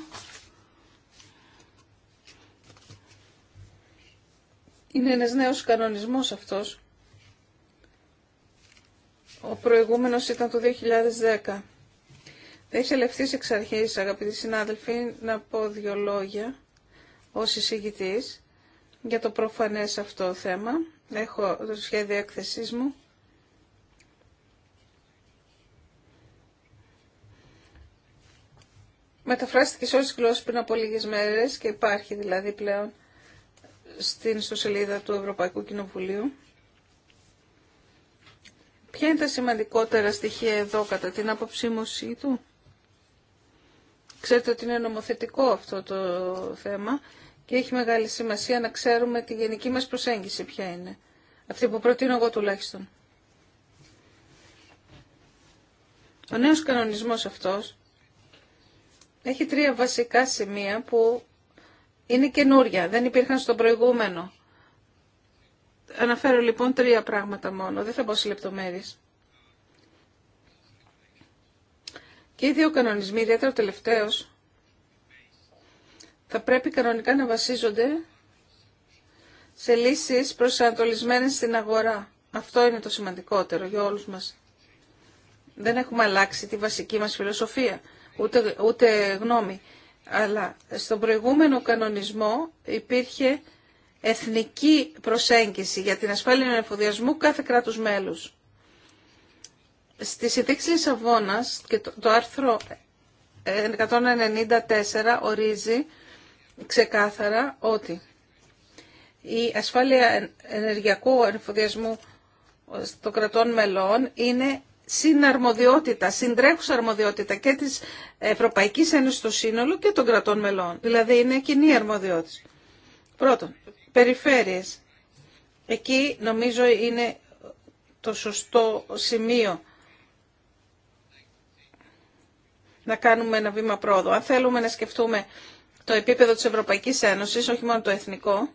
Είναι ένας νέος κανονισμός αυτός. Ο προηγούμενος ήταν το 2010. Δεν είχε λεφτείς εξ αρχής, αγαπητοί συνάδελφοι, να πω δύο λόγια ως εισηγητής για το προφανές αυτό θέμα. Έχω το σχέδιο έκθεσής μου. Μεταφράστηκε σε όλες τις γλώσσες πριν από λίγες μέρες και υπάρχει δηλαδή πλέον στην ιστοσελίδα του Ευρωπαϊκού Κοινοβουλίου. Ποια είναι τα σημαντικότερα στοιχεία εδώ κατά την αποψήμωσή του. Ξέρετε ότι είναι νομοθετικό αυτό το θέμα και έχει μεγάλη σημασία να ξέρουμε τη γενική μας προσέγγιση ποια είναι. Αυτή που προτείνω εγώ τουλάχιστον. Ο νέος κανονισμός αυτός έχει τρία βασικά σημεία που είναι καινούρια, δεν υπήρχαν στον προηγούμενο. Αναφέρω λοιπόν τρία πράγματα μόνο, δεν θα πω σε λεπτομέρειες. Και οι δύο κανονισμοί, ιδιαίτερα ο τελευταίος, θα πρέπει κανονικά να βασίζονται σε λύσεις προσανατολισμένες στην αγορά. Αυτό είναι το σημαντικότερο για όλους μας. Δεν έχουμε αλλάξει τη βασική μας φιλοσοφία, ούτε, ούτε γνώμη. Αλλά στον προηγούμενο κανονισμό υπήρχε εθνική προσέγγιση για την ασφάλεια εφοδιασμού κάθε κράτους μέλους. Στη συνθήκη Λισαβόνας και το, το άρθρο 194 ορίζει ξεκάθαρα ότι η ασφάλεια ενεργειακού εμφοδιασμού των κρατών μελών είναι συναρμοδιότητα, συντρέχουσα αρμοδιότητα και της Ευρωπαϊκής Ένωσης στο σύνολο και των κρατών μελών. Δηλαδή είναι κοινή αρμοδιότητα. Πρώτον, περιφέρειες. Εκεί νομίζω είναι το σωστό σημείο να κάνουμε ένα βήμα πρόοδο. Αν θέλουμε να σκεφτούμε το επίπεδο της Ευρωπαϊκής Ένωσης, όχι μόνο το εθνικό,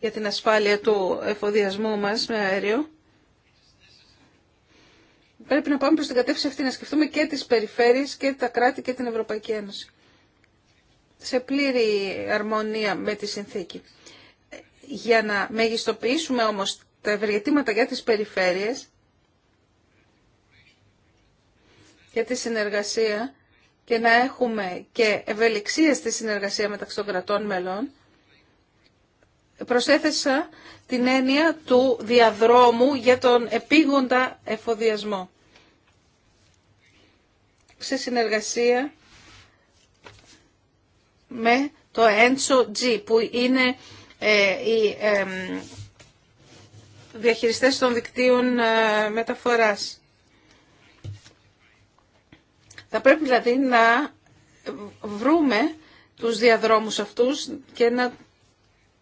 για την ασφάλεια του εφοδιασμού μας με αέριο. Πρέπει να πάμε προς την κατεύθυνση αυτή, να σκεφτούμε και τις περιφέρειες και τα κράτη και την Ευρωπαϊκή Ένωση. Σε πλήρη αρμονία με τη συνθήκη. Για να μεγιστοποιήσουμε όμως τα ευεργετήματα για τις περιφέρειες, για τη συνεργασία, και να έχουμε και ευελιξία στη συνεργασία μεταξύ των κρατών μελών, προσέθεσα την έννοια του διαδρόμου για τον επίγοντα εφοδιασμό. Σε συνεργασία με το ENSO G, που είναι ε, οι ε, διαχειριστές των δικτύων ε, μεταφοράς. Θα πρέπει δηλαδή να βρούμε τους διαδρόμους αυτούς και να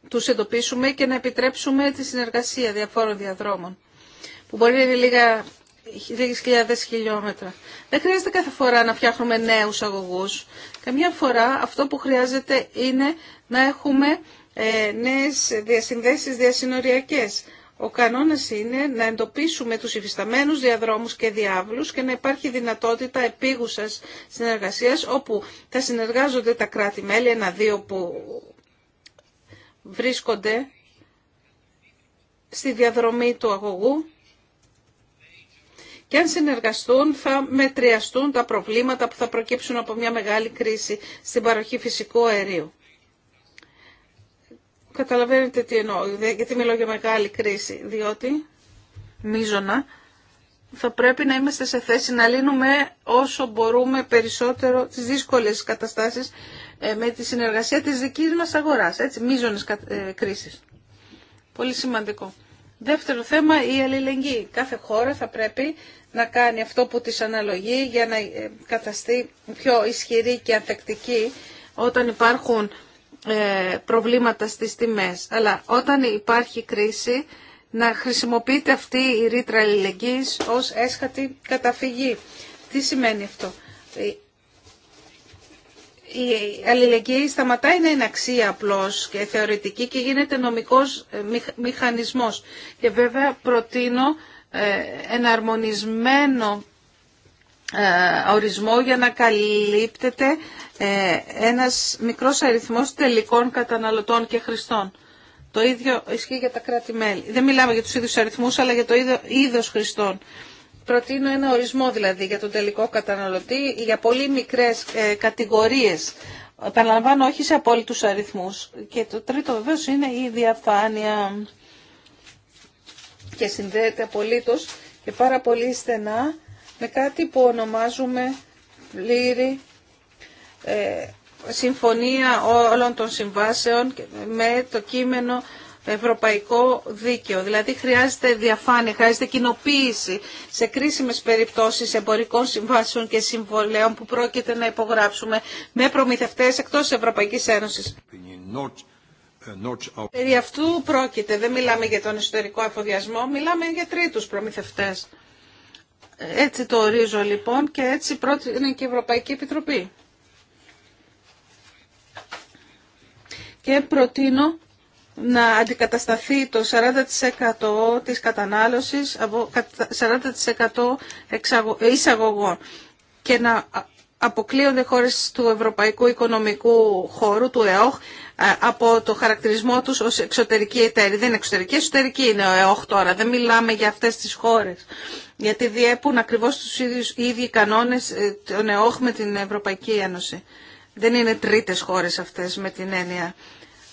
τους εντοπίσουμε και να επιτρέψουμε τη συνεργασία διαφόρων διαδρόμων που μπορεί να είναι λίγα, λίγες χιλιάδες χιλιόμετρα. Δεν χρειάζεται κάθε φορά να φτιάχνουμε νέους αγωγούς. Καμιά φορά αυτό που χρειάζεται είναι να έχουμε ε, νέες διασυνδέσεις διασυνοριακές ο κανόνας είναι να εντοπίσουμε τους υφισταμένους διαδρόμους και διάβλους και να υπάρχει δυνατότητα επίγουσας συνεργασίας όπου θα συνεργάζονται τα κράτη-μέλη, ένα-δύο που βρίσκονται στη διαδρομή του αγωγού και αν συνεργαστούν θα μετριαστούν τα προβλήματα που θα προκύψουν από μια μεγάλη κρίση στην παροχή φυσικού αερίου. Καταλαβαίνετε τι εννοώ, γιατί μιλώ για μεγάλη κρίση, διότι μίζωνα θα πρέπει να είμαστε σε θέση να λύνουμε όσο μπορούμε περισσότερο τις δύσκολες καταστάσεις ε, με τη συνεργασία της δικής μας αγοράς, έτσι, μίζωνες ε, κρίσεις. Πολύ σημαντικό. Δεύτερο θέμα, η αλληλεγγύη. Κάθε χώρα θα πρέπει να κάνει αυτό που της αναλογεί για να ε, καταστεί πιο ισχυρή και ανθεκτική όταν υπάρχουν ε, προβλήματα στις τιμές. Αλλά όταν υπάρχει κρίση να χρησιμοποιείται αυτή η ρήτρα αλληλεγγύης ως έσχατη καταφυγή. Τι σημαίνει αυτό. Ε, η αλληλεγγύη σταματάει να είναι αξία απλώς και θεωρητική και γίνεται νομικός ε, μηχανισμός. Και βέβαια προτείνω εναρμονισμένο ε, ορισμό για να καλύπτεται ε, ένας μικρός αριθμός τελικών καταναλωτών και χρηστών. Το ίδιο ισχύει για τα κράτη-μέλη. Δεν μιλάμε για τους ίδιους αριθμούς, αλλά για το ίδιο είδος χρηστών. Προτείνω ένα ορισμό δηλαδή για τον τελικό καταναλωτή για πολύ μικρές ε, κατηγορίες. Επαναλαμβάνω όχι σε απόλυτους αριθμούς. Και το τρίτο βεβαίως είναι η διαφάνεια και συνδέεται απολύτως και πάρα πολύ στενά με κάτι που ονομάζουμε πλήρη ε, συμφωνία όλων των συμβάσεων με το κείμενο ευρωπαϊκό δίκαιο. Δηλαδή χρειάζεται διαφάνεια, χρειάζεται κοινοποίηση σε κρίσιμες περιπτώσεις εμπορικών συμβάσεων και συμβολέων που πρόκειται να υπογράψουμε με προμηθευτές εκτός Ευρωπαϊκής Ένωσης. Uh, Περί αυτού πρόκειται, δεν μιλάμε για τον ιστορικό αφοδιασμό, μιλάμε για τρίτους προμηθευτές. Έτσι το ορίζω λοιπόν και έτσι είναι και η Ευρωπαϊκή Επιτροπή. Και προτείνω να αντικατασταθεί το 40% της κατανάλωσης από 40% εισαγωγών και να αποκλείονται χώρες του Ευρωπαϊκού Οικονομικού Χώρου, του ΕΟΧ, ε, από το χαρακτηρισμό τους ως εξωτερική εταίρη. Δεν είναι εξωτερική, εσωτερική είναι ο ε, ΕΟΧ τώρα. Δεν μιλάμε για αυτές τις χώρες. Γιατί διέπουν ακριβώς τους ίδιους, ίδιοι κανόνες ε, τον ΕΟΧ με την Ευρωπαϊκή Ένωση. Δεν είναι τρίτες χώρες αυτές με την έννοια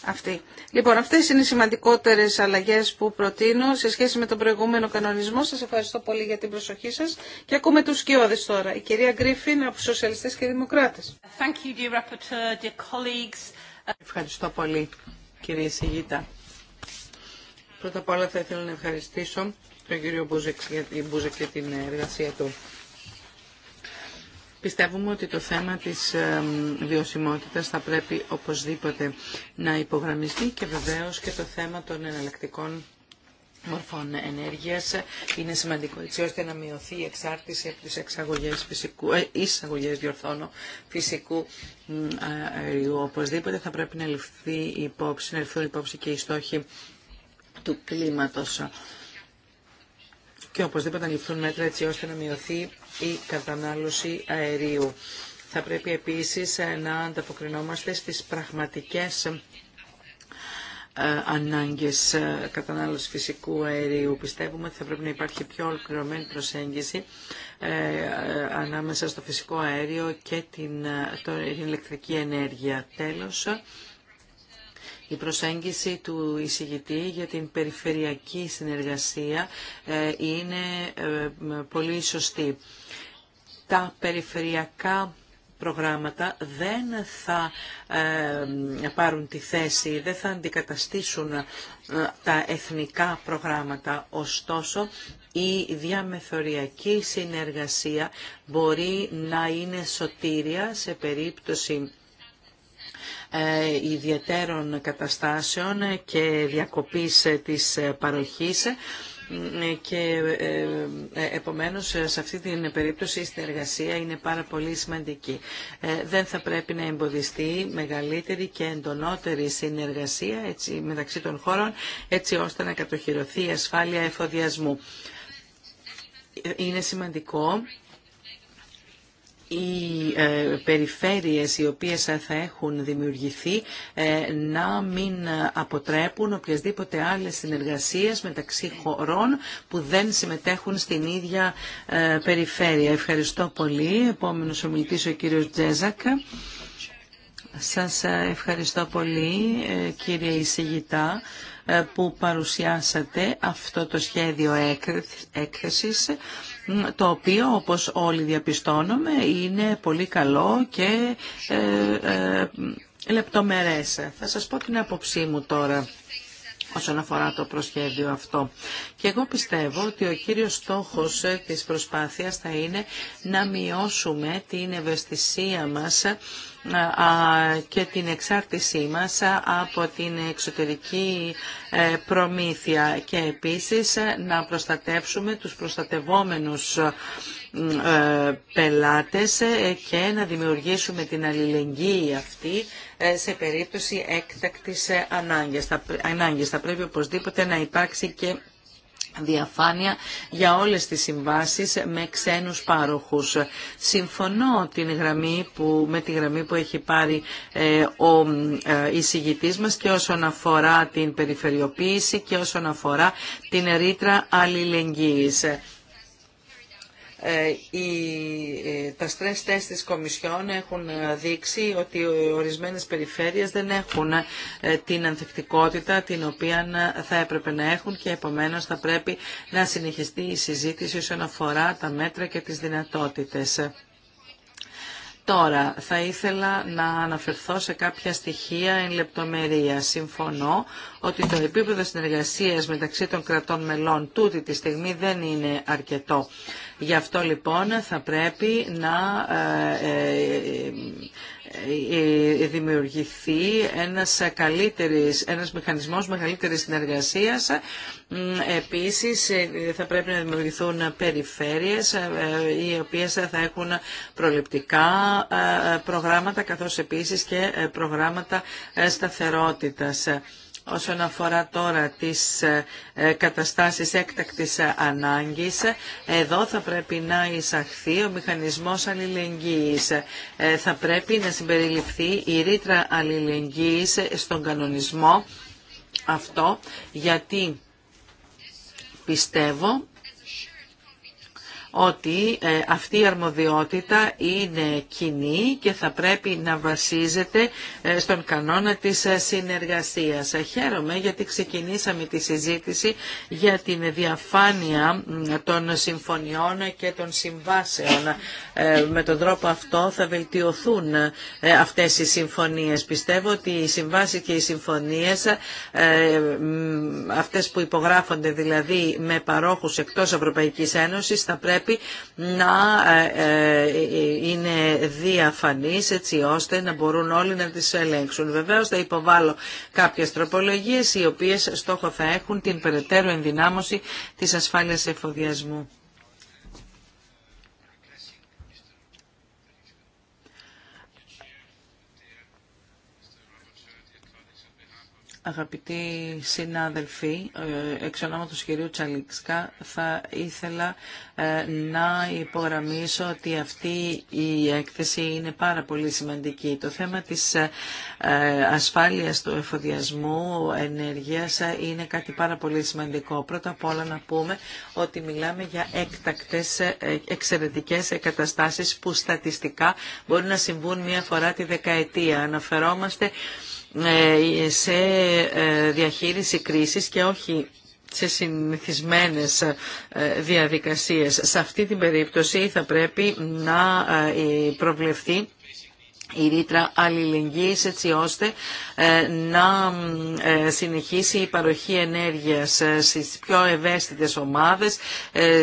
αυτή. Λοιπόν, αυτές είναι οι σημαντικότερες αλλαγές που προτείνω σε σχέση με τον προηγούμενο κανονισμό. Σας ευχαριστώ πολύ για την προσοχή σας και ακούμε τους σκιώδες τώρα. Η κυρία Γκρίφιν από Σοσιαλιστές και Δημοκράτες. Ευχαριστώ πολύ κύριε Σιγήτα. Πρώτα απ' όλα θα ήθελα να ευχαριστήσω τον κύριο Μπούζεκ για την εργασία του. Πιστεύουμε ότι το θέμα της βιωσιμότητας θα πρέπει οπωσδήποτε να υπογραμμιστεί και βεβαίως και το θέμα των εναλλακτικών μορφών ενέργειας είναι σημαντικό έτσι ώστε να μειωθεί η εξάρτηση από τις εξαγωγές φυσικού, ε, εισαγωγές διορθώνω φυσικού αερίου. Οπωσδήποτε θα πρέπει να, ληφθεί υπόψη, να ληφθούν υπόψη και οι στόχοι του κλίματος και οπωσδήποτε να ληφθούν μέτρα έτσι ώστε να μειωθεί η κατανάλωση αερίου. Θα πρέπει επίσης να ανταποκρινόμαστε στις πραγματικές ε, ανάγκες ε, κατανάλωσης φυσικού αερίου. Πιστεύουμε ότι θα πρέπει να υπάρχει πιο ολοκληρωμένη προσέγγιση ε, ανάμεσα στο φυσικό αέριο και την, την ηλεκτρική ενέργεια. Τέλος, η προσέγγιση του εισηγητή για την περιφερειακή συνεργασία είναι πολύ σωστή. Τα περιφερειακά προγράμματα δεν θα ε, πάρουν τη θέση, δεν θα αντικαταστήσουν ε, τα εθνικά προγράμματα. Ωστόσο, η διαμεθοριακή συνεργασία μπορεί να είναι σωτήρια σε περίπτωση ε, ιδιαίτερων καταστάσεων και διακοπής της παροχής ναι, και ε, ε, επομένως σε αυτή την περίπτωση η συνεργασία είναι πάρα πολύ σημαντική. Ε, δεν θα πρέπει να εμποδιστεί μεγαλύτερη και εντονότερη συνεργασία έτσι, μεταξύ των χώρων έτσι ώστε να κατοχυρωθεί η ασφάλεια εφοδιασμού. Είναι σημαντικό οι ε, περιφέρειες οι οποίες θα έχουν δημιουργηθεί ε, να μην αποτρέπουν οποιασδήποτε άλλες συνεργασίες μεταξύ χωρών που δεν συμμετέχουν στην ίδια ε, περιφέρεια. Ευχαριστώ πολύ. Επόμενος ομιλητής ο κύριος Τζέζακ. Σας ευχαριστώ πολύ κύριε εισηγητά που παρουσιάσατε αυτό το σχέδιο έκθεσης το οποίο όπως όλοι διαπιστώνουμε είναι πολύ καλό και ε, ε, λεπτομερές. Θα σας πω την άποψή μου τώρα όσον αφορά το προσχέδιο αυτό. Και εγώ πιστεύω ότι ο κύριος στόχος ε, της προσπάθειας θα είναι να μειώσουμε την ευαισθησία μας και την εξάρτησή μας από την εξωτερική ε, προμήθεια και επίσης ε, να προστατεύσουμε τους προστατευόμενους ε, πελάτες και να δημιουργήσουμε την αλληλεγγύη αυτή σε περίπτωση έκτακτης ανάγκης. Θα πρέπει οπωσδήποτε να υπάρξει και διαφάνεια για όλες τις συμβάσεις με ξένους πάροχους. Συμφωνώ την γραμμή που, με τη γραμμή που έχει πάρει ε, ο ε, εισηγητής μας και όσον αφορά την περιφερειοποίηση και όσον αφορά την ρήτρα αλληλεγγύης. Ε, ε, τα stress τεστ της Κομισιόν έχουν ε, δείξει ότι ορισμένες περιφέρειες δεν έχουν την ανθεκτικότητα την οποία θα έπρεπε να έχουν και επομένως θα πρέπει να συνεχιστεί η συζήτηση όσον αφορά τα μέτρα και τις δυνατότητες. Τώρα θα ήθελα να αναφερθώ σε κάποια στοιχεία εν λεπτομερία. Συμφωνώ ότι το επίπεδο συνεργασίας μεταξύ των κρατών μελών τούτη τη στιγμή δεν είναι αρκετό. Γι' αυτό λοιπόν θα πρέπει να ε, ε, ε, ε, δημιουργηθεί ένας, καλύτερης, ένας μηχανισμός μεγαλύτερης συνεργασίας. Ε, επίσης θα πρέπει να δημιουργηθούν περιφέρειες οι οποίες θα έχουν προληπτικά προγράμματα καθώς επίσης και προγράμματα σταθερότητας. Όσον αφορά τώρα τις ε, ε, καταστάσεις έκτακτης ε, ανάγκης, εδώ θα πρέπει να εισαχθεί ο μηχανισμός αλληλεγγύης. Θα πρέπει να συμπεριληφθεί η ρήτρα αλληλεγγύης στον κανονισμό αυτό, γιατί πιστεύω ότι ε, αυτή η αρμοδιότητα είναι κοινή και θα πρέπει να βασίζεται ε, στον κανόνα της ε, συνεργασίας. Χαίρομαι γιατί ξεκινήσαμε τη συζήτηση για την διαφάνεια των συμφωνιών και των συμβάσεων. Με τον τρόπο αυτό θα βελτιωθούν αυτές οι συμφωνίες. Πιστεύω ότι οι συμβάσεις και οι συμφωνίες, αυτές που υπογράφονται δηλαδή με παρόχους εκτός Ευρωπαϊκής Ένωσης, θα πρέπει να ε, ε, είναι διαφανής έτσι ώστε να μπορούν όλοι να τις ελέγξουν. Βεβαίως θα υποβάλω κάποιες τροπολογίες οι οποίες στόχο θα έχουν την περαιτέρω ενδυνάμωση της ασφάλειας εφοδιασμού. Αγαπητοί συνάδελφοι, ε, εξ ονόματος κυρίου Τσαλίξκα θα ήθελα ε, να υπογραμμίσω ότι αυτή η έκθεση είναι πάρα πολύ σημαντική. Το θέμα της ε, ασφάλειας του εφοδιασμού ενέργειας είναι κάτι πάρα πολύ σημαντικό. Πρώτα απ' όλα να πούμε ότι μιλάμε για έκτακτες εξαιρετικές καταστάσεις που στατιστικά μπορεί να συμβούν μία φορά τη δεκαετία. Αναφερόμαστε ε, σε ε, διαχείριση κρίσης και όχι σε συνηθισμένες ε, διαδικασίες. Σε αυτή την περίπτωση θα πρέπει να προβλεφθεί η ρήτρα αλληλεγγύης έτσι ώστε ε, να ε, συνεχίσει η παροχή ενέργειας ε, στις πιο ευαίσθητες ομάδες,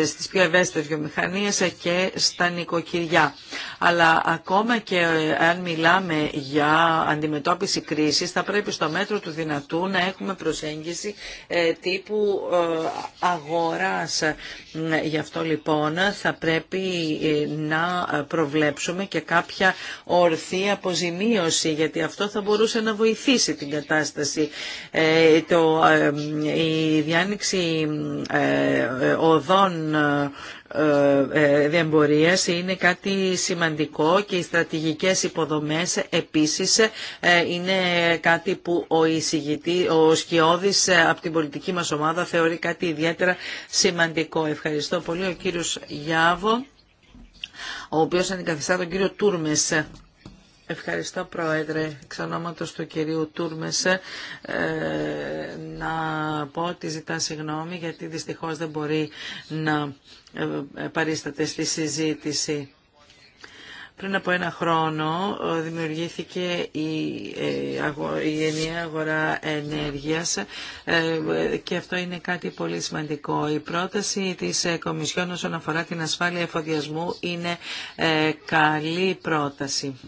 στις πιο ευαίσθητες βιομηχανίες και στα νοικοκυριά. Αλλά ακόμα και αν μιλάμε για αντιμετώπιση κρίσης θα πρέπει στο μέτρο του δυνατού να έχουμε προσέγγιση τύπου αγοράς. Ναι, γι' αυτό λοιπόν θα πρέπει να προβλέψουμε και κάποια ορθή ή αποζημίωση, γιατί αυτό θα μπορούσε να βοηθήσει την κατάσταση. Ε, το, ε, η διάνοιξη ε, οδών διεμπορίας είναι κάτι σημαντικό και οι στρατηγικές υποδομές επίσης είναι κάτι που ο εισηγητή, ο Σκιώδης από την πολιτική μας ομάδα θεωρεί κάτι ιδιαίτερα σημαντικό. Ευχαριστώ πολύ ο κύριος Γιάβο ο οποίος αντικαθιστά τον κύριο Τούρμες Ευχαριστώ Πρόεδρε, εξ ονόματος του κυρίου Τούρμες, ε, να πω ότι ζητά συγγνώμη γιατί δυστυχώς δεν μπορεί να ε, ε, παρίσταται στη συζήτηση. Πριν από ένα χρόνο δημιουργήθηκε η ενιαία αγορά ενέργειας και αυτό είναι κάτι πολύ σημαντικό. Η πρόταση της Κομισιόν όσον αφορά την ασφάλεια εφοδιασμού είναι καλή πρόταση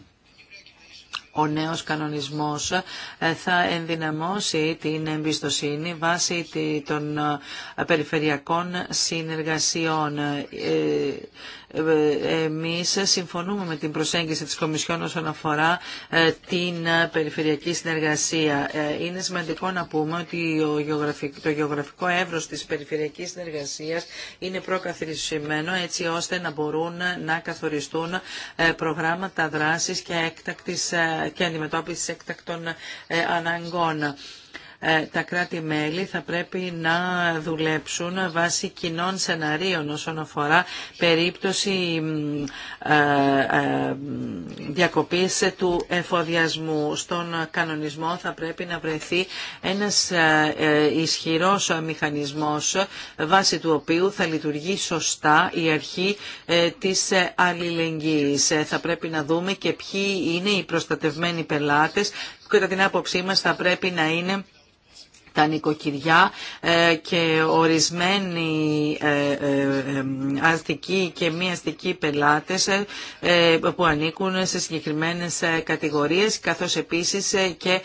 ο νέος κανονισμός ε, θα ενδυναμώσει την εμπιστοσύνη βάσει των ε, περιφερειακών συνεργασιών ε, εμείς συμφωνούμε με την προσέγγιση της Κομισιόν όσον αφορά ε, την ε, περιφερειακή συνεργασία. Ε, είναι σημαντικό να πούμε ότι το γεωγραφικό εύρος της περιφερειακής συνεργασίας είναι προκαθορισμένο έτσι ώστε να μπορούν να καθοριστούν προγράμματα δράσης και, και αντιμετώπισης έκτακτων αναγκών. Ε, τα κράτη-μέλη θα πρέπει να δουλέψουν βάσει κοινών σεναρίων όσον αφορά περίπτωση ε, ε, διακοπής του εφοδιασμού. Στον κανονισμό θα πρέπει να βρεθεί ένας ισχυρός μηχανισμός βάσει του οποίου θα λειτουργεί σωστά η αρχή της αλληλεγγύης. Θα πρέπει να δούμε και ποιοι είναι οι προστατευμένοι πελάτες που κατά την άποψή μας θα πρέπει να είναι τα νοικοκυριά ε, και ορισμένοι ε, ε, αστικοί και μη αστικοί πελάτες που ανήκουν σε συγκεκριμένες κατηγορίες καθώς επίσης και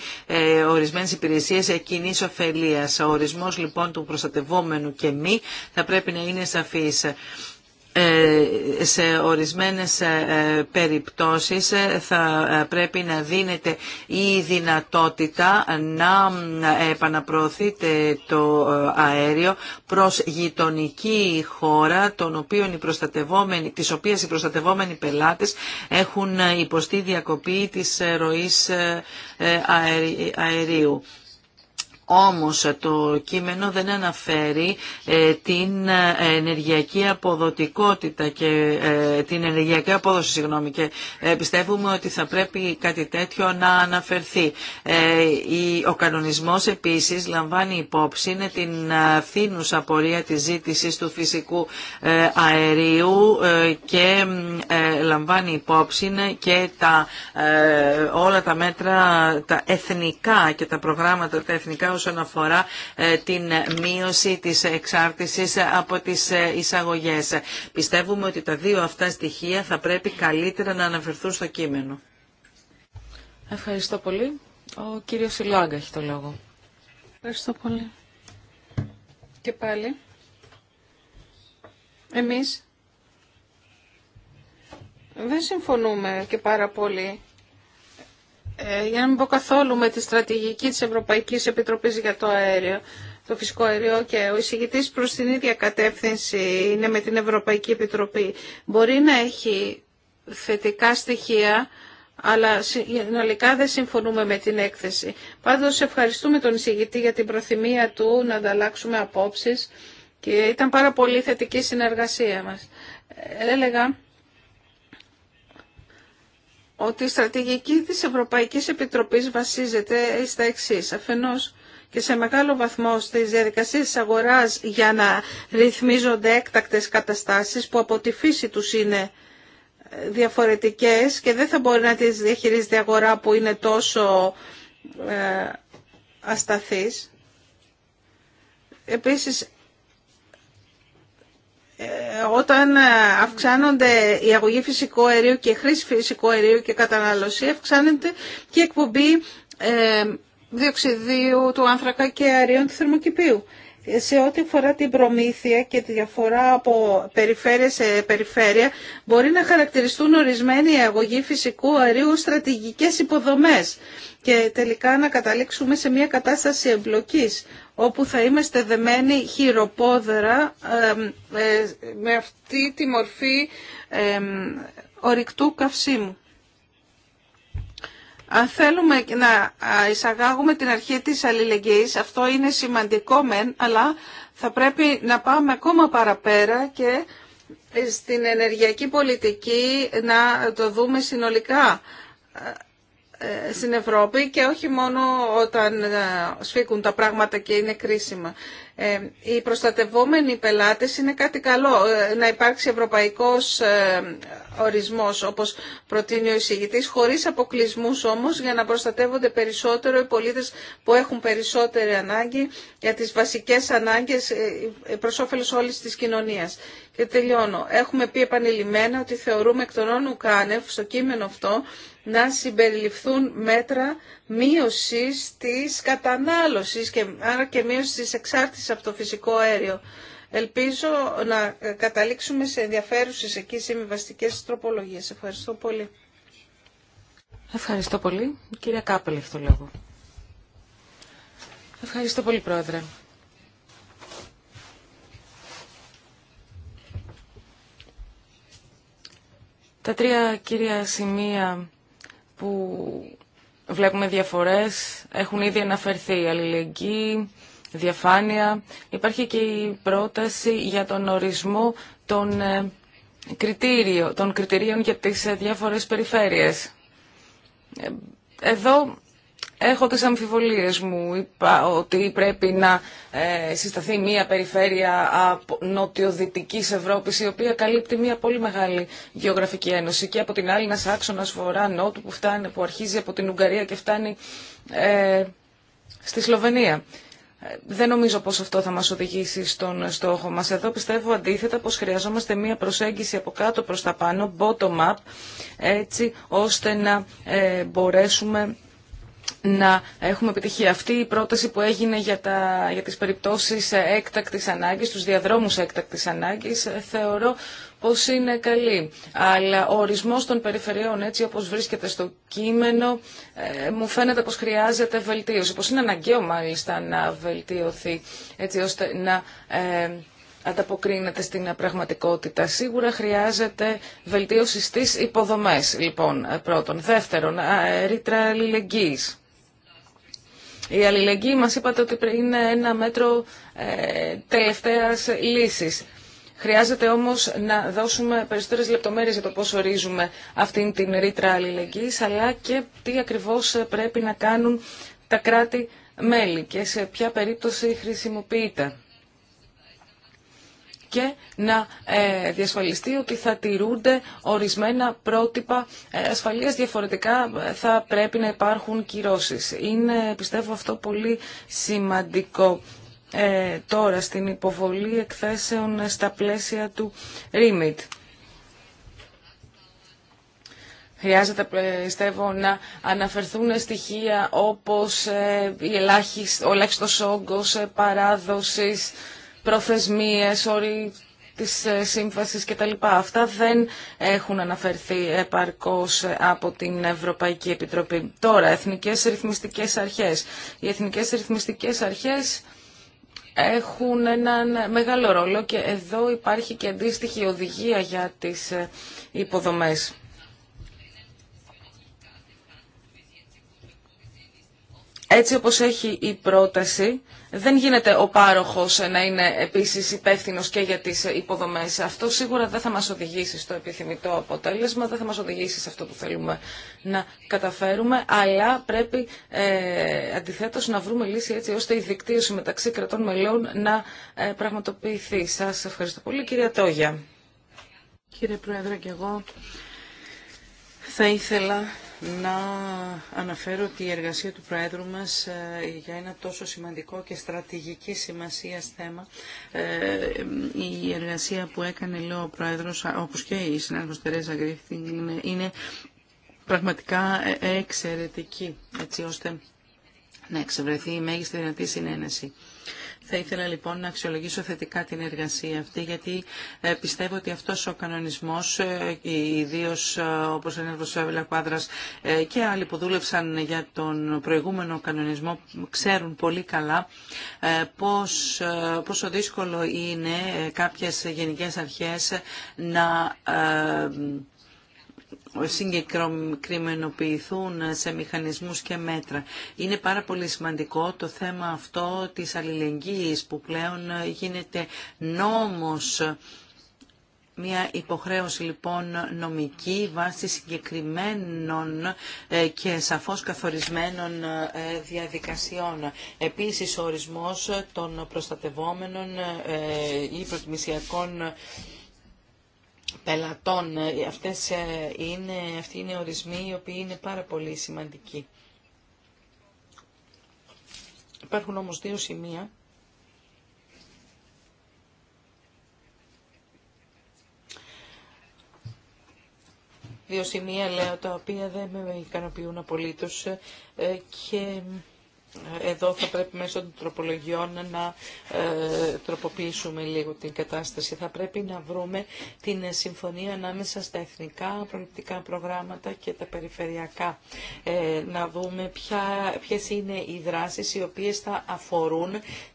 ορισμένες υπηρεσίες κοινή ωφελία. Ο ορισμός λοιπόν του προστατευόμενου και μη θα πρέπει να είναι σαφής. Ε, σε ορισμένες ε, περιπτώσεις ε, θα πρέπει να δίνεται η δυνατότητα να επαναπροωθείται το αέριο προς γειτονική χώρα των οποίων οι προστατευόμενοι, τις οποίες οι προστατευόμενοι πελάτες έχουν υποστεί διακοπή της ροής αερίου. Όμως το κείμενο δεν αναφέρει ε, την ε, ενεργειακή αποδοτικότητα και ε, την ενεργειακή απόδοση, συγγνώμη, και πιστεύουμε ότι θα πρέπει κάτι τέτοιο να αναφερθεί. Ο κανονισμός επίσης λαμβάνει υπόψη την φθήνουσα πορεία της ζήτησης του φυσικού αερίου και λαμβάνει υπόψη και τα, όλα τα μέτρα τα εθνικά και τα προγράμματα τα εθνικά όσον αφορά ε, την μείωση της εξάρτησης ε, από τις ε, εισαγωγές. Πιστεύουμε ότι τα δύο αυτά στοιχεία θα πρέπει καλύτερα να αναφερθούν στο κείμενο. Ευχαριστώ πολύ. Ο κύριος Σιλάγκα έχει το λόγο. Ευχαριστώ πολύ. Και πάλι, εμείς δεν συμφωνούμε και πάρα πολύ ε, για να μην πω καθόλου με τη στρατηγική της Ευρωπαϊκής Επιτροπής για το αέριο, το φυσικό αέριο και ο εισηγητής προς την ίδια κατεύθυνση είναι με την Ευρωπαϊκή Επιτροπή. Μπορεί να έχει θετικά στοιχεία, αλλά συνολικά δεν συμφωνούμε με την έκθεση. Πάντως ευχαριστούμε τον εισηγητή για την προθυμία του να ανταλλάξουμε απόψεις και ήταν πάρα πολύ θετική συνεργασία μας. Ε, έλεγα ότι η στρατηγική της Ευρωπαϊκής Επιτροπής βασίζεται στα εξής. Αφενός και σε μεγάλο βαθμό στις διαδικασίες αγοράς για να ρυθμίζονται έκτακτες καταστάσεις που από τη φύση τους είναι ε, διαφορετικές και δεν θα μπορεί να τις διαχειρίζεται η αγορά που είναι τόσο ε, ασταθής. Επίσης ε, όταν ε, αυξάνονται η αγωγή φυσικού αερίου και η χρήση φυσικού αερίου και κατανάλωση, αυξάνεται και η εκπομπή ε, διοξιδίου του άνθρακα και αερίων του θερμοκηπίου. Σε ό,τι αφορά την προμήθεια και τη διαφορά από περιφέρεια σε περιφέρεια, μπορεί να χαρακτηριστούν ορισμένοι αγωγοί φυσικού αερίου στρατηγικές υποδομές και τελικά να καταλήξουμε σε μια κατάσταση εμπλοκής όπου θα είμαστε δεμένοι χειροπόδερα ε, με αυτή τη μορφή ορυκτού καυσίμου. Αν θέλουμε να εισαγάγουμε την αρχή της αλληλεγγύης, αυτό είναι σημαντικό μεν, αλλά θα πρέπει να πάμε ακόμα παραπέρα και ε, στην ενεργειακή πολιτική να το δούμε συνολικά ε, στην Ευρώπη και όχι μόνο όταν ε, σφίγγουν τα πράγματα και είναι κρίσιμα. Ε, οι προστατευόμενοι πελάτες είναι κάτι καλό. Να υπάρξει ευρωπαϊκός ορισμός όπως προτείνει ο εισηγητής, χωρίς αποκλεισμούς όμως για να προστατεύονται περισσότερο οι πολίτες που έχουν περισσότερη ανάγκη για τις βασικές ανάγκες προς όφελος όλης της κοινωνίας. Και τελειώνω. Έχουμε πει επανειλημμένα ότι θεωρούμε εκ των όνων στο κείμενο αυτό να συμπεριληφθούν μέτρα μείωσης της κατανάλωσης και άρα και μείωσης της εξάρτησης από το φυσικό αέριο. Ελπίζω να καταλήξουμε σε ενδιαφέρουσες εκεί συμβιβαστικές τροπολογίες. Ευχαριστώ πολύ. Ευχαριστώ πολύ. Κύριε Κάπελη, αυτό λέγω. Ευχαριστώ πολύ, Πρόεδρε. Τα τρία κύρια σημεία που βλέπουμε διαφορές έχουν ήδη αναφερθεί. Αλληλεγγύη, διαφάνεια. Υπάρχει και η πρόταση για τον ορισμό των, ε, κριτήριο, των κριτηρίων για τις ε, διάφορες περιφέρειες. Ε, εδώ Έχω τις αμφιβολίες μου. Είπα ότι πρέπει να ε, συσταθεί μια περιφέρεια νοτιοδυτικής Ευρώπης η οποία καλύπτει μια πολύ μεγάλη γεωγραφική ένωση και από την άλλη ένας άξονας βορρά-νότου που, φτάνει, που αρχίζει από την Ουγγαρία και φτάνει ε, στη Σλοβενία. Δεν νομίζω πως αυτό θα μας οδηγήσει στον στόχο μας. Εδώ πιστεύω αντίθετα πως χρειαζόμαστε μία προσέγγιση από κάτω προς τα πάνω, bottom-up, έτσι ώστε να ε, μπορέσουμε να έχουμε επιτυχία. Αυτή η πρόταση που έγινε για, τα, για τις περιπτώσεις έκτακτης ανάγκης, τους διαδρόμους έκτακτης ανάγκης, θεωρώ πως είναι καλή. Αλλά ο ορισμός των περιφερειών έτσι όπως βρίσκεται στο κείμενο ε, μου φαίνεται πως χρειάζεται βελτίωση, πως είναι αναγκαίο μάλιστα να βελτιωθεί έτσι ώστε να... Ε, ανταποκρίνεται στην πραγματικότητα. Σίγουρα χρειάζεται βελτίωση στις υποδομές, λοιπόν, πρώτον. Δεύτερον, ρήτρα αλληλεγγύης. Η αλληλεγγύη μας είπατε ότι είναι ένα μέτρο ε, τελευταίας λύσης. Χρειάζεται όμως να δώσουμε περισσότερες λεπτομέρειες για το πώς ορίζουμε αυτήν την ρήτρα αλληλεγγύης, αλλά και τι ακριβώς πρέπει να κάνουν τα κράτη-μέλη και σε ποια περίπτωση χρησιμοποιείται και να ε, διασφαλιστεί ότι θα τηρούνται ορισμένα πρότυπα ε, ασφαλείας. Διαφορετικά ε, θα πρέπει να υπάρχουν κυρώσεις. Είναι, πιστεύω, αυτό πολύ σημαντικό τώρα στην υποβολή εκθέσεων στα πλαίσια του REMIT. Χρειάζεται, πιστεύω, να αναφερθούν στοιχεία όπως η ελάχιστο, ο ελάχιστος όγκος παράδοσης, προθεσμίες, όροι της ε, σύμφασης κτλ. Αυτά δεν έχουν αναφερθεί επαρκώς από την Ευρωπαϊκή Επιτροπή. Τώρα, εθνικές ρυθμιστικές αρχές. Οι εθνικές ρυθμιστικές αρχές έχουν έναν μεγάλο ρόλο και εδώ υπάρχει και αντίστοιχη οδηγία για τις ε, υποδομές. Έτσι όπως έχει η πρόταση, δεν γίνεται ο πάροχος να είναι επίσης υπεύθυνο και για τις υποδομές. Αυτό σίγουρα δεν θα μας οδηγήσει στο επιθυμητό αποτέλεσμα, δεν θα μας οδηγήσει σε αυτό που θέλουμε να καταφέρουμε, αλλά πρέπει ε, αντιθέτως να βρούμε λύση έτσι ώστε η δικτύωση μεταξύ κρατών μελών να ε, πραγματοποιηθεί. Σας ευχαριστώ πολύ κυρία Τόγια. Κύριε Πρόεδρε και εγώ θα ήθελα να αναφέρω ότι η εργασία του Πρόεδρου μας ε, για ένα τόσο σημαντικό και στρατηγική σημασία θέμα, ε, η εργασία που έκανε, λέω, ο Πρόεδρος, όπως και η συνάδελφος Τερέζα Γκρίφτη είναι πραγματικά ε, εξαιρετική, έτσι ώστε να εξευρεθεί η μέγιστη δυνατή συνένεση. Θα ήθελα λοιπόν να αξιολογήσω θετικά την εργασία αυτή γιατί ε, πιστεύω ότι αυτός ο κανονισμός, ε, ιδίω ε, όπως ο Σάβελα Κουάδρας και άλλοι που δούλεψαν για τον προηγούμενο κανονισμό ξέρουν πολύ καλά πώς, πόσο δύσκολο είναι κάποιες γενικές αρχές να συγκεκριμενοποιηθούν σε μηχανισμούς και μέτρα. Είναι πάρα πολύ σημαντικό το θέμα αυτό της αλληλεγγύης που πλέον γίνεται νόμος μια υποχρέωση λοιπόν νομική βάσει συγκεκριμένων ε, και σαφώς καθορισμένων ε, διαδικασιών. Επίσης ο ορισμός των προστατευόμενων ε, ή προτιμησιακών πελατών. Ε, αυτές ε, είναι, αυτοί είναι ορισμοί οι οποίοι είναι πάρα πολύ σημαντικοί. Υπάρχουν όμως δύο σημεία δύο σημεία λέω τα οποία δεν με ικανοποιούν απολύτως ε, και εδώ θα πρέπει μέσω των τροπολογιών να ε, τροποποιήσουμε λίγο την κατάσταση. Θα πρέπει να βρούμε την συμφωνία ανάμεσα στα εθνικά προληπτικά προγράμματα και τα περιφερειακά. Ε, να δούμε ποια, ποιες είναι οι δράσεις οι οποίες θα αφορούν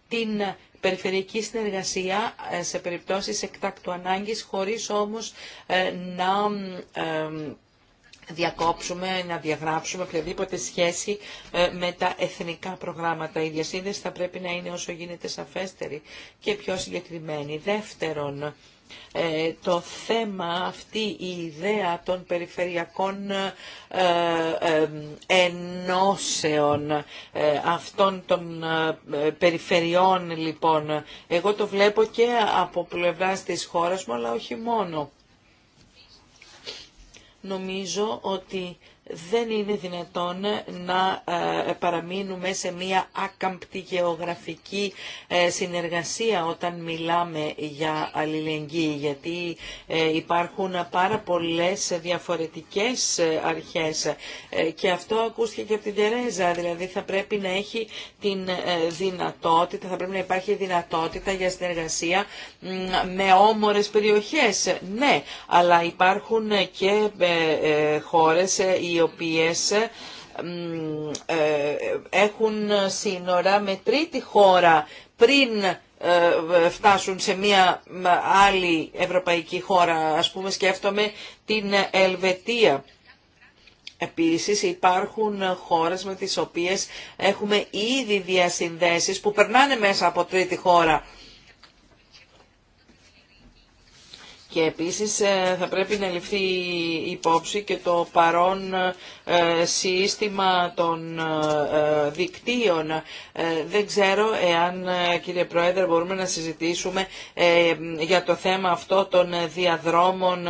την περιφερειακή συνεργασία ε, σε περιπτώσεις εκτάκτου ανάγκης, χωρίς όμως ε, να διακόψουμε, να διαγράψουμε οποιαδήποτε σχέση ε, με τα εθνικά προγράμματα. Η διασύνδεση θα πρέπει να είναι όσο γίνεται σαφέστερη και πιο συγκεκριμένη. Δεύτερον, ε, το θέμα, αυτή η ιδέα των περιφερειακών ε, ενώσεων αυτών των περιφερειών, λοιπόν, εγώ το βλέπω και από πλευράς της χώρας μου, αλλά όχι μόνο νομίζω ότι δεν είναι δυνατόν να ε, παραμείνουμε σε μια άκαμπτη γεωγραφική ε, συνεργασία όταν μιλάμε για αλληλεγγύη γιατί ε, υπάρχουν πάρα πολλές διαφορετικές αρχές και αυτό ακούστηκε και από την Τερέζα δηλαδή θα πρέπει να έχει την δυνατότητα θα πρέπει να υπάρχει δυνατότητα για συνεργασία με όμορες περιοχές ναι αλλά υπάρχουν και χώρες οι οποίες ε, ε, έχουν σύνορα με τρίτη χώρα πριν ε, φτάσουν σε μια άλλη ευρωπαϊκή χώρα. Ας πούμε σκέφτομαι την Ελβετία. Επίσης υπάρχουν χώρες με τις οποίες έχουμε ήδη διασυνδέσεις που περνάνε μέσα από τρίτη χώρα. Και επίσης ε, θα πρέπει να ληφθεί υπόψη και το παρόν ε, σύστημα των ε, δικτύων. Δεν ξέρω εάν, κύριε Πρόεδρε, μπορούμε να συζητήσουμε για το θέμα αυτό των διαδρόμων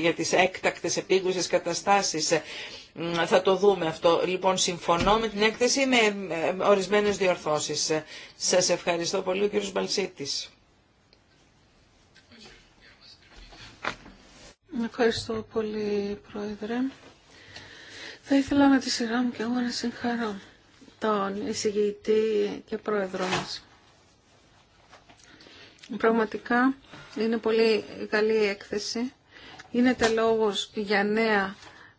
για τις έκτακτες επίγουσες καταστάσεις. Θα το δούμε αυτό. Λοιπόν, συμφωνώ με την έκθεση με ορισμένες διορθώσεις. Σας ευχαριστώ πολύ, ο κύριος Μπαλσίτης. Ευχαριστώ πολύ, Πρόεδρε. Θα ήθελα με τη σειρά μου και εγώ να συγχαρώ τον εισηγητή και πρόεδρο μας. Πραγματικά είναι πολύ καλή η έκθεση. Γίνεται λόγο για νέα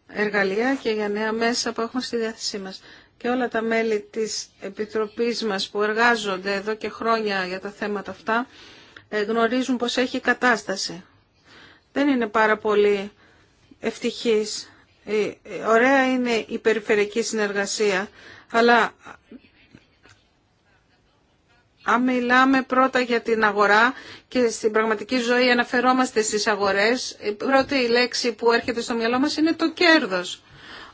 εργαλεία και για νέα μέσα που έχουμε στη διάθεσή μας. Και όλα τα μέλη της Επιτροπής μας που εργάζονται εδώ και χρόνια για τα θέματα αυτά ε, γνωρίζουν πως έχει κατάσταση δεν είναι πάρα πολύ ευτυχής. Ε, ε, ωραία είναι η περιφερειακή συνεργασία, αλλά αν μιλάμε πρώτα για την αγορά και στην πραγματική ζωή αναφερόμαστε στις αγορές, η πρώτη λέξη που έρχεται στο μυαλό μας είναι το κέρδος.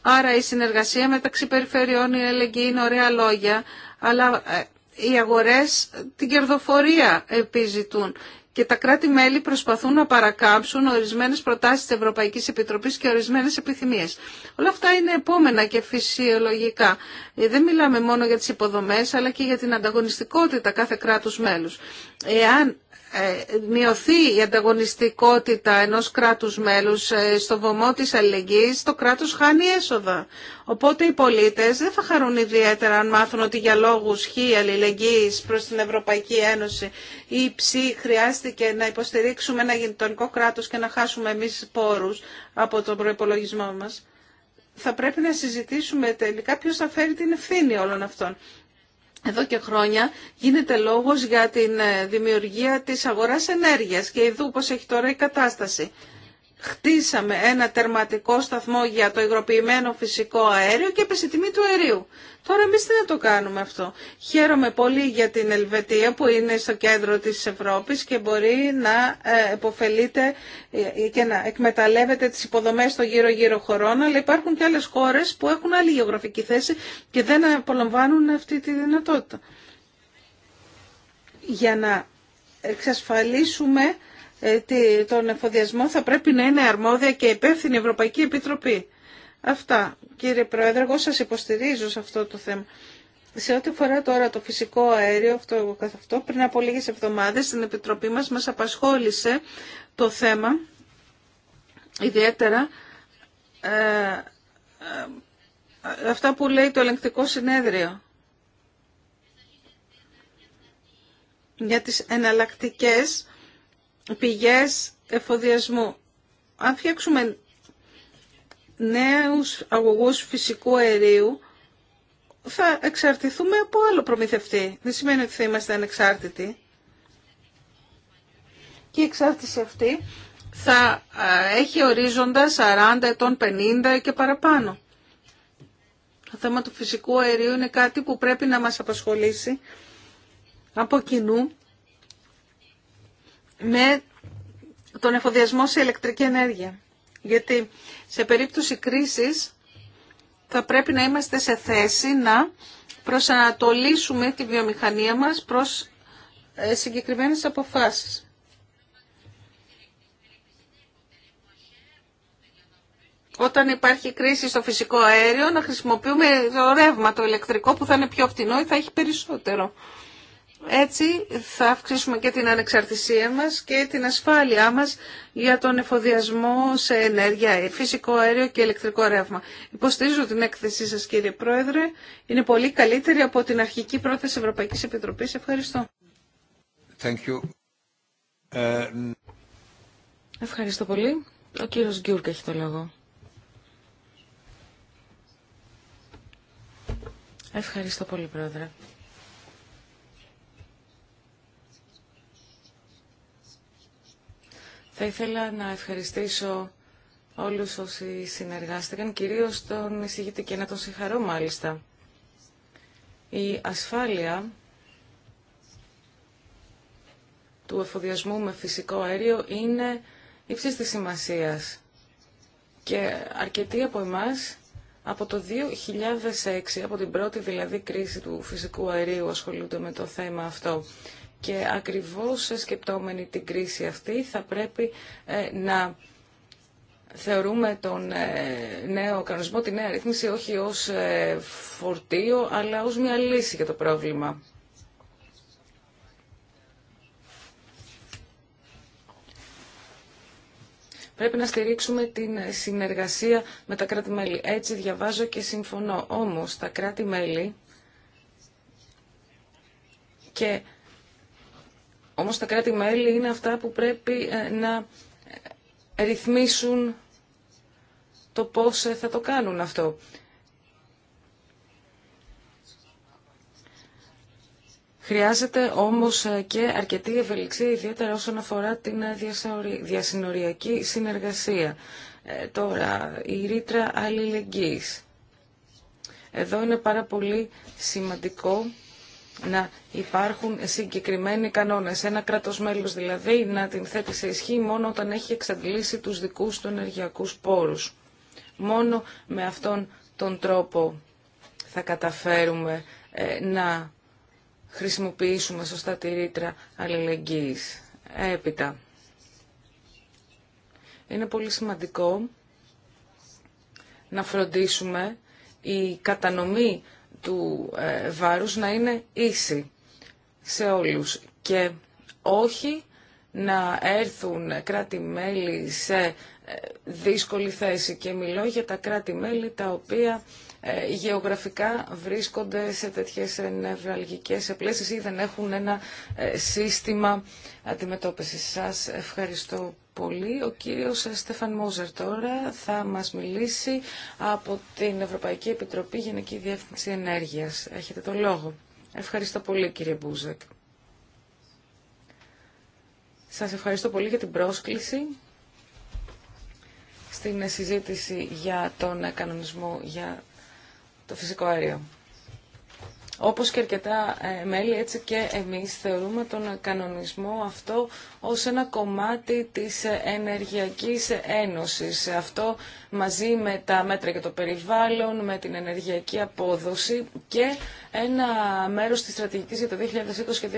Άρα η συνεργασία μεταξύ περιφερειών, η ελεγγύη είναι ωραία λόγια, αλλά ε, οι αγορές την κερδοφορία επιζητούν και τα κράτη-μέλη προσπαθούν να παρακάμψουν ορισμένες προτάσεις της Ευρωπαϊκής Επιτροπής και ορισμένες επιθυμίες. Όλα αυτά είναι επόμενα και φυσιολογικά. Ε, δεν μιλάμε μόνο για τις υποδομές αλλά και για την ανταγωνιστικότητα κάθε κράτους μέλους. Εάν ε, μειωθεί η ανταγωνιστικότητα ενός κράτους μέλους ε, στο βωμό της αλληλεγγύης, το κράτος χάνει έσοδα. Οπότε οι πολίτες δεν θα χαρούν ιδιαίτερα αν μάθουν ότι για λόγους χ αλληλεγγύης προς την Ευρωπαϊκή Ένωση ή ψ χρειάστηκε να υποστηρίξουμε ένα γειτονικό κράτος και να χάσουμε εμείς πόρους από τον προϋπολογισμό μας. Θα πρέπει να συζητήσουμε τελικά ποιος θα φέρει την ευθύνη όλων αυτών εδώ και χρόνια γίνεται λόγος για την ε, δημιουργία της αγοράς ενέργειας και ειδού πώς έχει τώρα η κατάσταση χτίσαμε ένα τερματικό σταθμό για το υγροποιημένο φυσικό αέριο και έπεσε τιμή του αερίου. Τώρα εμείς τι να το κάνουμε αυτό. Χαίρομαι πολύ για την Ελβετία που είναι στο κέντρο της Ευρώπης και μπορεί να ε, εποφελείται ε, και να εκμεταλλεύεται τις υποδομές των γύρω-γύρω χωρών, αλλά υπάρχουν και άλλες χώρες που έχουν άλλη γεωγραφική θέση και δεν απολαμβάνουν αυτή τη δυνατότητα. Για να εξασφαλίσουμε ε, τον εφοδιασμό θα πρέπει να είναι αρμόδια και υπεύθυνη η Ευρωπαϊκή Επιτροπή. Αυτά. Κύριε Πρόεδρε, εγώ σας υποστηρίζω σε αυτό το θέμα. Σε ό,τι φορά τώρα το φυσικό αέριο, αυτό καθ' αυτό, πριν από λίγες εβδομάδες στην Επιτροπή μας μας απασχόλησε το θέμα, ιδιαίτερα ε, ε, αυτά που λέει το ελεγκτικό συνέδριο. Για τις εναλλακτικές πηγές εφοδιασμού. Αν φτιάξουμε νέους αγωγούς φυσικού αερίου, θα εξαρτηθούμε από άλλο προμηθευτή. Δεν σημαίνει ότι θα είμαστε ανεξάρτητοι. Και η εξάρτηση αυτή θα έχει ορίζοντα 40 ετών, 50 και παραπάνω. Το θέμα του φυσικού αερίου είναι κάτι που πρέπει να μας απασχολήσει από κοινού με τον εφοδιασμό σε ηλεκτρική ενέργεια. Γιατί σε περίπτωση κρίσης θα πρέπει να είμαστε σε θέση να προσανατολίσουμε τη βιομηχανία μας προς ε, συγκεκριμένες αποφάσεις. Όταν υπάρχει κρίση στο φυσικό αέριο, να χρησιμοποιούμε το ρεύμα, το ηλεκτρικό που θα είναι πιο φτηνό ή θα έχει περισσότερο. Έτσι θα αυξήσουμε και την ανεξαρτησία μας και την ασφάλειά μας για τον εφοδιασμό σε ενέργεια, φυσικό αέριο και ηλεκτρικό ρεύμα. Υποστηρίζω την έκθεσή σας κύριε Πρόεδρε. Είναι πολύ καλύτερη από την αρχική πρόθεση Ευρωπαϊκής Επιτροπής. Ευχαριστώ. Thank you. Ε, Ευχαριστώ πολύ. Ο κύριος Γκιούρκ έχει το λόγο. Ευχαριστώ πολύ, Πρόεδρε. Θα ήθελα να ευχαριστήσω όλους όσοι συνεργάστηκαν, κυρίως τον εισηγητή και να τον συγχαρώ μάλιστα. Η ασφάλεια του εφοδιασμού με φυσικό αέριο είναι ύψης της σημασίας και αρκετοί από εμάς από το 2006, από την πρώτη δηλαδή κρίση του φυσικού αερίου ασχολούνται με το θέμα αυτό. Και ακριβώς σκεπτόμενοι την κρίση αυτή θα πρέπει ε, να θεωρούμε τον ε, νέο κανονισμό, τη νέα ρύθμιση, όχι ως ε, φορτίο, αλλά ως μια λύση για το πρόβλημα. Πρέπει να στηρίξουμε την συνεργασία με τα κράτη-μέλη. Έτσι διαβάζω και συμφωνώ. Όμως τα κράτη-μέλη και όμως τα κράτη-μέλη είναι αυτά που πρέπει ε, να ε, ρυθμίσουν το πώς ε, θα το κάνουν αυτό. Χρειάζεται όμως και αρκετή ευελιξία, ιδιαίτερα όσον αφορά την διασυνοριακή συνεργασία. τώρα, η ρήτρα αλληλεγγύης. Εδώ είναι πάρα πολύ σημαντικό να υπάρχουν συγκεκριμένοι κανόνες. Ένα κράτος μέλος δηλαδή να την θέτει σε ισχύ μόνο όταν έχει εξαντλήσει τους δικούς του ενεργειακούς πόρους. Μόνο με αυτόν τον τρόπο θα καταφέρουμε ε, να χρησιμοποιήσουμε σωστά τη ρήτρα αλληλεγγύης. Έπειτα, είναι πολύ σημαντικό να φροντίσουμε η κατανομή του ε, βάρους να είναι ίση σε όλους και όχι να έρθουν κράτη-μέλη σε ε, δύσκολη θέση και μιλώ για τα κράτη-μέλη τα οποία ε, γεωγραφικά βρίσκονται σε τέτοιες νευραλγικές επλέσεις ή δεν έχουν ένα ε, σύστημα αντιμετώπισης. Σας ευχαριστώ πολύ. Ο κύριος Στέφαν Μόζερ τώρα θα μας μιλήσει από την Ευρωπαϊκή Επιτροπή Γενική Διεύθυνση Ενέργειας. Έχετε το λόγο. Ευχαριστώ πολύ κύριε Μπούζεκ. Σας ευχαριστώ πολύ για την πρόσκληση στην συζήτηση για τον κανονισμό για το φυσικό αέριο. Όπως και αρκετά ε, μέλη, έτσι και εμείς θεωρούμε τον κανονισμό αυτό ως ένα κομμάτι της Ενεργειακής Ένωσης. Αυτό μαζί με τα μέτρα για το περιβάλλον, με την ενεργειακή απόδοση και ένα μέρος της στρατηγικής για το 2020 και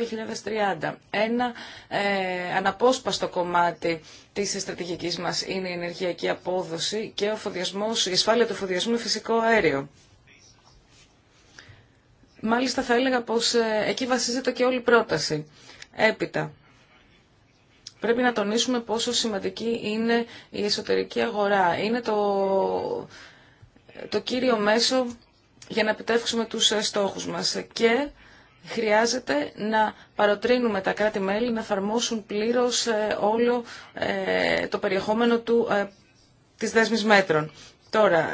2030. Ένα ε, αναπόσπαστο κομμάτι της στρατηγικής μας είναι η ενεργειακή απόδοση και ο η ασφάλεια του φωδιασμού με φυσικό αέριο. Μάλιστα θα έλεγα πως ε, εκεί βασίζεται και όλη η πρόταση. Έπειτα, πρέπει να τονίσουμε πόσο σημαντική είναι η εσωτερική αγορά. Είναι το, το κύριο μέσο για να επιτεύξουμε τους ε, στόχους μας και χρειάζεται να παροτρύνουμε τα κράτη-μέλη να εφαρμόσουν πλήρως ε, όλο το περιεχόμενο του, της δέσμης μέτρων. Τώρα,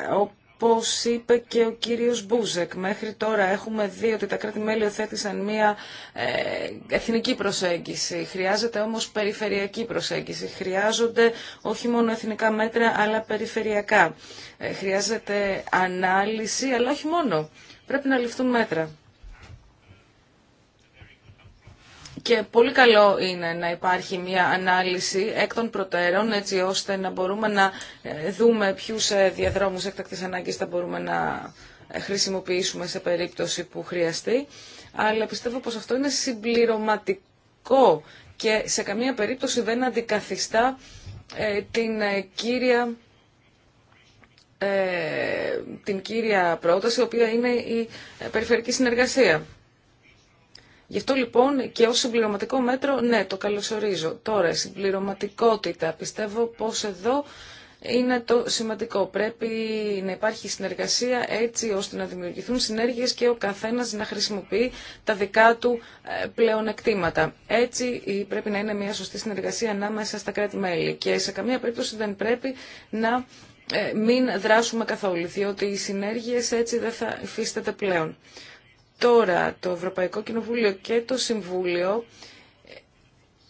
όπως είπε και ο κύριος Μπούζεκ, μέχρι τώρα έχουμε δει ότι τα κράτη-μέλη οθέτησαν μία ε, εθνική προσέγγιση. Χρειάζεται όμως περιφερειακή προσέγγιση. Χρειάζονται όχι μόνο εθνικά μέτρα, αλλά περιφερειακά. Ε, χρειάζεται ανάλυση, αλλά όχι μόνο. Πρέπει να ληφθούν μέτρα. Και πολύ καλό είναι να υπάρχει μια ανάλυση εκ των προτέρων, έτσι ώστε να μπορούμε να ε, δούμε ποιους ε, διαδρόμους έκτακτης ανάγκης θα μπορούμε να ε, χρησιμοποιήσουμε σε περίπτωση που χρειαστεί. Αλλά πιστεύω πως αυτό είναι συμπληρωματικό και σε καμία περίπτωση δεν αντικαθιστά την κύρια την κύρια πρόταση, η οποία είναι η περιφερική συνεργασία. Γι' αυτό λοιπόν και ως συμπληρωματικό μέτρο, ναι, το καλωσορίζω. Τώρα, συμπληρωματικότητα, πιστεύω πως εδώ είναι το σημαντικό. Πρέπει να υπάρχει συνεργασία έτσι ώστε να δημιουργηθούν συνέργειες και ο καθένας να χρησιμοποιεί τα δικά του ε, πλεονεκτήματα. Έτσι πρέπει να είναι μια σωστή συνεργασία ανάμεσα στα κράτη-μέλη και σε καμία περίπτωση δεν πρέπει να ε, μην δράσουμε καθόλου, διότι οι συνέργειες έτσι δεν θα υφίσταται πλέον. Τώρα το Ευρωπαϊκό Κοινοβούλιο και το Συμβούλιο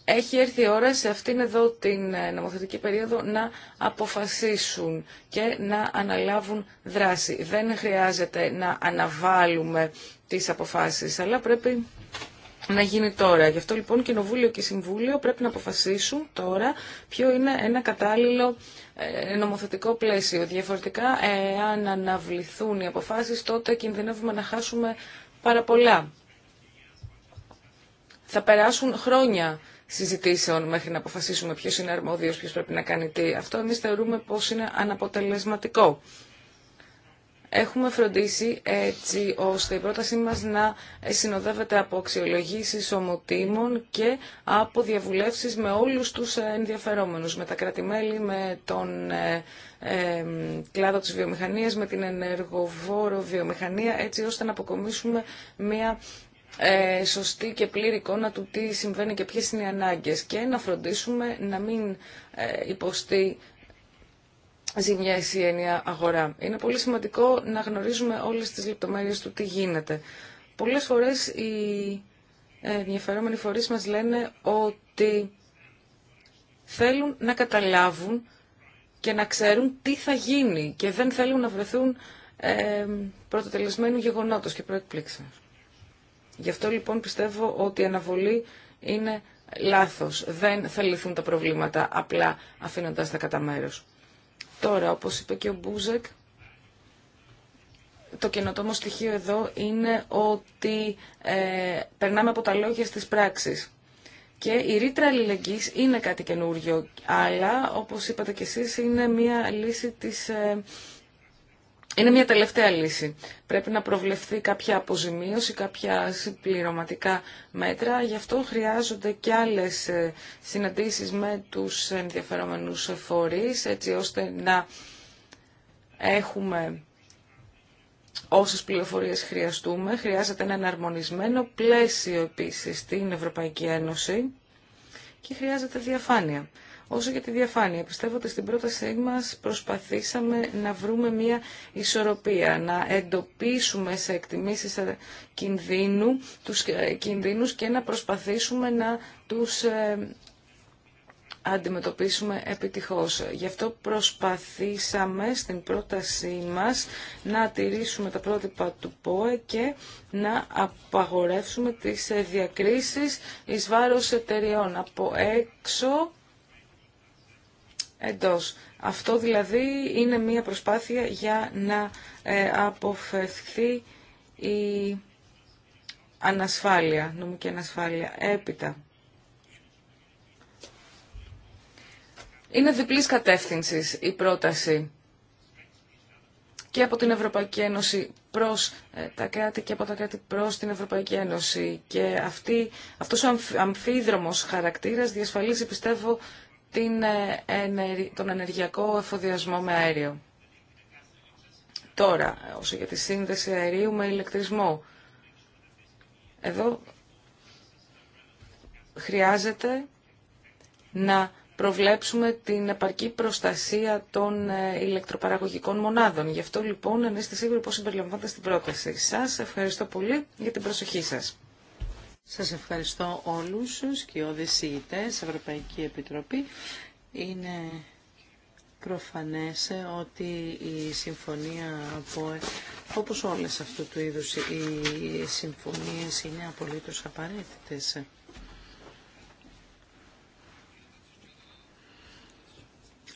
έχει έρθει η ώρα σε αυτήν εδώ την ε, νομοθετική περίοδο να αποφασίσουν και να αναλάβουν δράση. Δεν χρειάζεται να αναβάλουμε τις αποφάσεις, αλλά πρέπει να γίνει τώρα. Γι' αυτό λοιπόν Κοινοβούλιο και Συμβούλιο πρέπει να αποφασίσουν τώρα ποιο είναι ένα κατάλληλο ε, νομοθετικό πλαίσιο. Διαφορετικά, εάν αναβληθούν οι αποφάσεις, τότε κινδυνεύουμε να χάσουμε πάρα πολλά. Θα περάσουν χρόνια συζητήσεων μέχρι να αποφασίσουμε ποιος είναι αρμόδιος, ποιος πρέπει να κάνει τι. Αυτό εμείς θεωρούμε πως είναι αναποτελεσματικό. Έχουμε φροντίσει έτσι ώστε η πρότασή μας να συνοδεύεται από αξιολογήσεις ομοτήμων και από διαβουλεύσεις με όλους τους ενδιαφερόμενους, με τα κρατημέλη, με τον ε, ε, κλάδο της βιομηχανίας, με την ενεργοβόρο βιομηχανία, έτσι ώστε να αποκομίσουμε μια ε, σωστή και πλήρη εικόνα του τι συμβαίνει και ποιες είναι οι ανάγκες και να φροντίσουμε να μην ε, υποστεί Ζημιά η έννοια αγορά. Είναι πολύ σημαντικό να γνωρίζουμε όλες τις λεπτομέρειες του τι γίνεται. Πολλές φορές οι ε, ενδιαφερόμενοι φορείς μας λένε ότι θέλουν να καταλάβουν και να ξέρουν τι θα γίνει και δεν θέλουν να βρεθούν ε, πρωτοτελεσμένου γεγονότος και προεκπλήξεων. Γι' αυτό λοιπόν πιστεύω ότι η αναβολή είναι λάθος. Δεν θα λυθούν τα προβλήματα απλά αφήνοντας τα κατά μέρος. Τώρα, όπως είπε και ο Μπούζεκ, το καινοτόμο στοιχείο εδώ είναι ότι ε, περνάμε από τα λόγια στις πράξεις. Και η ρήτρα αλληλεγγύης είναι κάτι καινούργιο, αλλά όπως είπατε κι εσείς είναι μια λύση της ε, είναι μια τελευταία λύση. Πρέπει να προβλεφθεί κάποια αποζημίωση, κάποια συμπληρωματικά μέτρα. Γι' αυτό χρειάζονται και άλλες ε, συναντήσεις με τους ενδιαφερόμενους φορείς, έτσι ώστε να έχουμε όσες πληροφορίες χρειαστούμε. Χρειάζεται ένα εναρμονισμένο πλαίσιο επίσης στην Ευρωπαϊκή Ένωση και χρειάζεται διαφάνεια όσο για τη διαφάνεια. Πιστεύω ότι στην πρότασή μας προσπαθήσαμε να βρούμε μια ισορροπία, να εντοπίσουμε σε εκτιμήσεις ε, κινδύνου, τους ε, κινδύνους και να προσπαθήσουμε να τους ε, αντιμετωπίσουμε επιτυχώς. Γι' αυτό προσπαθήσαμε στην πρότασή μας να τηρήσουμε τα πρότυπα του ΠΟΕ και να απαγορεύσουμε τις διακρίσεις εις βάρος εταιριών από έξω εντός. Αυτό δηλαδή είναι μια προσπάθεια για να ε, αποφευθεί η ανασφάλεια, νομική ανασφάλεια, έπειτα. Είναι διπλής κατεύθυνσης η πρόταση και από την Ευρωπαϊκή Ένωση προς ε, τα κράτη και από τα κράτη προς την Ευρωπαϊκή Ένωση. Και αυτή, αυτός ο αμφίδρομος χαρακτήρας διασφαλίζει, πιστεύω, την, ε, τον ενεργειακό εφοδιασμό με αέριο. Τώρα, όσο για τη σύνδεση αερίου με ηλεκτρισμό. Εδώ χρειάζεται να προβλέψουμε την επαρκή προστασία των ε, ηλεκτροπαραγωγικών μονάδων. Γι' αυτό λοιπόν εμείς είστε σίγουροι πώς συμπεριλαμβάνετε στην πρόταση. Σας ευχαριστώ πολύ για την προσοχή σας. Σας ευχαριστώ όλους, σκιώδες ηγητές, Ευρωπαϊκή Επιτροπή. Είναι προφανές ότι η συμφωνία από ε, όπως όλες αυτού του είδους οι συμφωνίες είναι απολύτως απαραίτητες.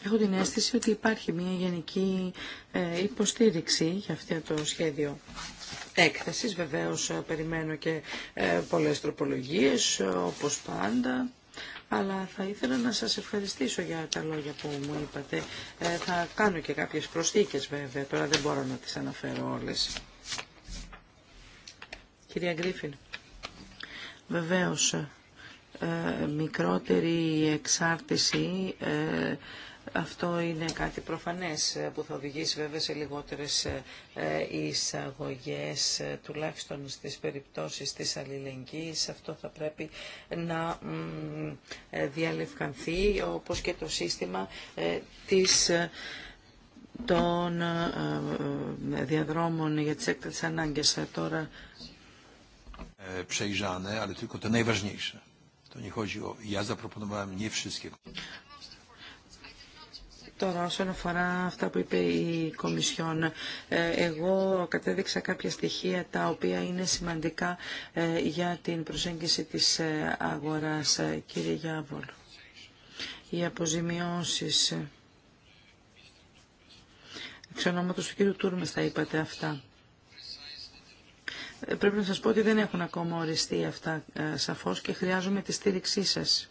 Έχω την αίσθηση ότι υπάρχει μια γενική ε, υποστήριξη για αυτό το σχέδιο Έκθεση, Βεβαίως ε, περιμένω και ε, πολλέ τροπολογίε, ε, όπως πάντα. Αλλά θα ήθελα να σας ευχαριστήσω για τα λόγια που μου είπατε. θα κάνω και κάποιες προσθήκες βέβαια, τώρα δεν μπορώ να τις αναφέρω όλες. Κυρία Γκρίφιν, βεβαίως μικρότερη εξάρτηση αυτό είναι κάτι προφανές ε, που θα οδηγήσει βέβαια σε λιγότερες ε, ε, εισαγωγές, τουλάχιστον στις περιπτώσεις της αλληλεγγύης. Αυτό θα πρέπει να διαλευκανθεί, όπως και το σύστημα της των διαδρόμων για τις έκτατες ανάγκες τώρα. Τώρα όσον αφορά αυτά που είπε η Κομισιόν, ε, εγώ κατέδειξα κάποια στοιχεία τα οποία είναι σημαντικά ε, για την προσέγγιση της ε, αγοράς. Κύριε Γιάβολ, οι αποζημιώσεις. Εξ ονόματος του κύριου Τούρμες θα είπατε αυτά. Πρέπει να σας πω ότι δεν έχουν ακόμα οριστεί αυτά σαφώς και χρειάζομαι τη στήριξή σας.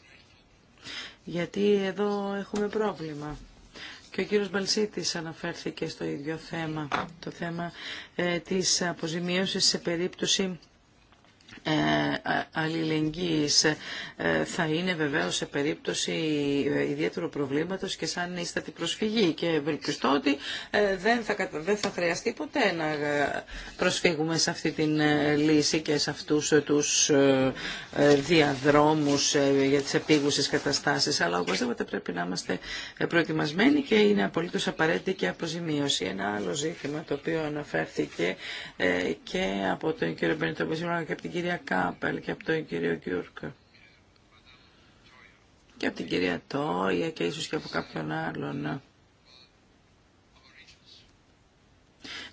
Γιατί εδώ έχουμε πρόβλημα. Και ο κύριος Μπαλσίτης αναφέρθηκε στο ίδιο θέμα, το θέμα ε, της αποζημίωσης σε περίπτωση ε, αλληλεγγύης ε, θα είναι βεβαίως σε περίπτωση ε, ιδιαίτερου προβλήματος και σαν ίστατη προσφυγή και ευελπιστώ ότι δεν θα, δεν θα χρειαστεί ποτέ να προσφύγουμε σε αυτή την λύση και σε αυτούς τους διαδρόμους για τις επίγουσες καταστάσεις αλλά οπωσδήποτε πρέπει να είμαστε προετοιμασμένοι και είναι απολύτως απαραίτητη και αποζημίωση. Ένα άλλο ζήτημα το οποίο αναφέρθηκε και από τον κύριο Μπενιτόπουλο και από την κυρία κυρία Κάπελ και από τον κύριο Γιούρκα και από την κυρία Τόια και ίσως και από κάποιον άλλον.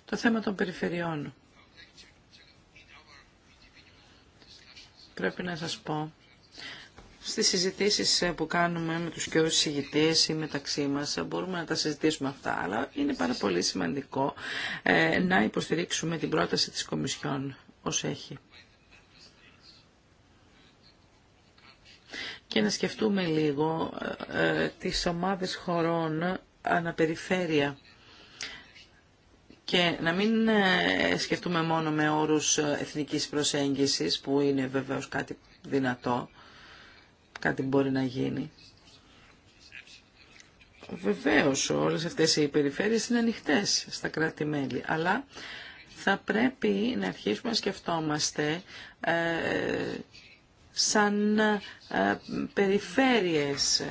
Το θέμα των περιφερειών. Πρέπει να σας πω, στις συζητήσεις που κάνουμε με τους και συγητές ή μεταξύ μας, μπορούμε να τα συζητήσουμε αυτά, αλλά είναι πάρα πολύ σημαντικό ε, να υποστηρίξουμε την πρόταση της Κομισιόν ως έχει. και να σκεφτούμε λίγο ε, ε, τις ομάδες χωρών αναπεριφέρεια και να μην ε, σκεφτούμε μόνο με όρους ε, εθνικής προσέγγισης που είναι βεβαίως κάτι δυνατό, κάτι μπορεί να γίνει. Βεβαίως όλες αυτές οι περιφέρειες είναι ανοιχτέ στα κράτη-μέλη, αλλά θα πρέπει να αρχίσουμε να σκεφτόμαστε σαν ε, περιφέρειες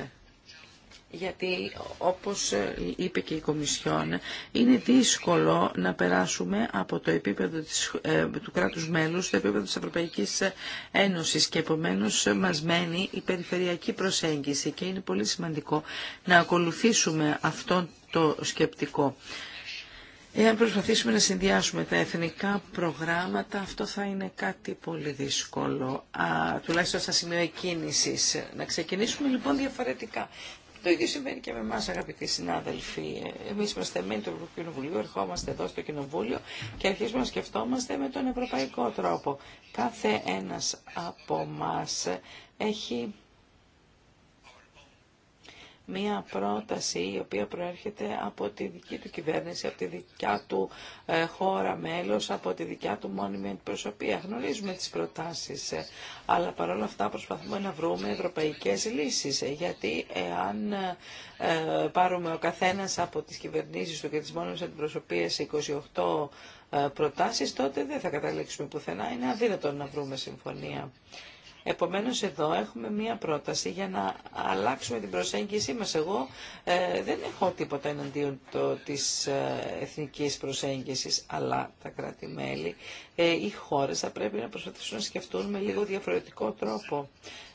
γιατί όπως ε, είπε και η Κομισιόν είναι δύσκολο να περάσουμε από το επίπεδο ε, του κράτους μέλους στο επίπεδο της Ευρωπαϊκής Ένωσης και επομένως μας μένει η περιφερειακή προσέγγιση και είναι πολύ σημαντικό να ακολουθήσουμε αυτό το σκεπτικό. Εάν προσπαθήσουμε να συνδυάσουμε τα εθνικά προγράμματα, αυτό θα είναι κάτι πολύ δύσκολο, α, τουλάχιστον στα σημεία κίνηση Να ξεκινήσουμε λοιπόν διαφορετικά. Το ίδιο συμβαίνει και με εμά, αγαπητοί συνάδελφοι. Εμεί είμαστε μέλη του Ευρωπαϊκού Κοινοβουλίου, ερχόμαστε εδώ στο Κοινοβούλιο και αρχίζουμε να σκεφτόμαστε με τον ευρωπαϊκό τρόπο. Κάθε ένα από εμά έχει μία πρόταση η οποία προέρχεται από τη δική του κυβέρνηση, από τη δικιά του ε, χώρα μέλος, από τη δικιά του μόνιμη αντιπροσωπεία. Γνωρίζουμε τις προτάσεις, ε, αλλά παρόλα αυτά προσπαθούμε να βρούμε ευρωπαϊκές λύσεις, ε, γιατί εάν πάρουμε ο καθένας από τις κυβερνήσεις του και τις μόνιμες αντιπροσωπείες 28 προτάσεις, τότε δεν θα καταλήξουμε πουθενά. Είναι αδύνατο να βρούμε συμφωνία. Επομένως εδώ έχουμε μία πρόταση για να αλλάξουμε την προσέγγιση μας. Εγώ ε, δεν έχω τίποτα εναντίον το, της ε, εθνικής προσέγγισης, αλλά τα κράτη-μέλη, ε, οι χώρες θα πρέπει να προσπαθήσουν να σκεφτούν με λίγο διαφορετικό τρόπο.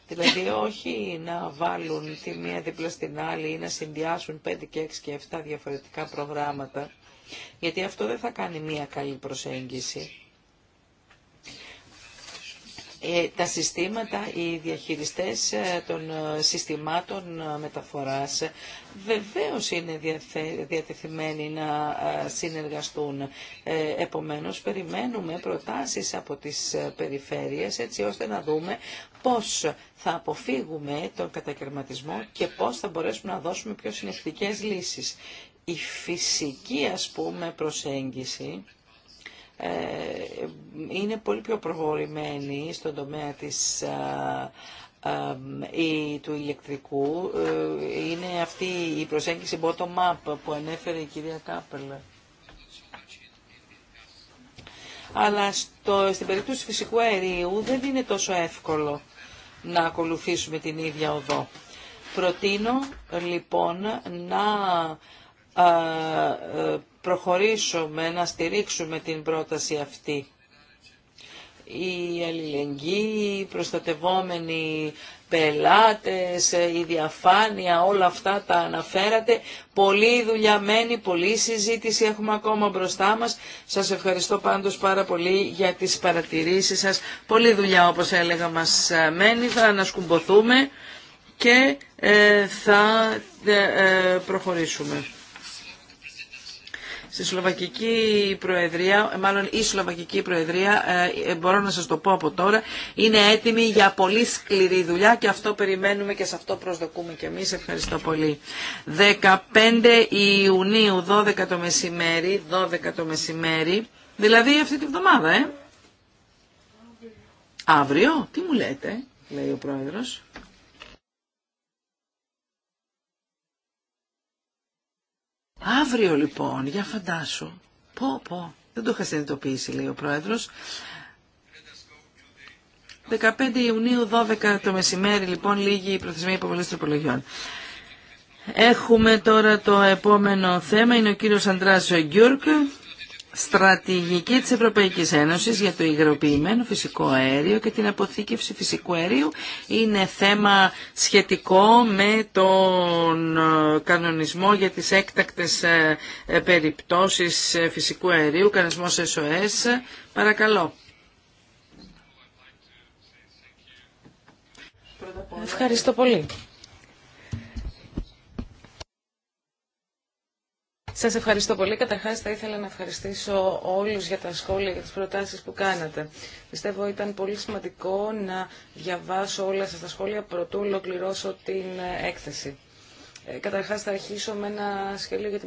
Δηλαδή όχι να βάλουν τη μία δίπλα στην άλλη ή να συνδυάσουν 5 και 6 και 7 διαφορετικά προγράμματα, γιατί αυτό δεν θα κάνει μία καλή προσέγγιση. Ε, τα συστήματα, οι διαχειριστές ε, των ε, συστημάτων μεταφοράς βεβαίως είναι διατεθειμένοι να συνεργαστούν. Επομένως, περιμένουμε προτάσεις από τις περιφέρειες έτσι ώστε να δούμε πώς θα αποφύγουμε τον κατακαιρματισμό και πώς θα μπορέσουμε να δώσουμε πιο συνεχτικές λύσεις. Η φυσική, ας πούμε, προσέγγιση ε, είναι πολύ πιο προχωρημένη στον τομέα της ε, ε, ή του ηλεκτρικού είναι αυτή η προσέγγιση bottom-up που ανέφερε η κυρία Κάπελ. Αλλά στο, στην περίπτωση φυσικού αερίου δεν είναι τόσο εύκολο να ακολουθήσουμε την ίδια οδό. Προτείνω λοιπόν να προχωρήσουμε, να στηρίξουμε την πρόταση αυτή. Η αλληλεγγύη, οι προστατευόμενοι πελάτες, η διαφάνεια, όλα αυτά τα αναφέρατε. Πολύ δουλειά μένει, πολλή συζήτηση έχουμε ακόμα μπροστά μας. Σας ευχαριστώ πάντως πάρα πολύ για τις παρατηρήσεις σας. Πολύ δουλειά όπως έλεγα μας μένει, θα ανασκουμποθούμε και ε, θα ε, ε, προχωρήσουμε. Στη Σλοβακική Προεδρία, μάλλον η Σλοβακική Προεδρία, ε, ε, μπορώ να σας το πω από τώρα, είναι έτοιμη για πολύ σκληρή δουλειά και αυτό περιμένουμε και σε αυτό προσδοκούμε και εμείς. Ευχαριστώ πολύ. 15 Ιουνίου, 12 το μεσημέρι, 12 το μεσημέρι, δηλαδή αυτή τη βδομάδα, ε. Αύριο, τι μου λέτε, λέει ο πρόεδρος. Αύριο λοιπόν, για φαντάσου, πω πω, δεν το είχα συνειδητοποιήσει λέει ο Πρόεδρος, 15 Ιουνίου 12 το μεσημέρι λοιπόν λίγη η προθεσμία υποβολής τροπολογιών. Έχουμε τώρα το επόμενο θέμα, είναι ο κύριος Αντράζο Γκιούρκ στρατηγική της Ευρωπαϊκής Ένωσης για το υγροποιημένο φυσικό αέριο και την αποθήκευση φυσικού αερίου είναι θέμα σχετικό με τον ε, κανονισμό για τις έκτακτες ε, ε, περιπτώσεις φυσικού αερίου, κανονισμός SOS. Παρακαλώ. Ευχαριστώ πολύ. Σα ευχαριστώ πολύ. Καταρχάς θα ήθελα να ευχαριστήσω όλου για τα σχόλια και τι προτάσει που κάνατε. Πιστεύω ήταν πολύ σημαντικό να διαβάσω όλα σα τα σχόλια πρωτού ολοκληρώσω την ε, έκθεση. Ε, καταρχάς θα αρχίσω με ένα σχόλιο για, τη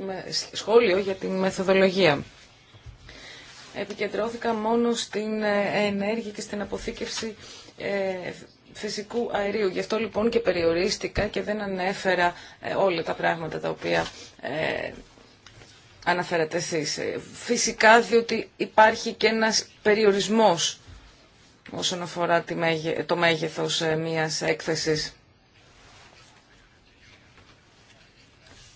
σχόλιο για τη μεθοδολογία. Επικεντρώθηκα μόνο στην ε, ενέργεια και στην αποθήκευση φυσικού αερίου. Γι' αυτό λοιπόν και περιορίστηκα και δεν ανέφερα όλα τα πράγματα τα οποία αναφέρατε εσείς. Ε, φυσικά διότι υπάρχει και ένας περιορισμός όσον αφορά το μέγεθος ε, μιας έκθεσης.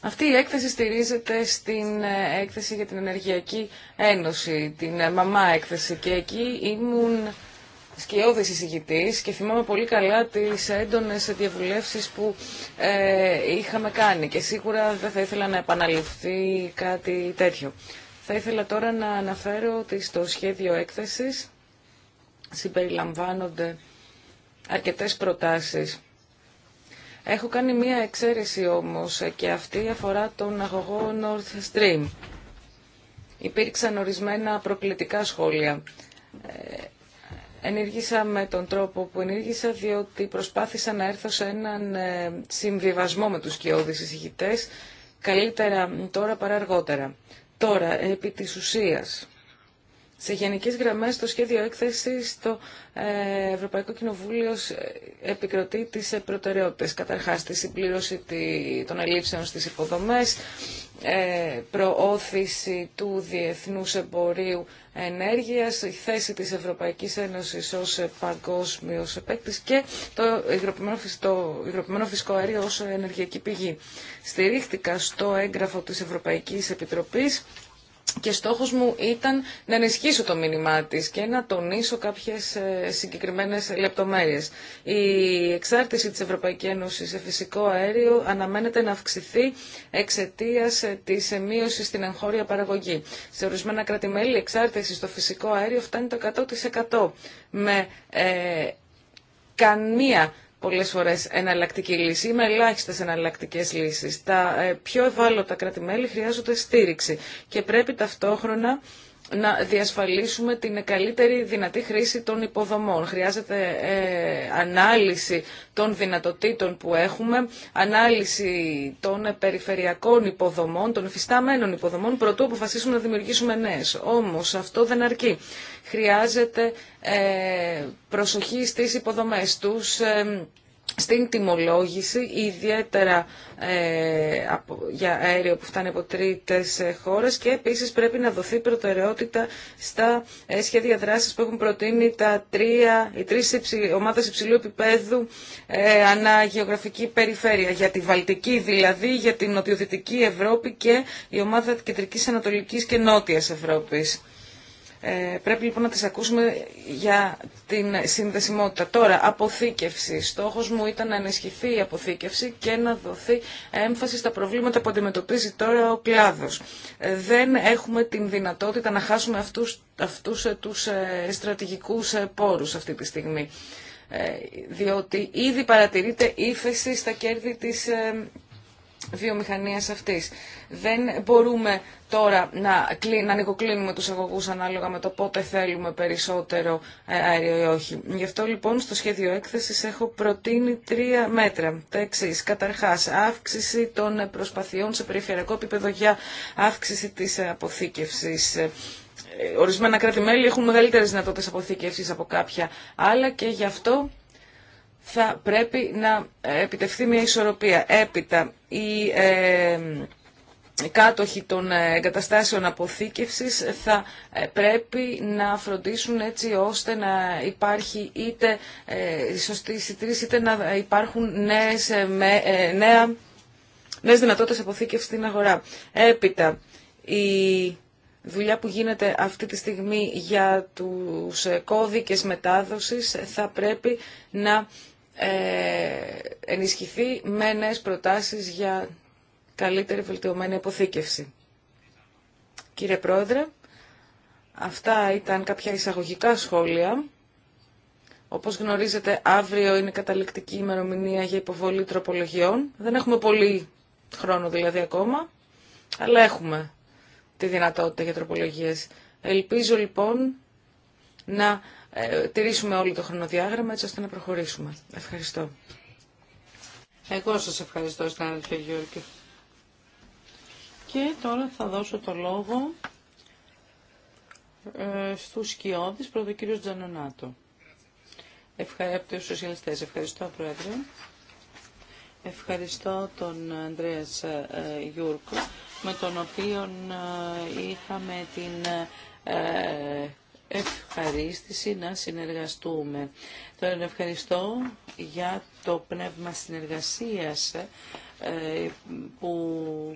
Αυτή η έκθεση στηρίζεται στην ε, έκθεση για την Ενεργειακή Ένωση, την ΜΑΜΑ έκθεση και εκεί ήμουν σκιώδης εισηγητής και θυμάμαι πολύ καλά τις έντονες διαβουλεύσεις που ε, είχαμε κάνει και σίγουρα δεν θα ήθελα να επαναληφθεί κάτι τέτοιο. Θα ήθελα τώρα να αναφέρω ότι στο σχέδιο έκθεσης συμπεριλαμβάνονται αρκετές προτάσεις. Έχω κάνει μία εξαίρεση όμως και αυτή αφορά τον αγωγό North Stream. Υπήρξαν ορισμένα προκλητικά σχόλια. Ε, ενήργησα με τον τρόπο που ενήργησα διότι προσπάθησα να έρθω σε έναν ε, συμβιβασμό με τους κοιόδης εισηγητές καλύτερα τώρα παρά αργότερα. Τώρα, επί της ουσίας, σε γενικές γραμμές το σχέδιο έκθεσης στο ε, Ευρωπαϊκό Κοινοβούλιο ε, επικροτεί τις προτεραιότητες. Καταρχάς, τη συμπλήρωση των ελλείψεων στις υποδομές, προώθηση του διεθνούς εμπορίου ενέργειας, η θέση της Ευρωπαϊκής Ένωσης ως παγκόσμιος επέκτης και το υγροποιημένο, το υγροποιημένο φυσικό αέριο ως ενεργειακή πηγή. Στηρίχτηκα στο έγγραφο της Ευρωπαϊκής Επιτροπής και στόχος μου ήταν να ενισχύσω το μήνυμά της και να τονίσω κάποιες ε, συγκεκριμένες λεπτομέρειες. Η εξάρτηση της Ευρωπαϊκής Ένωσης σε φυσικό αέριο αναμένεται να αυξηθεί εξαιτίας ε, της μείωσης στην εγχώρια παραγωγή. Σε ορισμένα κρατημέλη η εξάρτηση στο φυσικό αέριο φτάνει το 100% με ε, καμία πολλές φορές εναλλακτική λύση με ελάχιστες εναλλακτικές λύσεις. Τα ε, πιο ευάλωτα κράτη-μέλη χρειάζονται στήριξη και πρέπει ταυτόχρονα να διασφαλίσουμε την καλύτερη δυνατή χρήση των υποδομών. Χρειάζεται ε, ανάλυση των δυνατοτήτων που έχουμε, ανάλυση των περιφερειακών υποδομών, των υφιστάμενων υποδομών, προτού αποφασίσουμε να δημιουργήσουμε νέες. Όμως αυτό δεν αρκεί. Χρειάζεται ε, προσοχή στις υποδομές τους, ε, στην τιμολόγηση, ιδιαίτερα ε, για αέριο που φτάνει από τρίτες χώρες και επίσης πρέπει να δοθεί προτεραιότητα στα ε, σχέδια δράσης που έχουν προτείνει τα τρία, οι τρεις υψη, ομάδες υψηλού επίπεδου ε, ανά περιφέρεια, για τη Βαλτική δηλαδή, για την Νοτιοδυτική Ευρώπη και η ομάδα Κεντρικής Ανατολικής και Νότιας Ευρώπης. Ε, πρέπει λοιπόν να τις ακούσουμε για την συνδεσιμότητα. Τώρα, αποθήκευση. Στόχος μου ήταν να ενισχυθεί η αποθήκευση και να δοθεί έμφαση στα προβλήματα που αντιμετωπίζει τώρα ο κλάδος. Ε, δεν έχουμε την δυνατότητα να χάσουμε αυτούς, αυτούς ε, τους στρατηγικούς πόρους αυτή τη στιγμή. Διότι ήδη παρατηρείται ύφεση στα κέρδη της Βιομηχανία αυτή. Δεν μπορούμε τώρα να, να ανοικοκλίνουμε τους αγωγούς ανάλογα με το πότε θέλουμε περισσότερο ε, αέριο ή όχι. Γι' αυτό λοιπόν στο σχέδιο έκθεση έχω προτείνει τρία μέτρα. Τα εξή. Καταρχά, αύξηση των προσπαθειών σε περιφερειακό επίπεδο για αύξηση τη αποθήκευση. ορισμενα ορισμένα κράτη-μέλη έχουν μεγαλύτερε δυνατότητε αποθήκευση από κάποια άλλα και γι' αυτό θα πρέπει να ε, επιτευχθεί μια ισορροπία. Έπειτα, οι ε, κάτοχοι των ε, εγκαταστάσεων αποθήκευσης θα ε, πρέπει να φροντίσουν έτσι ώστε να υπάρχει είτε σωστή συντήρηση, είτε να υπάρχουν νέες, με, ε, νέα, νέες δυνατότητες αποθήκευσης στην αγορά. Έπειτα, η δουλειά που γίνεται αυτή τη στιγμή για τους κώδικες μετάδοσης θα πρέπει να ε, ενισχυθεί με νέες προτάσεις για καλύτερη βελτιωμένη αποθήκευση. Κύριε Πρόεδρε, αυτά ήταν κάποια εισαγωγικά σχόλια. Όπως γνωρίζετε, αύριο είναι καταληκτική ημερομηνία για υποβολή τροπολογιών. Δεν έχουμε πολύ χρόνο δηλαδή ακόμα, αλλά έχουμε τη δυνατότητα για τροπολογίες. Ελπίζω λοιπόν να ε, τηρήσουμε όλο το χρονοδιάγραμμα έτσι ώστε να προχωρήσουμε. Ευχαριστώ. Εγώ σας ευχαριστώ, συνάδελφε Γιώργη. Και τώρα θα δώσω το λόγο ε, στους σκιώδεις, πρώτο κύριο Τζανονάτο. Ευχαριστώ τους σοσιαλιστές. Ευχαριστώ, Πρόεδρε. Ευχαριστώ τον Ανδρέας ε, Γιούρκο, με τον οποίο είχαμε την ευχαρίστηση να συνεργαστούμε. Τον ευχαριστώ για το πνεύμα συνεργασίας ε, που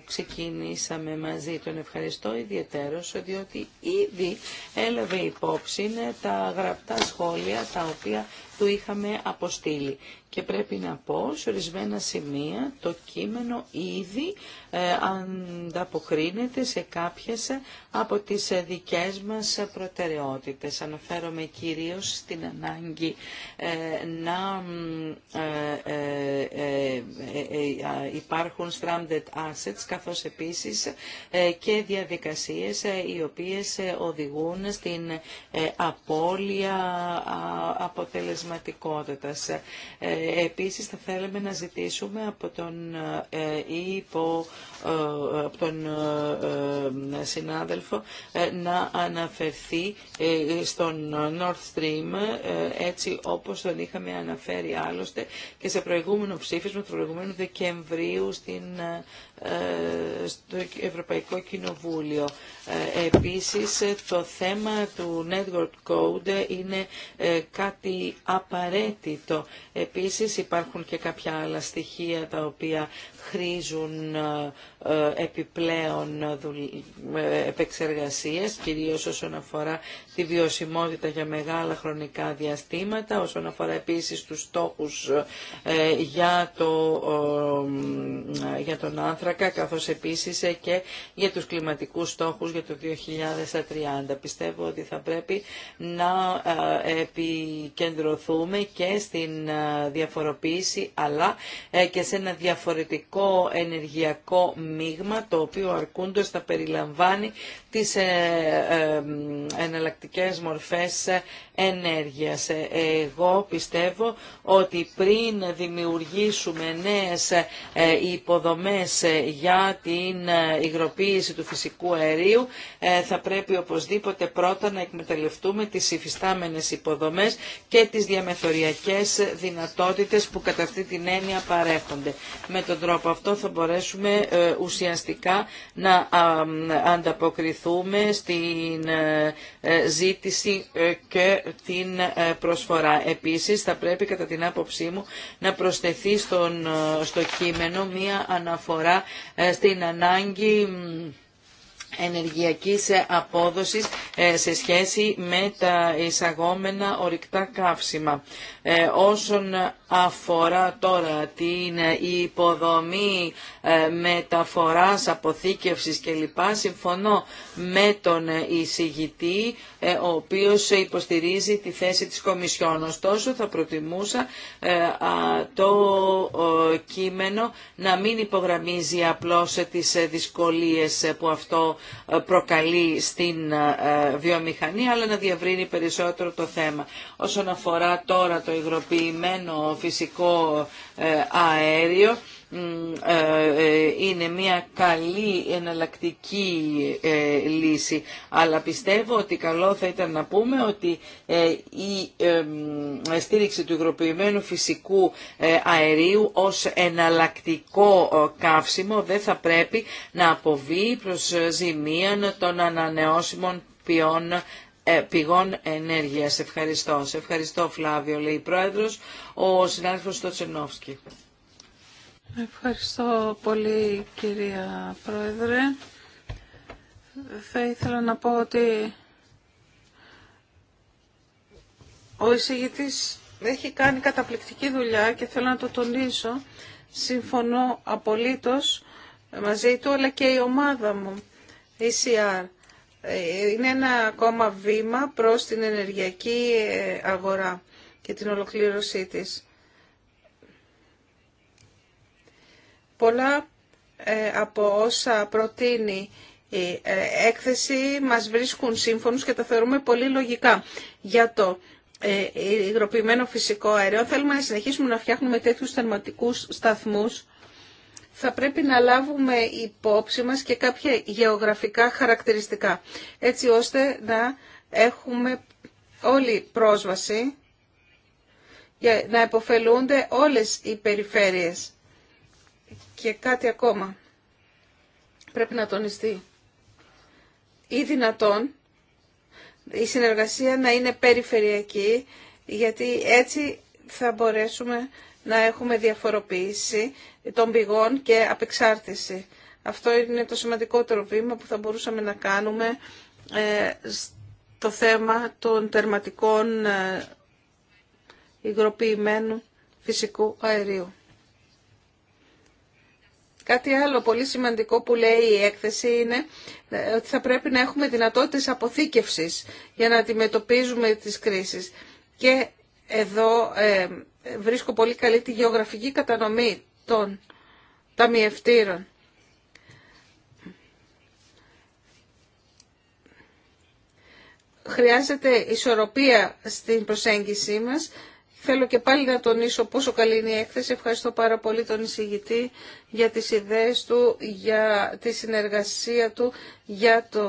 ξεκινήσαμε μαζί. Τον ευχαριστώ ιδιαίτερος, διότι ήδη έλαβε υπόψη τα γραπτά σχόλια τα οποία του είχαμε αποστείλει. Και πρέπει να πω, σε ορισμένα σημεία το κείμενο ήδη ε, ανταποκρίνεται σε κάποιες από τις δικές μας προτεραιότητες. Αναφέρομαι κυρίως στην ανάγκη ε, να ε, υπάρχουν stranded assets, καθώς επίσης και διαδικασίες οι οποίες οδηγούν στην απώλεια αποτελεσματικότητας Επίση, ε, Επίσης θα θέλαμε να ζητήσουμε από τον, υπο, ε, ε, από τον συνάδελφο να αναφερθεί στον North Stream έτσι όπως τον είχαμε αναφέρει άλλωστε και σε προηγούμενο ψήφισμα του προηγούμενου Δεκεμβρίου στην στο Ευρωπαϊκό Κοινοβούλιο. Ε, επίσης, το θέμα του Network Code είναι ε, κάτι απαραίτητο. Επίσης, υπάρχουν και κάποια άλλα στοιχεία τα οποία χρήζουν ε, ε, επιπλέον ε, επεξεργασίες, κυρίως όσον αφορά τη βιωσιμότητα για μεγάλα χρονικά διαστήματα, όσον αφορά επίσης τους στόχους για, το, για τον άνθρακα, καθώς επίσης και για τους κλιματικούς στόχους για το 2030. Πιστεύω ότι θα πρέπει να επικεντρωθούμε και στην διαφοροποίηση, αλλά και σε ένα διαφορετικό ενεργειακό μείγμα το οποίο αρκούντος θα περιλαμβάνει τις ε, ε, εναλλακτικές μορφές ενέργειας. Ε, εγώ πιστεύω ότι πριν δημιουργήσουμε νέες υποδομές για την υγροποίηση του φυσικού αερίου θα πρέπει οπωσδήποτε πρώτα να εκμεταλλευτούμε τις υφιστάμενες υποδομές και τις διαμεθοριακές δυνατότητες που κατά αυτή την έννοια παρέχονται. Με τον τρόπο από αυτό θα μπορέσουμε ε, ουσιαστικά να ανταποκριθούμε στην ε, ε, ζήτηση και την προσφορά. Επίσης θα πρέπει κατά την άποψή μου να προσθεθεί στον, στο κείμενο μία αναφορά στην ανάγκη ενεργειακής απόδοσης ε, σε σχέση με τα εισαγόμενα ορυκτά καύσιμα. Ε, όσον αφορά τώρα την υποδομή ε, μεταφοράς, αποθήκευσης κλπ. Συμφωνώ με τον εισηγητή, ο οποίος υποστηρίζει τη θέση της Κομισιόν. Ωστόσο θα προτιμούσα το κείμενο να μην υπογραμμίζει απλώς τις δυσκολίες που αυτό ε, προκαλεί στην ε, ε, βιομηχανία αλλά να διαβρύνει περισσότερο το θέμα. Όσον αφορά τώρα το υγροποιημένο φυσικό αέριο ε, ε, είναι μια καλή εναλλακτική ε, λύση. Αλλά πιστεύω ότι καλό θα ήταν να πούμε ότι η στήριξη του υγροποιημένου φυσικού αερίου ως εναλλακτικό καύσιμο δεν θα πρέπει να αποβεί προς ζημία των ανανεώσιμων πηγών ενέργειας. Ευχαριστώ. Σε ευχαριστώ Φλάβιο, λέει η Πρόεδρος, ο συνάδελφος Στοτσενόφσκι. Ευχαριστώ πολύ κυρία Πρόεδρε. Θα ήθελα να πω ότι ο εισηγητής έχει κάνει καταπληκτική δουλειά και θέλω να το τονίσω. Συμφωνώ απολύτως μαζί του, αλλά και η ομάδα μου, ECR. Είναι ένα ακόμα βήμα προς την ενεργειακή ε, αγορά και την ολοκλήρωσή της. Πολλά ε, από όσα προτείνει η ε, έκθεση μας βρίσκουν σύμφωνους και τα θεωρούμε πολύ λογικά για το ε, υγροποιημένο φυσικό αέριο. Θέλουμε να συνεχίσουμε να φτιάχνουμε τέτοιους θερματικούς σταθμούς. Θα πρέπει να λάβουμε υπόψη μας και κάποια γεωγραφικά χαρακτηριστικά, έτσι ώστε να έχουμε όλη πρόσβαση για να υποφελούνται όλες οι περιφέρειες και κάτι ακόμα πρέπει να τονιστεί. Ή δυνατόν η συνεργασία να είναι περιφερειακή, γιατί έτσι θα μπορέσουμε να έχουμε διαφοροποίηση των πηγών και απεξάρτηση. Αυτό είναι το σημαντικότερο βήμα που θα μπορούσαμε να κάνουμε ε, στο θέμα των τερματικών ε, υγροποιημένου φυσικού αερίου. Κάτι άλλο πολύ σημαντικό που λέει η έκθεση είναι ε, ότι θα πρέπει να έχουμε δυνατότητες αποθήκευσης για να αντιμετωπίζουμε τις κρίσεις. Και εδώ ε, βρίσκω πολύ καλή τη γεωγραφική κατανομή των ταμιευτήρων. Χρειάζεται ισορροπία στην προσέγγιση μας Θέλω και πάλι να τονίσω πόσο καλή είναι η έκθεση. Ευχαριστώ πάρα πολύ τον εισηγητή για τις ιδέες του, για τη συνεργασία του, για το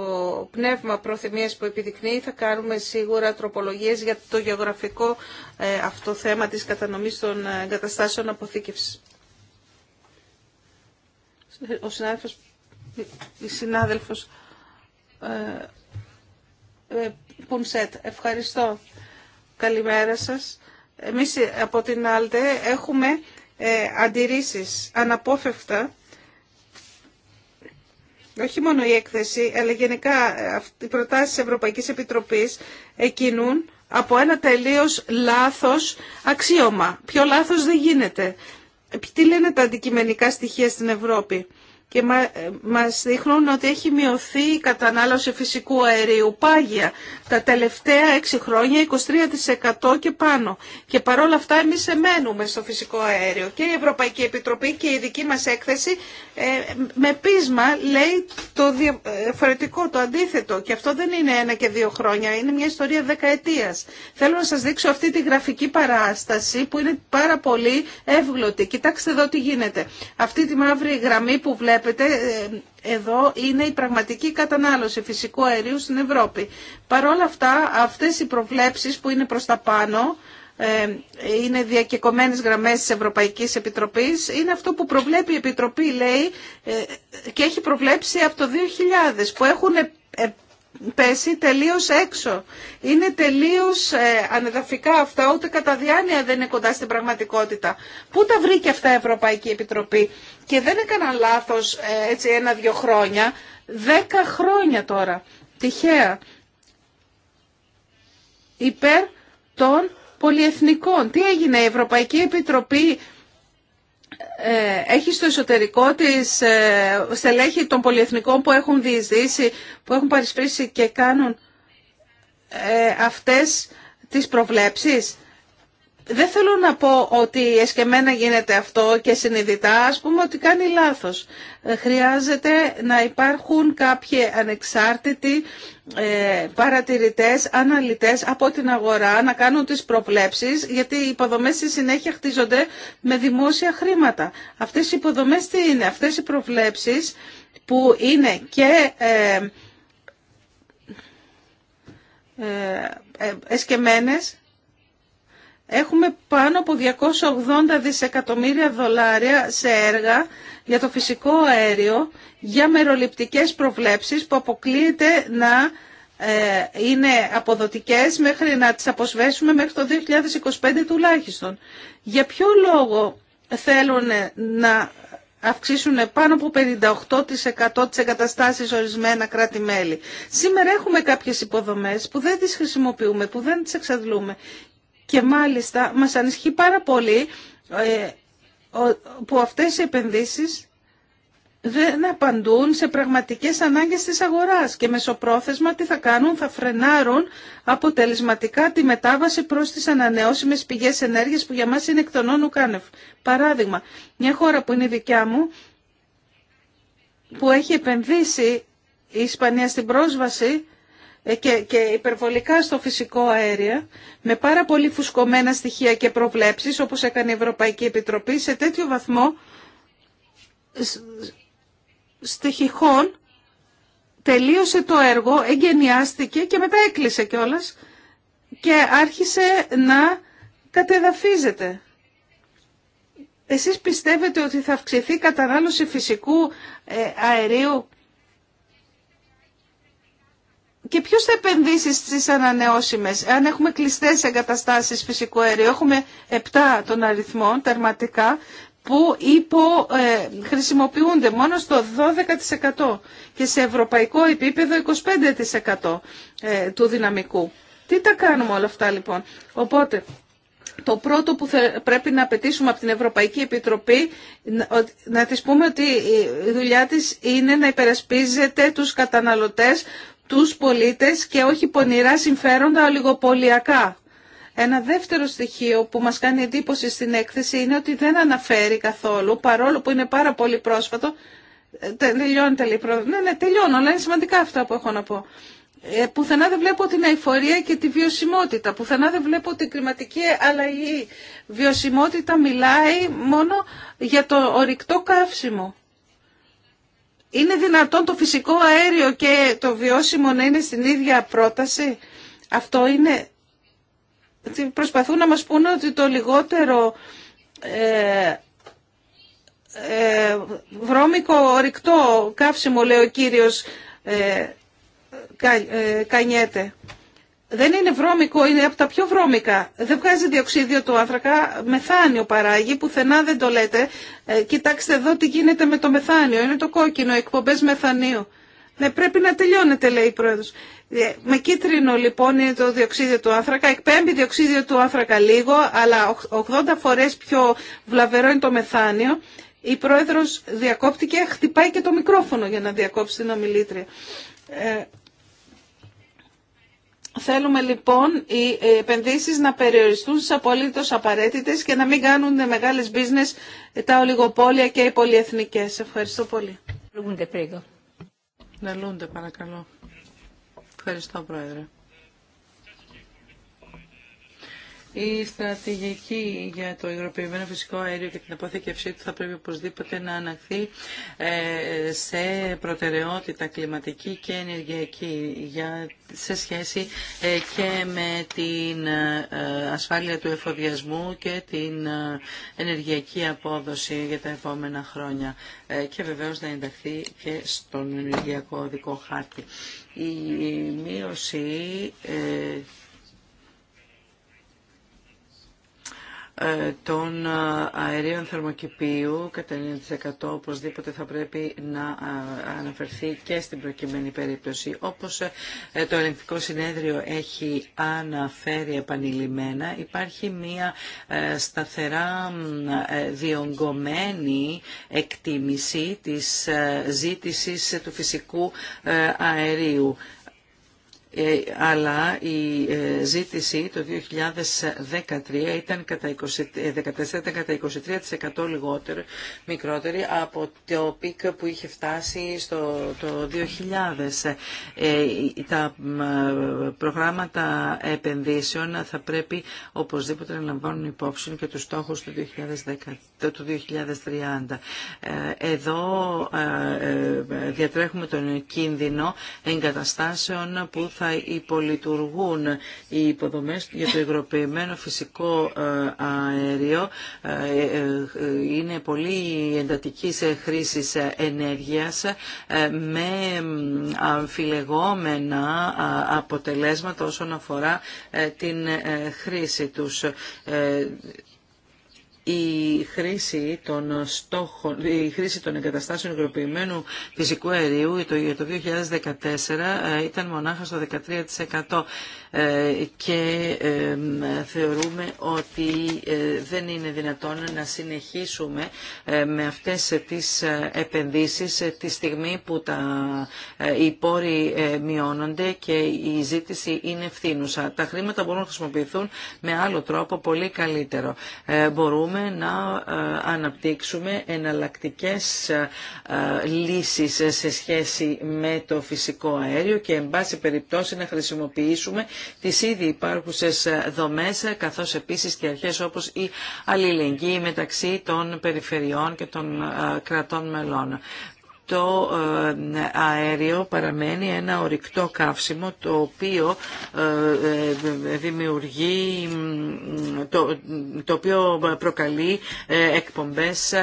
πνεύμα προθυμίας που επιδεικνύει. Θα κάνουμε σίγουρα τροπολογίες για το γεωγραφικό ε, αυτό θέμα της κατανομής των ε, εγκαταστάσεων αποθήκευσης. Ο συνάδελφος, η συνάδελφος ε, Πουνσέτ ευχαριστώ. Καλημέρα σας. Εμείς ε, από την ΑΛΤΕ έχουμε ε, αντιρρήσεις αναπόφευκτα όχι μόνο η έκθεση, αλλά γενικά ε, οι προτάσει της Ευρωπαϊκής Επιτροπής εκινούν από ένα τελείω λάθος αξίωμα. Ποιο λάθος δεν γίνεται. Τι λένε τα αντικειμενικά στοιχεία στην Ευρώπη και μας δείχνουν ότι έχει μειωθεί η κατανάλωση φυσικού αερίου πάγια τα τελευταία έξι χρόνια 23% και πάνω. Και παρόλα αυτά εμείς εμένουμε στο φυσικό αέριο. Και η Ευρωπαϊκή Επιτροπή και η δική μας έκθεση ε, με πείσμα λέει το ε, διαφορετικό, το αντίθετο. Και αυτό δεν είναι ένα και δύο χρόνια, είναι μια ιστορία δεκαετίας. Θέλω να σας δείξω αυτή τη γραφική παράσταση που είναι πάρα πολύ εύγλωτη. Κοιτάξτε εδώ τι γίνεται. Αυτή τη μαύρη γραμμή που βλέπετε ε, εδώ είναι η πραγματική κατανάλωση φυσικού αερίου στην Ευρώπη. Παρ' όλα αυτά αυτές οι προβλέψεις που είναι προς τα πάνω ε, είναι διακεκομένες γραμμές της Ευρωπαϊκής Επιτροπής. Είναι αυτό που προβλέπει η Επιτροπή, λέει, ε, και έχει προβλέψει από το 2000, που έχουν πέσει τελείως έξω. Είναι τελείως ε, ανεδαφικά αυτά, ούτε κατά διάνοια δεν είναι κοντά στην πραγματικότητα. Πού τα βρήκε αυτά η Ευρωπαϊκή Επιτροπή και δεν έκαναν λάθος ε, έτσι ένα-δυο χρόνια, δέκα χρόνια τώρα, τυχαία, υπέρ των πολιεθνικών. Τι έγινε, η Ευρωπαϊκή Επιτροπή ε, έχει στο εσωτερικό της ε, στελέχη των πολυεθνικών που έχουν διεισδύσει, που έχουν παρισφρήσει και κάνουν ε, αυτές τις προβλέψεις δεν θέλω να πω ότι εσκεμένα γίνεται αυτό και συνειδητά, ας πούμε ότι κάνει λάθος. Ε, χρειάζεται να υπάρχουν κάποιοι ανεξάρτητοι ε, παρατηρητές, αναλυτές από την αγορά να κάνουν τις προβλέψεις, γιατί οι υποδομές στη συνέχεια χτίζονται με δημόσια χρήματα. Αυτές οι υποδομές τι είναι, αυτές οι προβλέψεις που είναι και ε, εσκεμμένες, Έχουμε πάνω από 280 δισεκατομμύρια δολάρια σε έργα για το φυσικό αέριο, για μεροληπτικές προβλέψεις που αποκλείεται να ε, είναι αποδοτικές μέχρι να τις αποσβέσουμε μέχρι το 2025 τουλάχιστον. Για ποιο λόγο θέλουν να αυξήσουν πάνω από 58% τις εγκαταστάσεις ορισμένα κράτη-μέλη. Σήμερα έχουμε κάποιες υποδομές που δεν τις χρησιμοποιούμε, που δεν τις εξαντλούμε και μάλιστα μας ανισχύει πάρα πολύ ε, που αυτές οι επενδύσεις δεν απαντούν σε πραγματικές ανάγκες της αγοράς και μεσοπρόθεσμα τι θα κάνουν, θα φρενάρουν αποτελεσματικά τη μετάβαση προς τις ανανεώσιμες πηγές ενέργειας που για μας είναι εκ των όνου Παράδειγμα, μια χώρα που είναι δικιά μου, που έχει επενδύσει η Ισπανία στην πρόσβαση ε, και, υπερβολικά στο φυσικό αέριο, με πάρα πολύ φουσκωμένα στοιχεία και προβλέψεις, όπως έκανε η Ευρωπαϊκή Επιτροπή, σε τέτοιο βαθμό στοιχηχών, τελείωσε το έργο, εγκαινιάστηκε και μετά έκλεισε κιόλας και άρχισε να κατεδαφίζεται. Εσείς πιστεύετε ότι θα αυξηθεί η κατανάλωση φυσικού ε, αερίου και ποιος θα επενδύσει στις ανανεώσιμες, αν έχουμε κλειστές εγκαταστάσεις φυσικού αερίου, έχουμε 7 των αριθμών τερματικά, που υπο, ε, χρησιμοποιούνται μόνο στο 12% και σε ευρωπαϊκό επίπεδο 25% ε, του δυναμικού. Τι τα κάνουμε όλα αυτά λοιπόν. Οπότε το πρώτο που πρέπει να απαιτήσουμε από την Ευρωπαϊκή Επιτροπή να, να της πούμε ότι η δουλειά της είναι να υπερασπίζεται τους καταναλωτές τους πολίτες και όχι πονηρά συμφέροντα ολιγοπολιακά. Ένα δεύτερο στοιχείο που μας κάνει εντύπωση στην έκθεση είναι ότι δεν αναφέρει καθόλου, παρόλο που είναι πάρα πολύ πρόσφατο, ε, τελειώνει τελείω. Ναι, ναι, τελειώνω, αλλά είναι σημαντικά αυτά που έχω να πω. Ε, πουθενά δεν βλέπω την αηφορία και τη βιωσιμότητα. Πουθενά δεν βλέπω την κλιματική αλλαγή. Βιωσιμότητα μιλάει μόνο για το ορυκτό καύσιμο. Είναι δυνατόν το φυσικό αέριο και το βιώσιμο να είναι στην ίδια πρόταση. Αυτό είναι... Προσπαθούν να μας πούνε ότι το λιγότερο ε, ε, βρώμικο ορυκτό καύσιμο, λέει ο κύριος ε, ε δεν είναι βρώμικο, είναι από τα πιο βρώμικα. Δεν βγάζει διοξίδιο του άνθρακα, μεθάνιο παράγει, πουθενά δεν το λέτε. Ε, κοιτάξτε εδώ τι γίνεται με το μεθάνιο, είναι το κόκκινο, εκπομπές μεθανίου. Ναι, πρέπει να τελειώνετε, λέει η πρόεδρος. Ε, με κίτρινο λοιπόν είναι το διοξίδιο του άνθρακα, εκπέμπει διοξίδιο του άνθρακα λίγο, αλλά 80 φορές πιο βλαβερό είναι το μεθάνιο. Η πρόεδρος διακόπτηκε, χτυπάει και το μικρόφωνο για να διακόψει την ομιλήτρια. Ε, Θέλουμε λοιπόν οι επενδύσει να περιοριστούν στι απολύτω απαραίτητε και να μην κάνουν μεγάλες business τα ολιγοπόλια και οι πολυεθνικέ. Ευχαριστώ πολύ. Να λούνται, παρακαλώ. Ευχαριστώ, Πρόεδρε. Η στρατηγική για το υγροποιημένο φυσικό αέριο και την αποθήκευσή του θα πρέπει οπωσδήποτε να αναχθεί ε, σε προτεραιότητα κλιματική και ενεργειακή σε σχέση ε, και με την ε, ασφάλεια του εφοδιασμού και την ενεργειακή απόδοση για τα επόμενα χρόνια και βεβαίως να ενταχθεί και στον ενεργειακό οδικό χάρτη. Η μείωση Ε, των ε, αερίων θερμοκηπίου κατά 90% οπωσδήποτε θα πρέπει να ε, αναφερθεί και στην προκειμένη περίπτωση. Όπως το ελεγκτικό συνέδριο έχει αναφέρει επανειλημμένα, υπάρχει μία σταθερά διογκωμένη εκτίμηση της ζήτησης του φυσικού αερίου. Ε, αλλά η ε, ζήτηση το 2013 ήταν κατά ε, κατά 23% λιγότερο, μικρότερη από το πικ που είχε φτάσει στο το 2000. Τα προγράμματα επενδύσεων θα πρέπει οπωσδήποτε να λαμβάνουν υπόψη και τους στόχους του 2010, του 2030. Εδώ διατρέχουμε τον κίνδυνο εγκαταστάσεων που θα υπολειτουργούν οι υποδομές για το υγροποιημένο φυσικό ε, αέριο. Ε, ε, είναι πολύ σε χρήση ενέργειας με αμφιλεγόμενα αποτελέσματα όσον αφορά την χρήση τους η χρήση των, η εγκαταστάσεων υγροποιημένου φυσικού αερίου το 2014 ε, ήταν μονάχα στο 13%. Ε, και θεωρούμε ότι ε, δεν είναι δυνατόν να συνεχίσουμε ε, με αυτές τις επενδύσεις τη στιγμή που τα, οι πόροι μειώνονται και η ζήτηση είναι ευθύνουσα. Τα χρήματα μπορούν να χρησιμοποιηθούν με άλλο τρόπο πολύ καλύτερο. Μπορούμε να αναπτύξουμε εναλλακτικές λύσεις σε σχέση με το φυσικό αέριο και εν πάση περιπτώσει να χρησιμοποιήσουμε τι ήδη υπάρχουσες δομές, καθώς επίσης και αρχές όπως η αλληλεγγύη μεταξύ των περιφερειών και των ε, κρατών μελών το ε, αέριο παραμένει ένα ορυκτό καύσιμο το οποίο ε, ε, δημιουργεί, το, το οποίο προκαλεί εκπομπές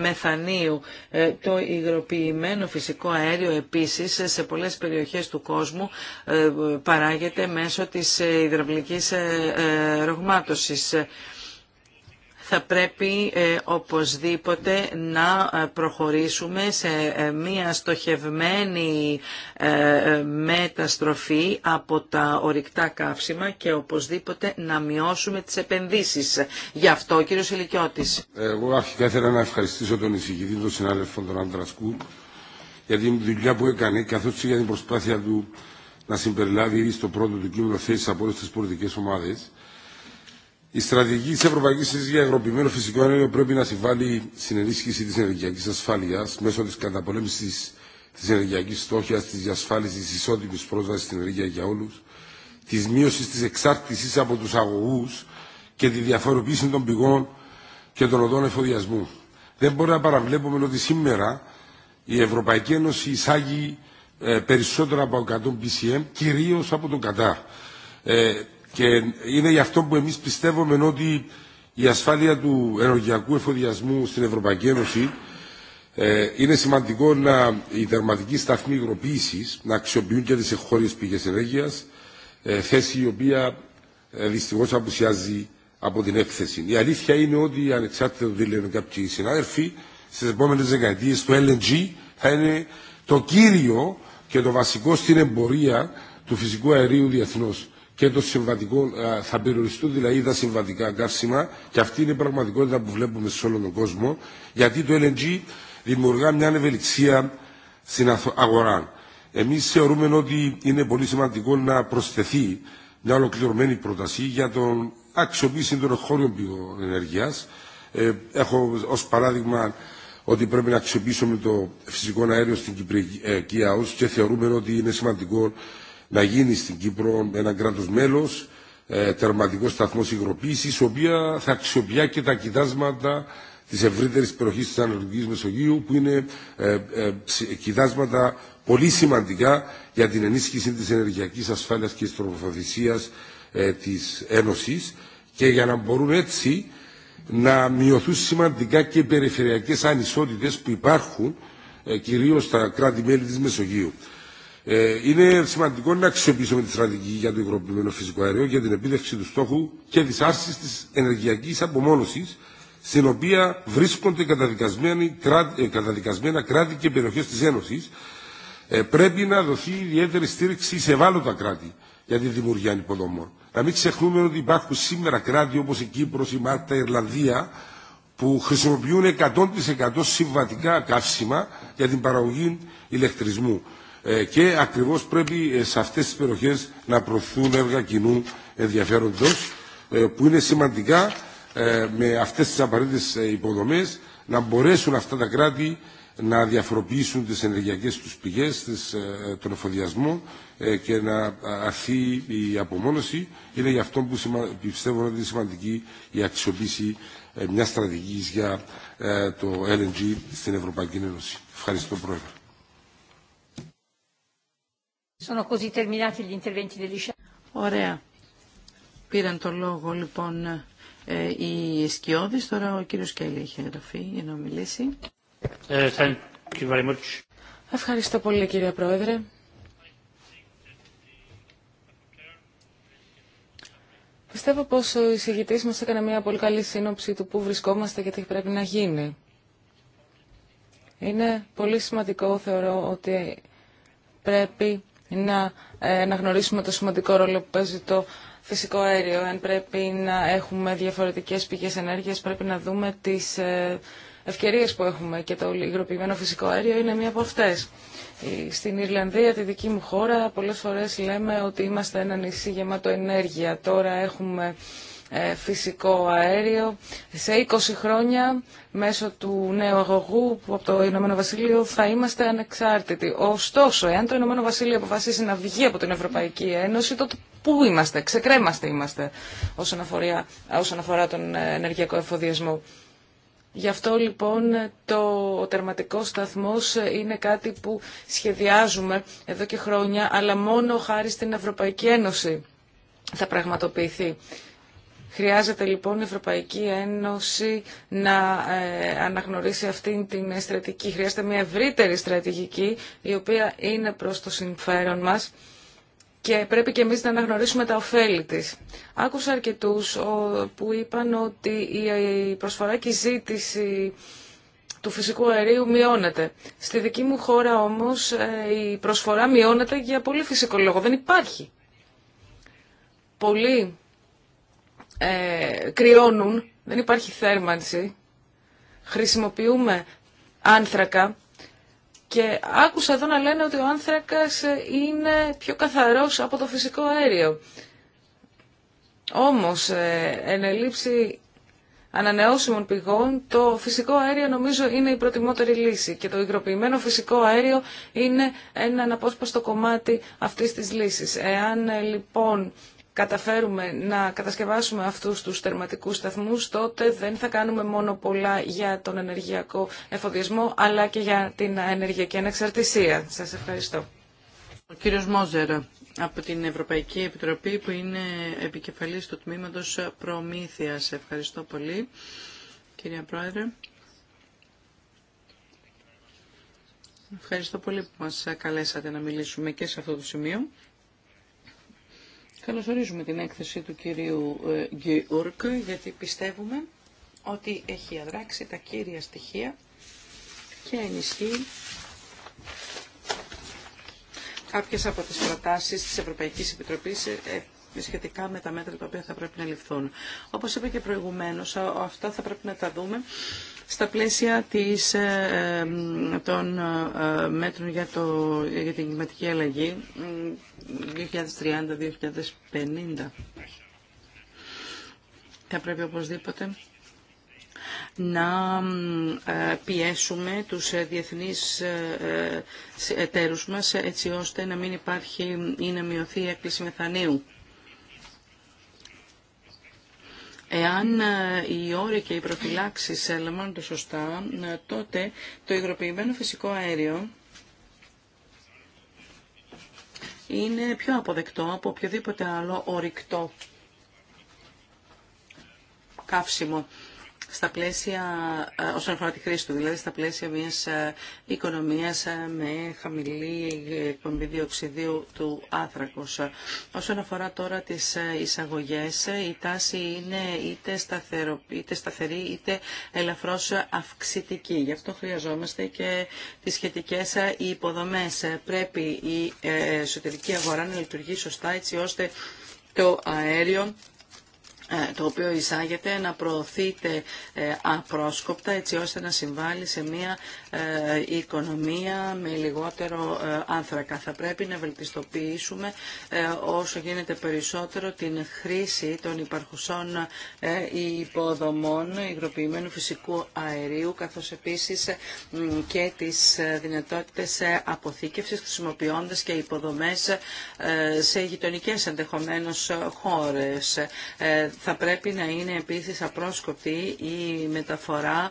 μεθανίου. Το υγροποιημένο φυσικό αέριο επίσης σε πολλές περιοχές του κόσμου παράγεται μέσω της υδραυλικής ρογμάτωσης θα πρέπει ε, οπωσδήποτε να ε, προχωρήσουμε σε ε, μία στοχευμένη μεταστροφή από τα ορυκτά καύσιμα και οπωσδήποτε να μειώσουμε τις επενδύσεις. Γι' αυτό, κύριο Ηλικιώτης. Εγώ αρχικά ήθελα να ευχαριστήσω τον εισηγητή, τον συνάδελφο τον Αντρασκού, για την δουλειά που έκανε, καθώς και για την προσπάθεια του να συμπεριλάβει στο πρώτο του κείμενο θέσεις από όλες τις πολιτικές ομάδες. Η στρατηγική τη Ευρωπαϊκή Ένωση για αγροποιημένο φυσικό αέριο πρέπει να συμβάλλει στην ενίσχυση τη ενεργειακή ασφάλεια μέσω τη καταπολέμηση τη ενεργειακή στόχια, τη διασφάλιση τη ισότιμη πρόσβαση στην ενέργεια για όλου, τη μείωση τη εξάρτηση από του αγωγού και τη διαφοροποίηση των πηγών και των οδών εφοδιασμού. Δεν μπορεί να παραβλέπουμε ότι σήμερα η Ευρωπαϊκή Ένωση εισάγει περισσότερο περισσότερα από 100 BCM, κυρίω από τον Κατά. Ε, και είναι γι' αυτό που εμείς πιστεύουμε ότι η ασφάλεια του ενεργειακού εφοδιασμού στην Ευρωπαϊκή Ένωση ε, είναι σημαντικό να οι δερματικοί σταθμοί υγροποίηση να αξιοποιούν και τι εγχώριε πηγέ ενέργεια, ε, θέση η οποία ε, δυστυχώ απουσιάζει από την έκθεση. Η αλήθεια είναι ότι ανεξάρτητα του τι λένε κάποιοι συνάδελφοι, στι επόμενε δεκαετίε το LNG θα είναι το κύριο και το βασικό στην εμπορία του φυσικού αερίου διεθνώ και των θα περιοριστούν δηλαδή τα συμβατικά καύσιμα και αυτή είναι η πραγματικότητα που βλέπουμε σε όλο τον κόσμο γιατί το LNG δημιουργά μια ευελιξία στην αγορά. Εμεί θεωρούμε ότι είναι πολύ σημαντικό να προσθεθεί μια ολοκληρωμένη πρόταση για τον αξιοποίηση των χώριων πηγών ενέργεια. Ε, έχω ω παράδειγμα ότι πρέπει να αξιοποιήσουμε το φυσικό αέριο στην Κυπριακή ε, ΑΟΣ και θεωρούμε ότι είναι σημαντικό να γίνει στην Κύπρο ένα κράτο μέλο, ε, τερματικό σταθμό υγροποίηση, η οποία θα αξιοποιά και τα κοιτάσματα τη ευρύτερη περιοχή τη Ανατολική Μεσογείου, που είναι ε, ε κοιτάσματα πολύ σημαντικά για την ενίσχυση τη ενεργειακή ασφάλεια και τη τροφοδοσία ε, τη Ένωση και για να μπορούν έτσι να μειωθούν σημαντικά και οι περιφερειακές ανισότητες που υπάρχουν ε, κυρίως στα κράτη-μέλη της Μεσογείου. Ε, είναι σημαντικό να αξιοποιήσουμε τη στρατηγική για το υγροποιημένο φυσικό αέριο για την επίτευξη του στόχου και τη άρση τη ενεργειακή απομόνωση, στην οποία βρίσκονται ε, καταδικασμένα κράτη και περιοχέ τη Ένωση. Ε, πρέπει να δοθεί ιδιαίτερη στήριξη σε ευάλωτα κράτη για τη δημιουργία υποδομών. Να μην ξεχνούμε ότι υπάρχουν σήμερα κράτη όπω η Κύπρο, η Μάρτα, η Ιρλανδία, που χρησιμοποιούν 100% συμβατικά καύσιμα για την παραγωγή ηλεκτρισμού. Ε, και ακριβώς πρέπει ε, σε αυτές τις περιοχές να προωθούν έργα κοινού ενδιαφέροντος ε, που είναι σημαντικά με αυτές τις απαραίτητες υποδομές να μπορέσουν αυτά τα κράτη να διαφοροποιήσουν τις ενεργειακές τους πηγές, τις, τον εφοδιασμό και να αρθεί η απομόνωση. Είναι γι' αυτό που πιστεύω ότι είναι σημαντική η αξιοποίηση μιας στρατηγικής για το LNG στην Ευρωπαϊκή Ένωση. Ευχαριστώ Πρόεδρε. Ωραία. Πήραν το λόγο λοιπόν ε, οι σκιώδες Τώρα ο κύριο Κέλλη έχει εγγραφεί για να μιλήσει. Ε, Ευχαριστώ πολύ κύριε Πρόεδρε. Πιστεύω πως ο εισηγητής μας έκανε μια πολύ καλή σύνοψη του πού βρισκόμαστε και τι πρέπει να γίνει. Είναι πολύ σημαντικό, θεωρώ, ότι πρέπει ε, να γνωρίσουμε το σημαντικό ρόλο που παίζει το φυσικό αέριο. Αν πρέπει να έχουμε διαφορετικές πηγές ενέργειας, πρέπει να δούμε τις ε, ευκαιρίες που έχουμε και το υγροποιημένο φυσικό αέριο είναι μία από αυτές. Στην Ιρλανδία, τη δική μου χώρα, πολλές φορές λέμε ότι είμαστε ένα νησί γεμάτο ενέργεια. Τώρα έχουμε ε, φυσικό αέριο σε 20 χρόνια μέσω του νέου αγωγού που από το Ηνωμένο Βασίλειο θα είμαστε ανεξάρτητοι. Ωστόσο, εάν το Ηνωμένο Βασίλειο αποφασίσει να βγει από την Ευρωπαϊκή Ένωση, τότε πού είμαστε, ξεκρέμαστε είμαστε όσον αφορά, όσον αφορά τον ε, ενεργειακό εφοδιασμό. Γι' αυτό λοιπόν το ο τερματικός σταθμός ε, είναι κάτι που σχεδιάζουμε εδώ και χρόνια, αλλά μόνο χάρη στην Ευρωπαϊκή Ένωση θα πραγματοποιηθεί. Χρειάζεται λοιπόν η Ευρωπαϊκή Ένωση να ε, αναγνωρίσει αυτήν την στρατηγική. Χρειάζεται μια ευρύτερη στρατηγική η οποία είναι προς το συμφέρον μας και πρέπει και εμείς να αναγνωρίσουμε τα ωφέλη της. Άκουσα αρκετούς που είπαν ότι η προσφορά και η ζήτηση του φυσικού αερίου μειώνεται. Στη δική μου χώρα όμως ε, η προσφορά μειώνεται για πολύ φυσικό λόγο. Δεν υπάρχει. πολύ ε, κρυώνουν, δεν υπάρχει θέρμανση, χρησιμοποιούμε άνθρακα και άκουσα εδώ να λένε ότι ο άνθρακας είναι πιο καθαρός από το φυσικό αέριο. Όμως, ε, εν ελήψη ανανεώσιμων πηγών, το φυσικό αέριο νομίζω είναι η προτιμότερη λύση και το υγροποιημένο φυσικό αέριο είναι ένα αναπόσπαστο κομμάτι αυτής της λύσης. Εάν ε, λοιπόν καταφέρουμε να κατασκευάσουμε αυτούς τους τερματικούς σταθμούς, τότε δεν θα κάνουμε μόνο πολλά για τον ενεργειακό εφοδιασμό, αλλά και για την ενεργειακή ανεξαρτησία. Σας ευχαριστώ. Ο κύριος Μόζερ από την Ευρωπαϊκή Επιτροπή που είναι επικεφαλής του τμήματος προμήθειας. Ευχαριστώ πολύ, κυρία Πρόεδρε. Ευχαριστώ πολύ που μας καλέσατε να μιλήσουμε και σε αυτό το σημείο. Καλωσορίζουμε την έκθεση του κυρίου ε, Γκιουρκ γιατί πιστεύουμε ότι έχει αδράξει τα κύρια στοιχεία και ενισχύει κάποιες από τις προτάσεις της Ευρωπαϊκής Επιτροπής ε, ε, σχετικά με τα μέτρα τα οποία θα πρέπει να ληφθούν. Όπως είπα και προηγουμένως, αυτά θα πρέπει να τα δούμε στα πλαίσια της, ε, ε, των ε, μέτρων για, το, για την κλιματική αλλαγή 2030-2050. Θα πρέπει οπωσδήποτε να πιέσουμε τους διεθνείς εταίρους μας έτσι ώστε να μην υπάρχει ή να μειωθεί η έκκληση μεθανίου. Εάν ε, οι όροι και οι προφυλάξεις λαμβάνονται σωστά, ε, τότε το υγροποιημένο φυσικό αέριο είναι πιο αποδεκτό από οποιοδήποτε άλλο ορυκτό καύσιμο στα πλαίσια, ε, όσον αφορά τη χρήση του, δηλαδή στα πλαίσια μιας ε, οικονομίας ε, με χαμηλή εκπομπή διοξιδίου του άνθρακος. Όσον αφορά τώρα τις εισαγωγές, η τάση είναι είτε, σταθερο, είτε σταθερή είτε ελαφρώς αυξητική. Γι' αυτό χρειαζόμαστε και τις σχετικές υποδομές. Πρέπει η εσωτερική αγορά να λειτουργεί σωστά έτσι ώστε το αέριο ε, το οποίο εισάγεται να προωθείται ε, απρόσκοπτα έτσι ώστε να συμβάλλει σε μια ε, οικονομία με λιγότερο άνθρακα. Θα πρέπει να βελτιστοποιήσουμε όσο γίνεται περισσότερο την χρήση των υπαρχουσών υποδομών υγροποιημένου φυσικού αερίου καθώς επίσης και τις δυνατότητες αποθήκευσης χρησιμοποιώντας και υποδομές σε γειτονικές ενδεχομένω χώρες θα πρέπει να είναι επίσης απρόσκοπτη η μεταφορά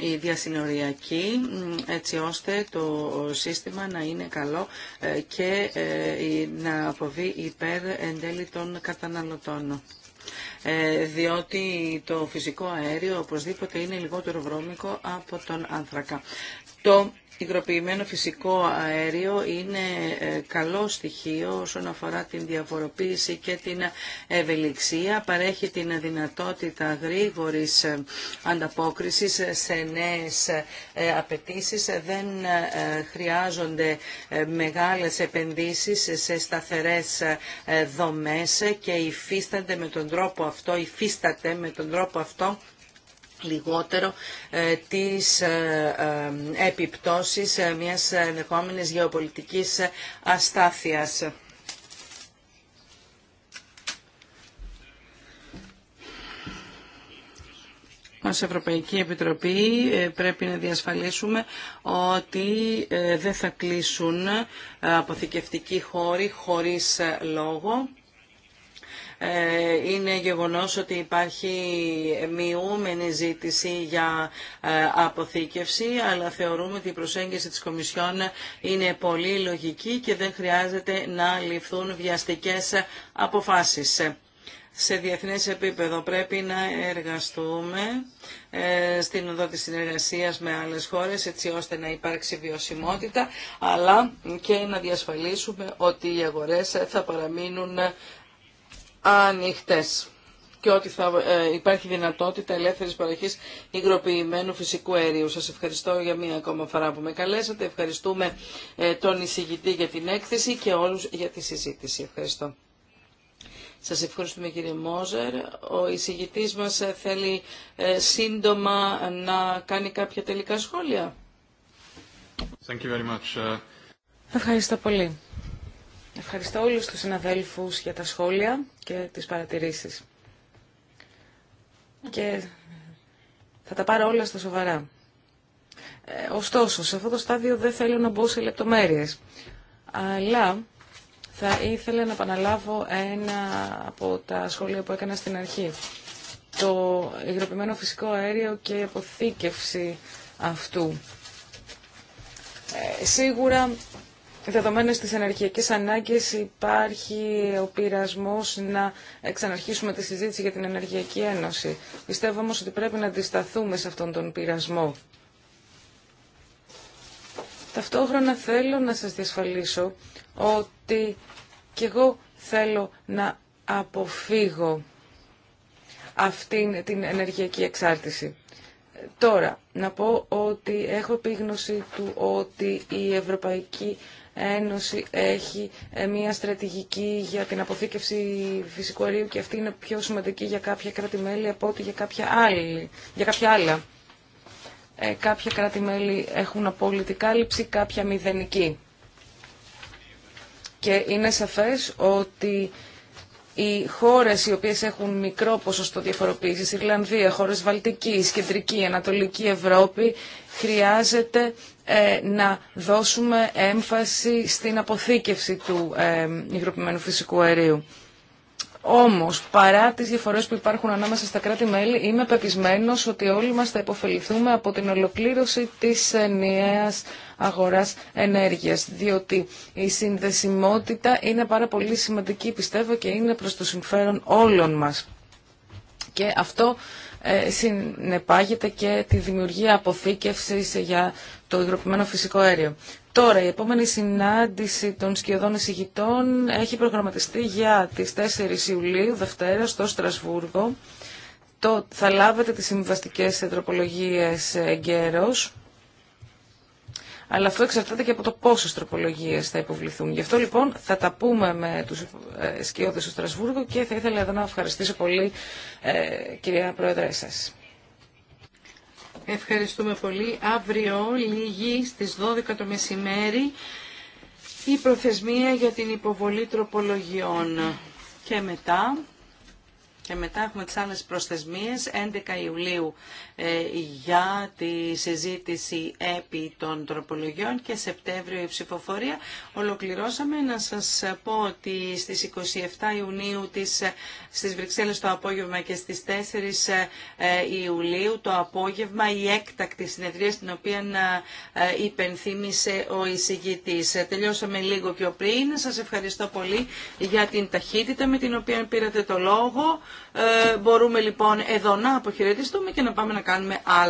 η διασυνοριακή έτσι ώστε το σύστημα να είναι καλό ε, και ε, να αποβεί υπέρ εν τέλει των καταναλωτών ε, διότι το φυσικό αέριο οπωσδήποτε είναι λιγότερο βρώμικο από τον άνθρακα υγροποιημένο φυσικό αέριο είναι ε, καλό στοιχείο όσον αφορά την διαφοροποίηση και την ευελιξία. Παρέχει την δυνατότητα γρήγορης ε, ανταπόκρισης σε νέες ε, απαιτήσεις. Δεν χρειάζονται μεγάλες επενδύσεις σε σταθερές δομές και υφίστανται με τον τρόπο αυτό, υφίσταται με τον τρόπο αυτό λιγότερο ε, τις ε, ε, επιπτώσεις μιας ενδεχόμενης γεωπολιτικής αστάθειας. Ως Ευρωπαϊκή Επιτροπή πρέπει να διασφαλίσουμε ότι δεν θα κλείσουν αποθηκευτικοί χώροι χωρίς λόγο ε, είναι γεγονός ότι υπάρχει μειούμενη ζήτηση για ε, αποθήκευση, αλλά θεωρούμε ότι η προσέγγιση της Κομισιόν είναι πολύ λογική και δεν χρειάζεται να ληφθούν βιαστικές αποφάσεις. Σε διεθνές επίπεδο πρέπει να εργαστούμε ε, στην οδό της συνεργασίας με άλλες χώρες έτσι ώστε να υπάρξει βιωσιμότητα αλλά και να διασφαλίσουμε ότι οι αγορές θα παραμείνουν ανοιχτές και ότι θα ε, υπάρχει δυνατότητα ελεύθερης παροχής υγροποιημένου φυσικού αερίου. Σας ευχαριστώ για μία ακόμα φορά που με καλέσατε. Ευχαριστούμε ε, τον εισηγητή για την έκθεση και όλους για τη συζήτηση. Ευχαριστώ. Σας ευχαριστούμε κύριε Μόζερ. Ο εισηγητής μας ε, θέλει σύντομα να κάνει κάποια τελικά σχόλια. Thank you very much. Ευχαριστώ πολύ. Ευχαριστώ όλους τους συναδέλφους για τα σχόλια και τις παρατηρήσεις. Και θα τα πάρω όλα στα σοβαρά. Ε, ωστόσο, σε αυτό το στάδιο δεν θέλω να μπω σε λεπτομέρειες. Αλλά θα ήθελα να επαναλάβω ένα από τα σχόλια που έκανα στην αρχή. Το υγροποιημένο φυσικό αέριο και η αποθήκευση αυτού. Ε, σίγουρα Δεδομένε της ενεργειακές ανάγκες υπάρχει ο πειρασμό να ξαναρχίσουμε τη συζήτηση για την Ενεργειακή Ένωση. Πιστεύω όμω ότι πρέπει να αντισταθούμε σε αυτόν τον πειρασμό. Ταυτόχρονα θέλω να σας διασφαλίσω ότι και εγώ θέλω να αποφύγω αυτήν την ενεργειακή εξάρτηση. Τώρα, να πω ότι έχω επίγνωση του ότι η Ευρωπαϊκή Ένωση έχει ε, μια στρατηγική για την αποθήκευση φυσικού αερίου και αυτή είναι πιο σημαντική για κάποια κράτη-μέλη από ό,τι για κάποια, κάποια άλλα. Ε, κάποια κράτη-μέλη έχουν απόλυτη κάλυψη, κάποια μηδενική. Και είναι σαφές ότι οι χώρε οι οποίε έχουν μικρό ποσοστό διαφοροποίησης, Ιρλανδία, χώρες Βαλτική, Κεντρική, Ανατολική Ευρώπη, χρειάζεται ε, να δώσουμε έμφαση στην αποθήκευση του ε, υγροποιημένου φυσικού αερίου. Όμω, παρά τι διαφορέ που υπάρχουν ανάμεσα στα κράτη-μέλη, είμαι πεπισμένο ότι όλοι μα θα υποφεληθούμε από την ολοκλήρωση τη ενιαία αγορά ενέργεια, διότι η συνδεσιμότητα είναι πάρα πολύ σημαντική, πιστεύω, και είναι προ το συμφέρον όλων μα. Και αυτό ε, συνεπάγεται και τη δημιουργία αποθήκευση για το υγροποιημένο φυσικό αέριο. Τώρα, η επόμενη συνάντηση των σκιωδών εισηγητών έχει προγραμματιστεί για τις 4 Ιουλίου, Δευτέρα, στο Στρασβούργο. Το, θα λάβετε τις συμβαστικές τροπολογίες εγκαίρως, αλλά αυτό εξαρτάται και από το πόσες τροπολογίες θα υποβληθούν. Γι' αυτό λοιπόν θα τα πούμε με τους ε, σκιώδες στο Στρασβούργο και θα ήθελα εδώ να ευχαριστήσω πολύ ε, κυρία Πρόεδρε σας. Ευχαριστούμε πολύ. Αύριο λίγη στις 12 το μεσημέρι η προθεσμία για την υποβολή τροπολογιών. Και μετά, και μετά έχουμε τις άλλες προθεσμίες 11 Ιουλίου ε, για τη συζήτηση επί των τροπολογιών και Σεπτέμβριο η ψηφοφορία. Ολοκληρώσαμε να σας πω ότι στις 27 Ιουνίου της, στις Βρυξέλλες το απόγευμα και στις 4 ε, Ιουλίου το απόγευμα η έκτακτη συνεδρία στην οποία ε, υπενθύμησε ο εισηγητής. Τελειώσαμε λίγο πιο πριν. Σας ευχαριστώ πολύ για την ταχύτητα με την οποία πήρατε το λόγο. μπορούμε λοιπόν εδώ να αποχαιρετιστούμε και να πάμε να κάνουμε άλλα